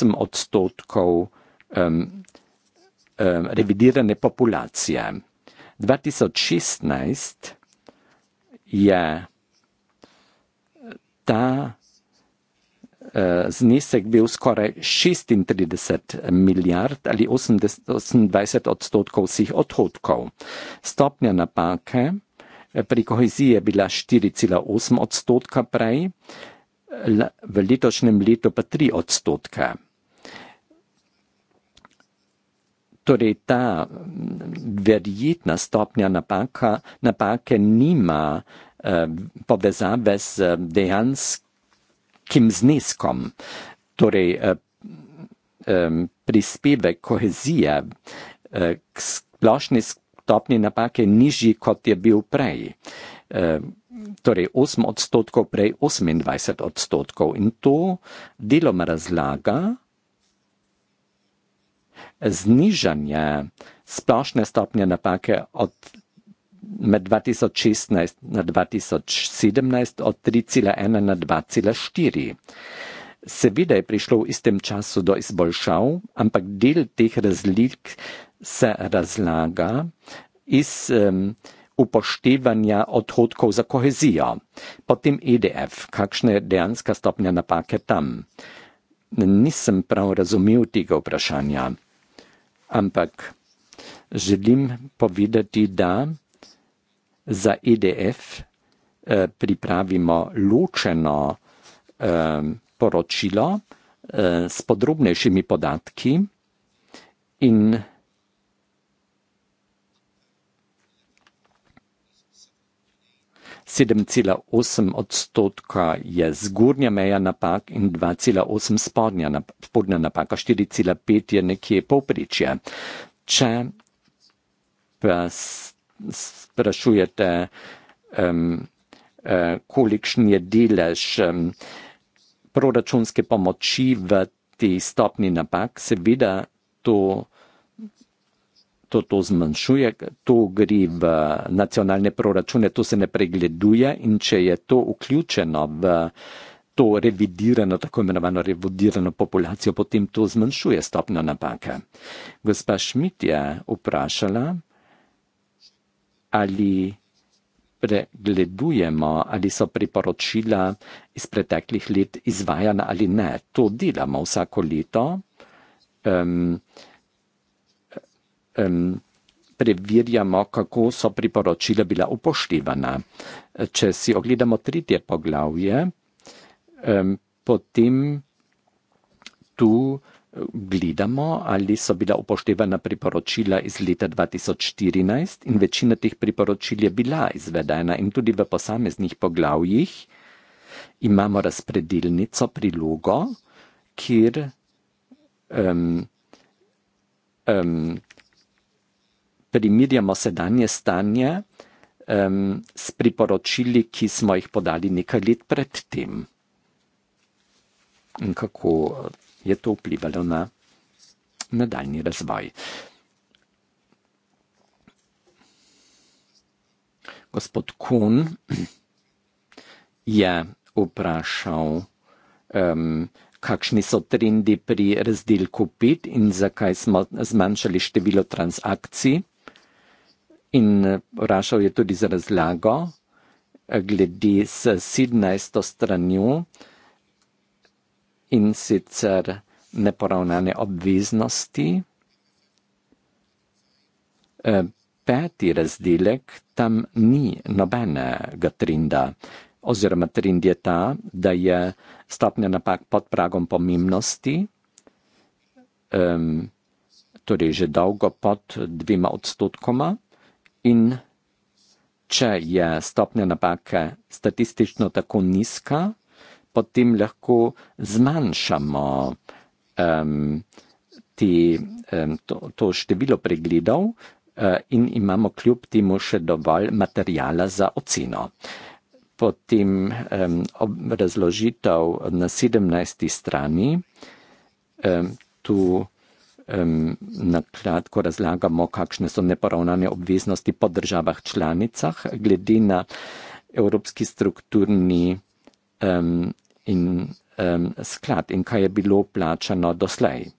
eh, odstotkov um, um, revidirane populacije. 2016 je ta Eh, znesek bil skoraj 36 milijard ali 28 odstotkov vseh odhodkov. Stopnja napake eh, pri koheziji je bila 4,8 odstotka prej, v letošnjem letu pa 3 odstotke. Torej ta verjetna stopnja napaka, napake nima eh, povezave z eh, dejansk velikim zneskom, torej um, prispevek kohezije eh, k splošni stopni napake nižji, kot je bil prej. Um, torej 8 odstotkov prej 28 odstotkov in to deloma razlaga znižanje splošne stopnje napake od med 2016 na 2017 od 3,1 na 2,4. Seveda je prišlo v istem času do izboljšav, ampak del teh razlik se razlaga iz um, upoštevanja odhodkov za kohezijo. Potem EDF, kakšna je dejanska stopnja napake tam? Nisem prav razumel tega vprašanja, ampak želim povedati, da za EDF eh, pripravimo ločeno eh, poročilo eh, s podrobnejšimi podatki in sedem cela osem odstotka je zgornja meja napak in dva cela osem spodnja spodnja napaka štiri cela pet je nekje povprečje če pa sprašujete, um, uh, kolikšen je delež um, proračunske pomoči v tej stopni napak, seveda to, to, to zmanjšuje, to gre v nacionalne proračune, to se ne pregleduje in če je to vključeno v to revidirano, tako imenovano revidirano populacijo, potem to zmanjšuje stopno napake. Gospa Šmit je vprašala, ali pregledujemo, ali so priporočila iz preteklih let izvajana ali ne. To delamo vsako leto. Um, um, preverjamo, kako so priporočila bila upoštevana. Če si ogledamo tretje poglavje, um, potem tu gledamo, ali so bila upoštevana priporočila iz leta 2014 in večina teh priporočil je bila izvedena in tudi v posameznih poglavjih imamo razpredelnico, prilogo, kjer um, um, primirjamo sedanje stanje um, s priporočili, ki smo jih podali nekaj let predtem. In kako je to vplivalo na nadaljni razvoj. Gospod Kun je vprašal, um, kakšni so trendi pri razdelku PIT in zakaj smo zmanjšali število transakcij. In eh, vprašal je tudi za razlago eh, glede s 17. stranjo in sicer neporavnane obveznosti. E, peti razdelek, tam ni nobenega trenda, oziroma trend je ta, da je stopnja napak pod pragom pomembnosti, um, torej že dolgo pod dvima odstotkoma in če je stopnja napake statistično tako nizka, potem lahko zmanjšamo um, te, um, to, to število pregledov uh, in imamo kljub temu še dovolj materijala za oceno. Potem um, razložitev na 17. strani, um, tu um, na kratko razlagamo, kakšne so neporavnane obveznosti po državah članicah, glede na evropski strukturni um, in um, sklad in kaj je bilo plačano doslej.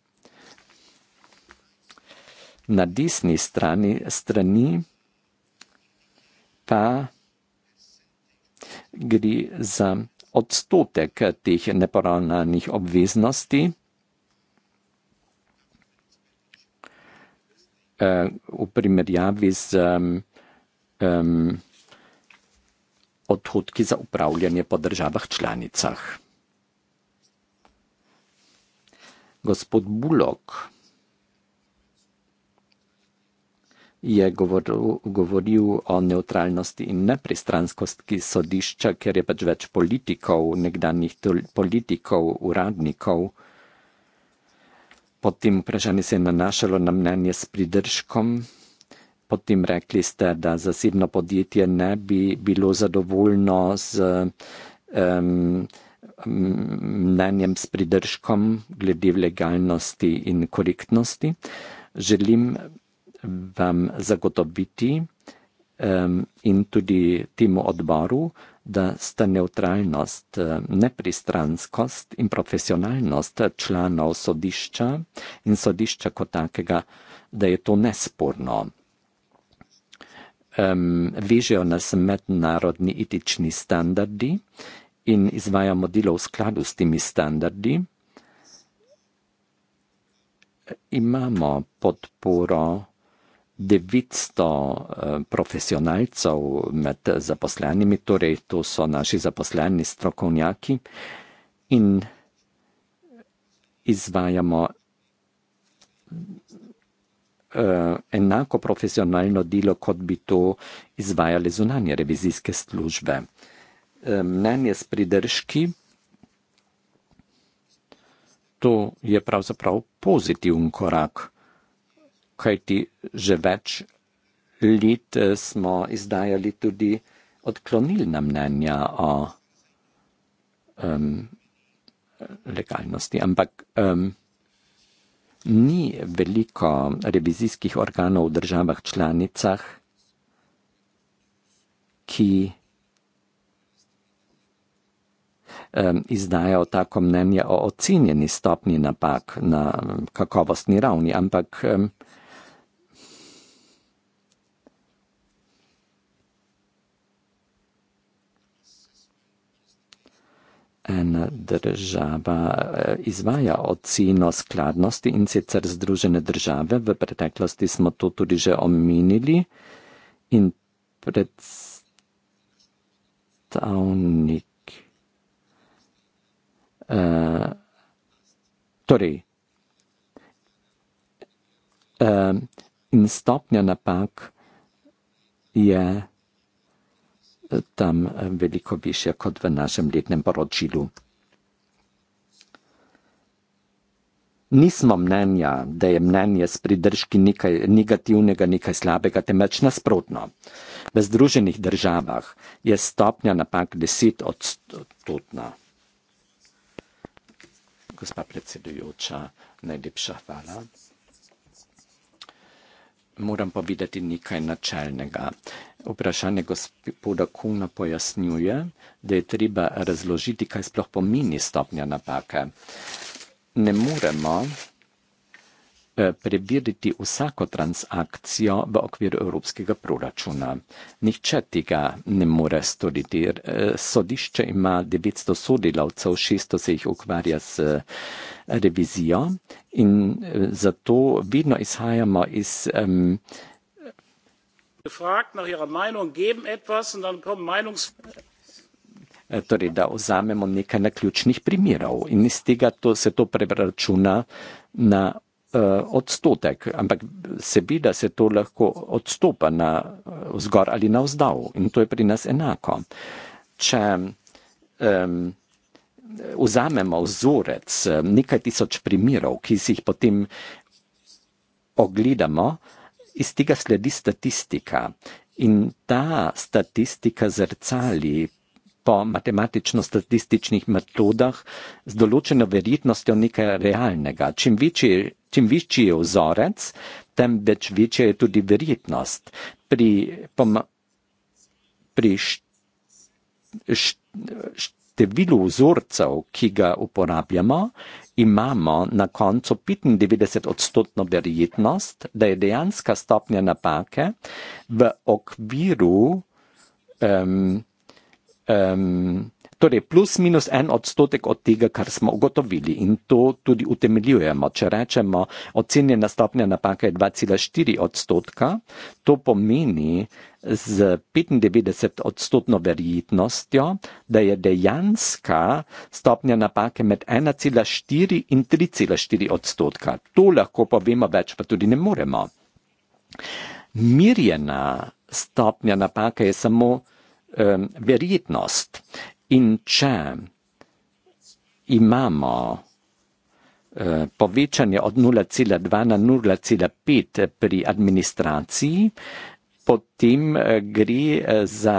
Na desni strani, strani pa gre za odstotek teh neporavnanih obveznosti. Uh, v primerjavi z um, um, odhodki za upravljanje po državah članicah. Gospod Bulok je govoril, govoril o neutralnosti in nepristranskosti sodišča, ker je pač več politikov, nekdanjih politikov, uradnikov. Potem vprašanje se je nanašalo na mnenje s pridržkom. Potem rekli ste, da zasebno podjetje ne bi bilo zadovoljno z um, mnenjem s pridržkom glede legalnosti in korektnosti. Želim vam zagotoviti um, in tudi temu odboru, da sta neutralnost, nepristranskost in profesionalnost članov sodišča in sodišča kot takega, da je to nesporno um, vežejo nas mednarodni etični standardi in izvajamo delo v skladu s temi standardi. Imamo podporo 900 eh, profesionalcev med zaposlenimi, torej to so naši zaposleni strokovnjaki in izvajamo Eh, enako profesionalno delo, kot bi to izvajale zunanje revizijske službe. Eh, mnenje s pridržki, to je pravzaprav pozitiven korak, kajti že več let eh, smo izdajali tudi odklonilna mnenja o um, legalnosti, ampak um, ni veliko revizijskih organov v državah članicah, ki izdajo tako mnenje o ocenjeni stopnji napak na kakovostni ravni, ampak ena država eh, izvaja oceno skladnosti in sicer Združene države. V preteklosti smo to tudi že omenili in predstavnik. Uh, torej, uh, in stopnja napak je. Yeah tam eh, veliko više kot v našem letnem poročilu. Nismo mnenja, da je mnenje s pridržki nekaj negativnega, nekaj slabega, temveč nasprotno. V Združenih državah je stopnja napak 10 odstotna. Gospa predsedujoča, najlepša hvala. Moram povedati nekaj načelnega vprašanje gospoda Kuna pojasnjuje, da je treba razložiti, kaj sploh pomeni stopnja napake. Ne moremo eh, prebiriti vsako transakcijo v okviru evropskega proračuna. Nihče tega ne more storiti. Eh, sodišče ima 900 sodelavcev, 600 se jih ukvarja z eh, revizijo in zato vedno izhajamo iz. Um, gefragt nach ihrer Meinung, geben etwas und dann kommen Meinungs... E, torej, da vzamemo nekaj na ključnih primerov in iz tega to, se to preračuna na uh, odstotek, ampak seveda se to lahko odstopa na uh, e, vzgor ali na vzdal in to je pri nas enako. Če um, vzamemo vzorec nekaj tisoč primerov, ki si jih potem ogledamo, uh, iz tega sledi statistika in ta statistika zrcali po matematično-statističnih metodah z določeno verjetnostjo nekaj realnega. Čim večji, čim večji je vzorec, tem več večja je tudi verjetnost. Pri, pri št, št, številu vzorcev, ki ga uporabljamo, imamo na koncu 95 odstotno verjetnost, da je dejanska stopnja napake v okviru um, um, Torej, plus minus en odstotek od tega, kar smo ugotovili in to tudi utemeljujemo. Če rečemo, ocenjena stopnja napake je 2,4 odstotka, to pomeni z 95 odstotno verjetnostjo, da je dejanska stopnja napake med 1,4 in 3,4 odstotka. To lahko povemo več, pa tudi ne moremo. Mirjena stopnja napake je samo um, verjetnost in če imamo eh, povečanje od 0,2 na 0,5 pri administraciji, potem eh, gre eh, za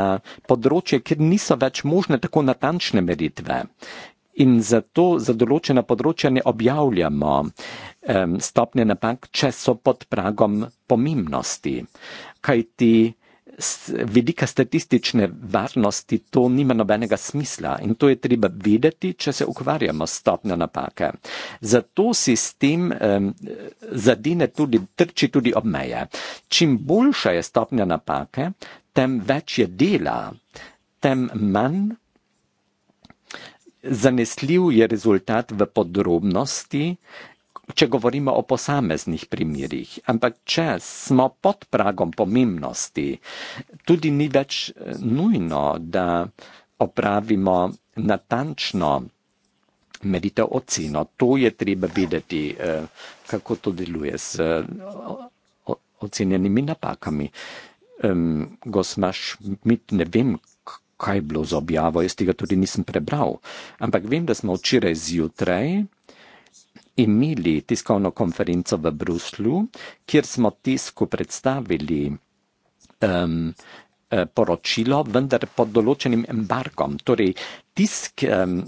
področje, kjer niso več možne tako natančne meritve. In zato za določena področja ne objavljamo stopne napak, če so pod pragom pomembnosti. Kaj ti velika statistične varnosti to nima nobenega smisla in to je treba vedeti, če se ukvarjamo s stopnjo napake. Zato sistem um, zadine tudi, trči tudi ob meje. Čim boljša je stopnja napake, tem več je dela, tem manj zanesljiv je rezultat v podrobnosti če govorimo o posameznih primerjih, ampak če smo pod pragom pomembnosti, tudi ni več eh, nujno, da opravimo natančno meritev oceno. To je treba videti, eh, kako to deluje z eh, ocenjenimi napakami. Gospa Šmit, ne vem, kaj je bilo z objavo, jaz tega tudi nisem prebral, ampak vem, da smo včeraj zjutraj imeli tiskovno konferenco v Bruslu, kjer smo tisku predstavili um, poročilo, vendar pod določenim embargom. Torej, tisk um,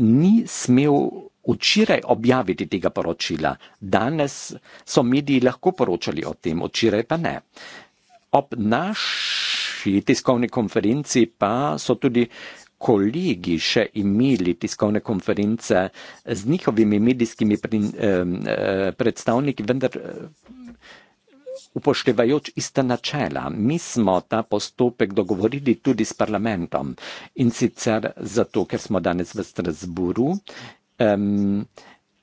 ni smel včeraj objaviti tega poročila. Danes so mediji lahko poročali o tem, včeraj pa ne. Ob naši tiskovni konferenci pa so tudi kolegi še imeli tiskovne konference z njihovimi medijskimi prin, eh, predstavniki, vendar eh, upoštevajoč ista načela. Mi smo ta postopek dogovorili tudi s parlamentom in sicer zato, ker smo danes v Strasburu. Um,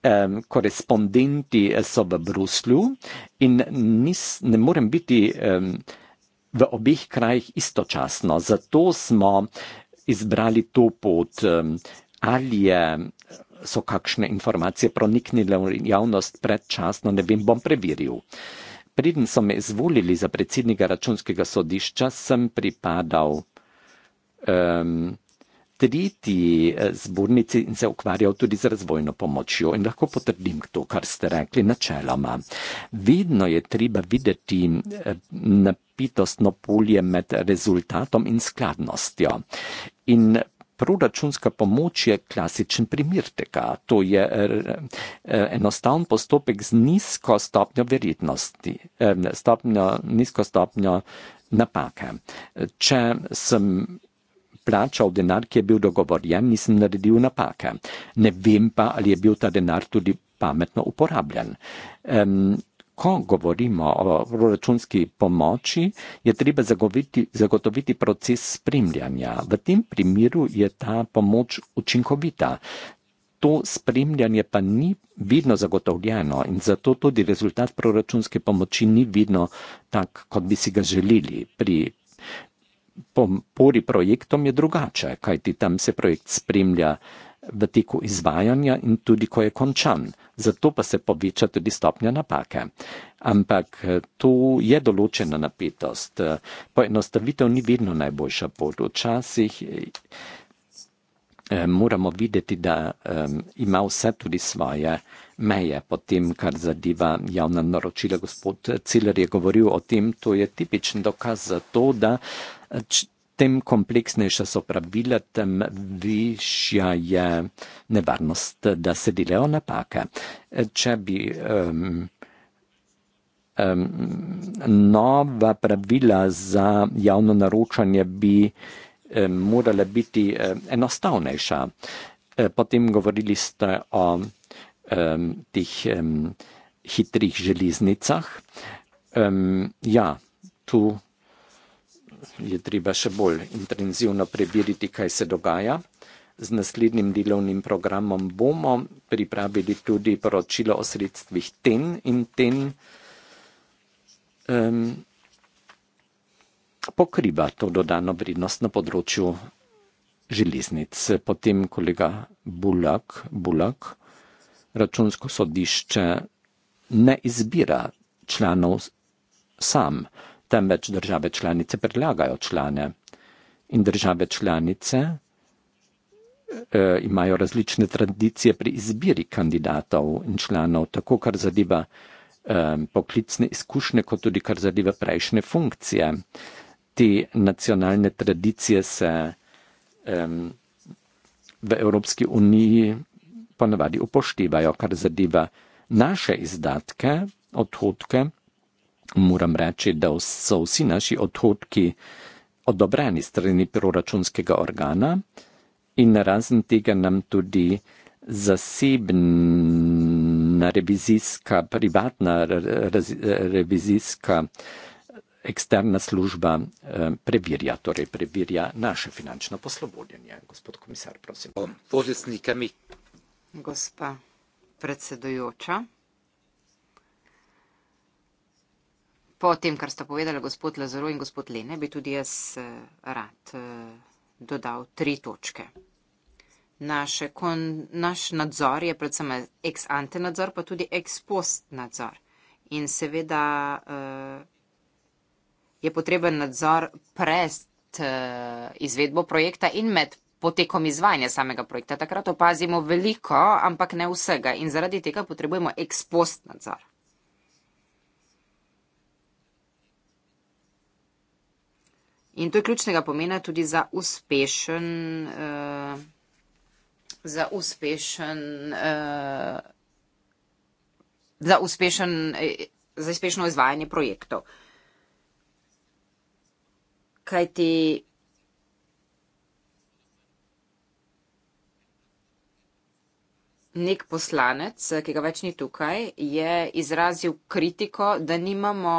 um, korespondenti eh, so v Bruslju in nis, ne morem biti um, v obeh krajih istočasno. Zato smo izbrali to pot, ali je, so kakšne informacije proniknile v javnost predčasno, ne vem, bom preveril. Preden so me izvolili za predsednika računskega sodišča, sem pripadal um, tretji eh, zbornici in se ukvarjal tudi z razvojno pomočjo in lahko potrdim to, kar ste rekli načeloma. Vedno je treba videti eh, napitostno polje med rezultatom in skladnostjo. In Proračunska pomoč je klasičen primer tega. To je eh, enostaven postopek z nizko stopnjo verjetnosti, stopnjo, nizko stopnjo napake. Če sem plačal denar, ki je bil dogovorjen, nisem naredil napake. Ne vem pa, ali je bil ta denar tudi pametno uporabljen. Um, ko govorimo o proračunski pomoči, je treba zagoviti, zagotoviti proces spremljanja. V tem primeru je ta pomoč učinkovita. To spremljanje pa ni vidno zagotovljeno in zato tudi rezultat proračunske pomoči ni vidno tak, kot bi si ga želeli. Pri podpori projektom je drugače, kajti tam se projekt spremlja v teku izvajanja in tudi ko je končan. Zato pa se poveča tudi stopnja napake. Ampak tu je določena napetost. Poenostavitev ni vedno najboljša pot. Včasih eh, moramo videti, da eh, ima vse tudi svoje meje. Potem, kar zadeva javna naročila, gospod Ciler je govoril o tem, to je tipičen dokaz za to, da tem kompleksnejša so pravila, tem višja je nevarnost, da se delajo napake. Če bi um, um, nova pravila za javno naročanje bi um, morala biti um, enostavnejša, e, potem govorili ste o um, tih um, hitrih železnicah. Um, ja, tu je treba še bolj intenzivno prebiriti, kaj se dogaja. Z naslednjim delovnim programom bomo pripravili tudi poročilo o sredstvih TEN in TEN um, pokriva to dodano vrednost na področju železnic. Potem kolega Bulak, Bulak računsko sodišče ne izbira članov sam temveč države članice predlagajo člane. In države članice e, imajo različne tradicije pri izbiri kandidatov in članov, tako kar zadeva e, poklicne izkušnje, kot tudi kar zadeva prejšnje funkcije. Te nacionalne tradicije se e, v Evropski uniji ponavadi upoštevajo, kar zadeva naše izdatke, odhodke moram reči, da so vsi naši odhodki odobreni strani proračunskega organa in razen tega nam tudi zasebna revizijska, privatna revizijska eksterna služba eh, preverja, torej preverja naše finančno poslovodjenje. Gospod komisar, prosim. Gospa predsedujoča. Po tem, kar sta povedala gospod Lazaro in gospod Lene, bi tudi jaz eh, rad eh, dodal tri točke. Naše, kon, naš nadzor je predvsem eh, ex ante nadzor, pa tudi ex post nadzor. In seveda uh, je potreben nadzor pred uh, izvedbo projekta in med potekom izvajanja samega projekta. Takrat opazimo veliko, ampak ne vsega. In zaradi tega potrebujemo ex post nadzor. In to je ključnega pomena tudi za uspešen, uh, za uspešen, uh, za uspešen, za uspešno izvajanje projektov. Kaj ti nek poslanec, eh, ki ga več ni tukaj, je izrazil kritiko, da nimamo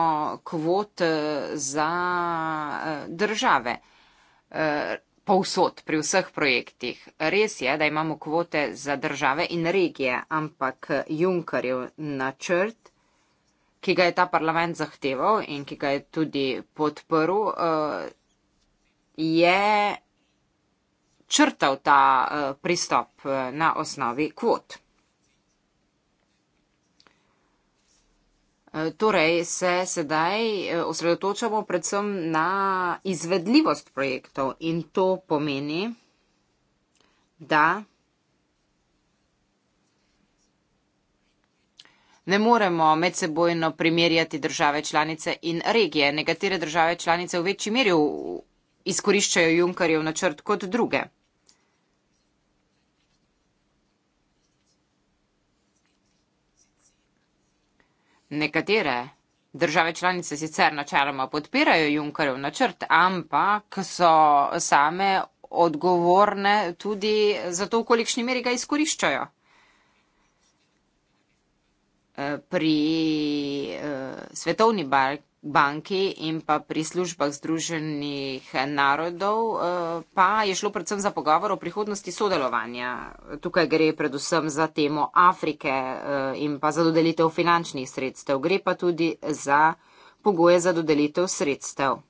kvot eh, za eh, države. Povsod, pri vseh projektih. Res je, da imamo kvote za države in regije, ampak Junkerjev načrt ki ga je ta parlament zahteval in ki ga je tudi podprl, je črtal ta eh, pristop eh, na osnovi kvot. Eh, torej se sedaj osredotočamo predvsem na izvedljivost projektov in to pomeni, da ne moremo medsebojno primerjati države članice in regije. Nekatere države članice v večji meri izkoriščajo Junkarjev načrt kot druge. Nekatere države članice sicer načeloma podpirajo Junkerjev načrt, ampak so same odgovorne tudi za to, v kolikšni meri ga izkoriščajo. Eh, pri eh, Svetovni bank banki in pa pri službah Združenih narodov, eh, pa je šlo predvsem za pogovor o prihodnosti sodelovanja. Tukaj gre predvsem za temo Afrike eh, in pa za dodelitev finančnih sredstev. Gre pa tudi za pogoje za dodelitev sredstev.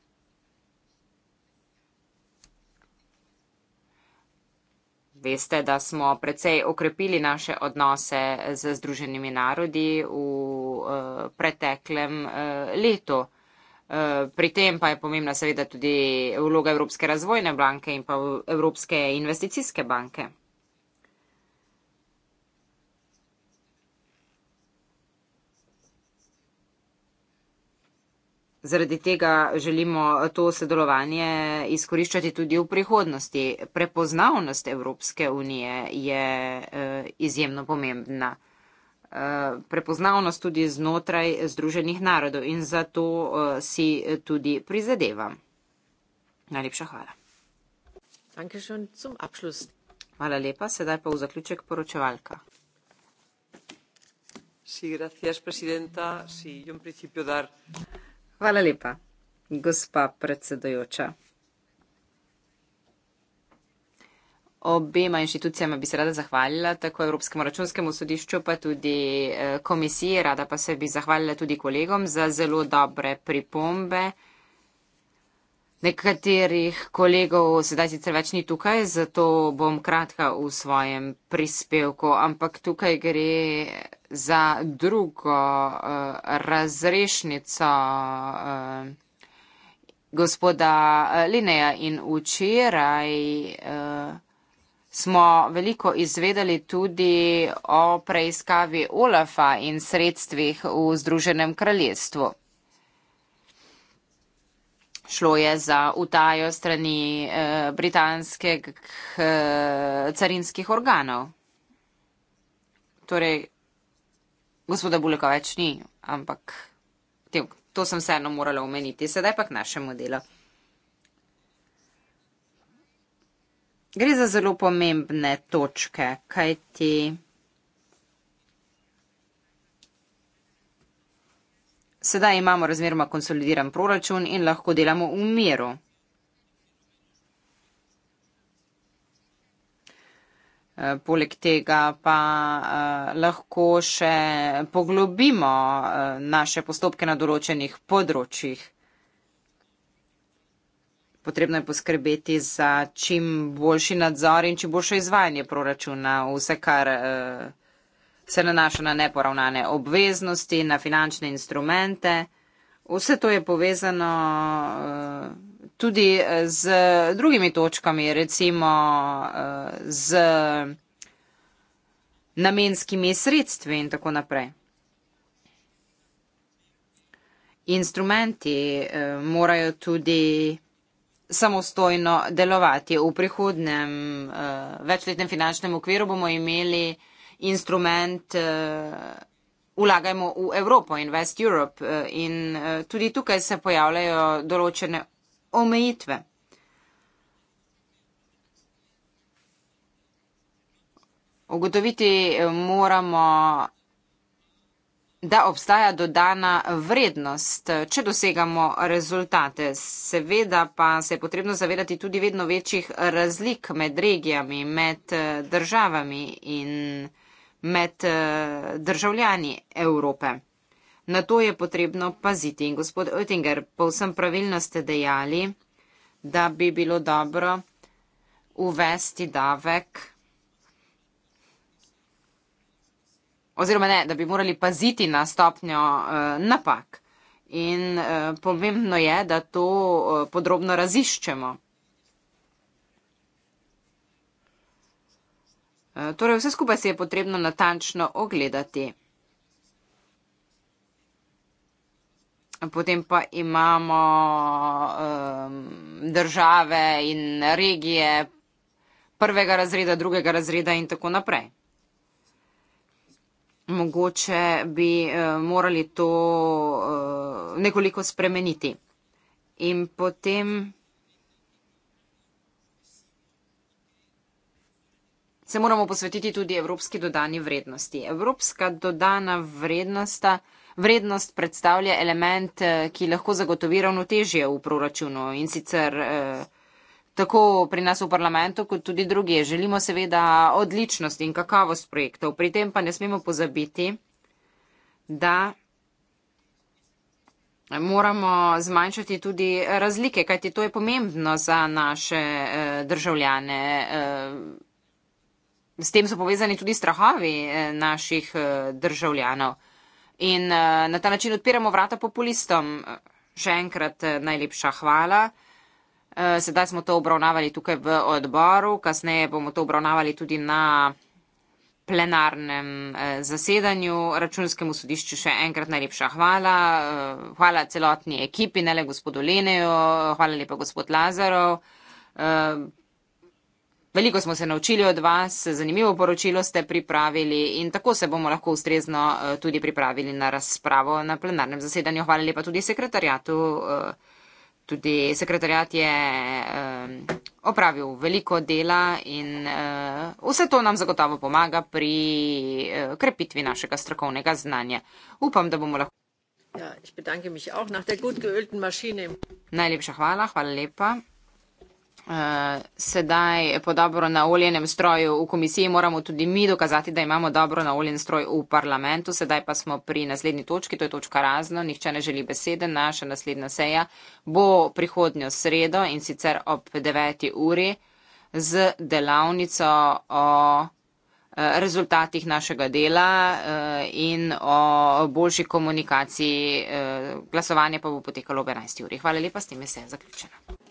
veste, da smo precej okrepili naše odnose z Združenimi narodi v eh, preteklem eh, letu. Eh, pri tem pa je pomembna seveda tudi vloga Evropske razvojne banke in pa Evropske investicijske banke. Zaradi tega želimo to sodelovanje izkoriščati tudi v prihodnosti. Prepoznavnost Evropske unije je eh, izjemno pomembna. Eh, prepoznavnost tudi znotraj Združenih narodov in zato eh, si tudi prizadevam. Najlepša hvala. Hvala lepa, sedaj pa v zaključek poročevalka. Sí, gracias, presidenta. Sí, yo en principio dar. Hvala lepa, gospa predsedojoča. Obema inštitucijama bi se rada zahvalila, tako Evropskemu računskemu sodišču, pa tudi eh, komisiji, rada pa se bi zahvalila tudi kolegom za zelo dobre pripombe nekaterih kolegov sedaj sicer več ni tukaj, zato bom kratka v svojem prispevku, ampak tukaj gre za drugo uh, razrešnico uh, gospoda eh, Lineja in včeraj. Uh, smo veliko izvedeli tudi o preiskavi Olafa in sredstvih v Združenem kraljestvu šlo je za utajo strani eh, britanskih eh, carinskih organov. Torej, gospoda Buleka več ni, ampak tjim, to sem vseeno morala omeniti, sedaj pa k našemu delu. Gre za zelo pomembne točke, kajti. Sedaj imamo razmeroma konsolidiran proračun in lahko delamo v miru. Eh, poleg tega pa eh, lahko še poglobimo eh, naše postopke na določenih področjih. Potrebno je poskrbeti za čim boljši nadzor in čim boljše izvajanje proračuna. Vse, kar uh, se nanaša na neporavnane obveznosti, na finančne instrumente. Vse to je povezano eh, tudi eh, z drugimi točkami, recimo eh, z namenskimi sredstvi in tako naprej. Instrumenti morajo tudi samostojno delovati. V prihodnem večletnem finančnem okviru bomo imeli instrument eh, vlagajmo v Evropo, Invest Europe eh, in eh, tudi tukaj se pojavljajo določene omejitve. Ugotoviti moramo, da obstaja dodana vrednost, če dosegamo rezultate. Seveda pa se je potrebno zavedati tudi vedno večjih razlik med regijami, med državami in državami med eh, državljani Evrope. Na to je potrebno paziti. In gospod Oettinger, povsem pravilno ste dejali, da bi bilo dobro uvesti davek. Oziroma ne, da bi morali paziti na stopnjo uh, napak. In uh, pomembno je, da to uh, podrobno raziščemo. Eh, torej, vse skupaj se je potrebno natančno ogledati. Potem pa imamo um, države in regije prvega razreda, drugega razreda in tako naprej. Mogoče bi uh, morali to uh, nekoliko spremeniti. In potem. se moramo posvetiti tudi evropski dodani vrednosti. Evropska dodana vrednosta. Vrednost predstavlja element, eh, ki lahko zagotovi ravnotežje v proračunu in sicer eh, tako pri nas v parlamentu, kot tudi druge. Želimo seveda odličnost in kakavost projektov. Pri tem pa ne smemo pozabiti, da moramo zmanjšati tudi razlike, kajti to je pomembno za naše eh, državljane s tem so povezani tudi strahovi eh, naših eh, državljanov. In eh, na ta način odpiramo vrata populistom. Še enkrat najlepša hvala. Sedaj smo to obravnavali tukaj v odboru, kasneje bomo to obravnavali tudi na plenarnem zasedanju računskemu sodišču. Še enkrat najlepša hvala. Hvala celotni ekipi, ne le gospodu Leneju, hvala lepa gospod Lazarov. Veliko smo se naučili od vas, zanimivo poročilo ste pripravili in tako se bomo lahko ustrezno eh, tudi pripravili na razpravo na plenarnem zasedanju. Hvala lepa tudi sekretarjatu. Eh, tudi sekretarjat je eh, opravil veliko dela in vse to nam zagotovo pomaga pri krepitvi našega strokovnega znanja. Upam, da bomo lahko. Ja, ich bedanke mich auch nach der gut geölten Maschine. Najlepša hvala, hvala lepa. Eh, sedaj po dobro na oljenem stroju v komisiji, moramo tudi mi dokazati, da imamo dobro na oljen stroj v parlamentu. Sedaj pa smo pri naslednji točki, to je točka razno, nihče ne želi besede, naša naslednja seja bo prihodnjo sredo in sicer ob 9. uri z delavnico o eh, rezultatih našega dela eh, in o boljši komunikaciji. Glasovanje pa bo potekalo ob 11. uri. Hvala lepa, s tem je seja zaključena.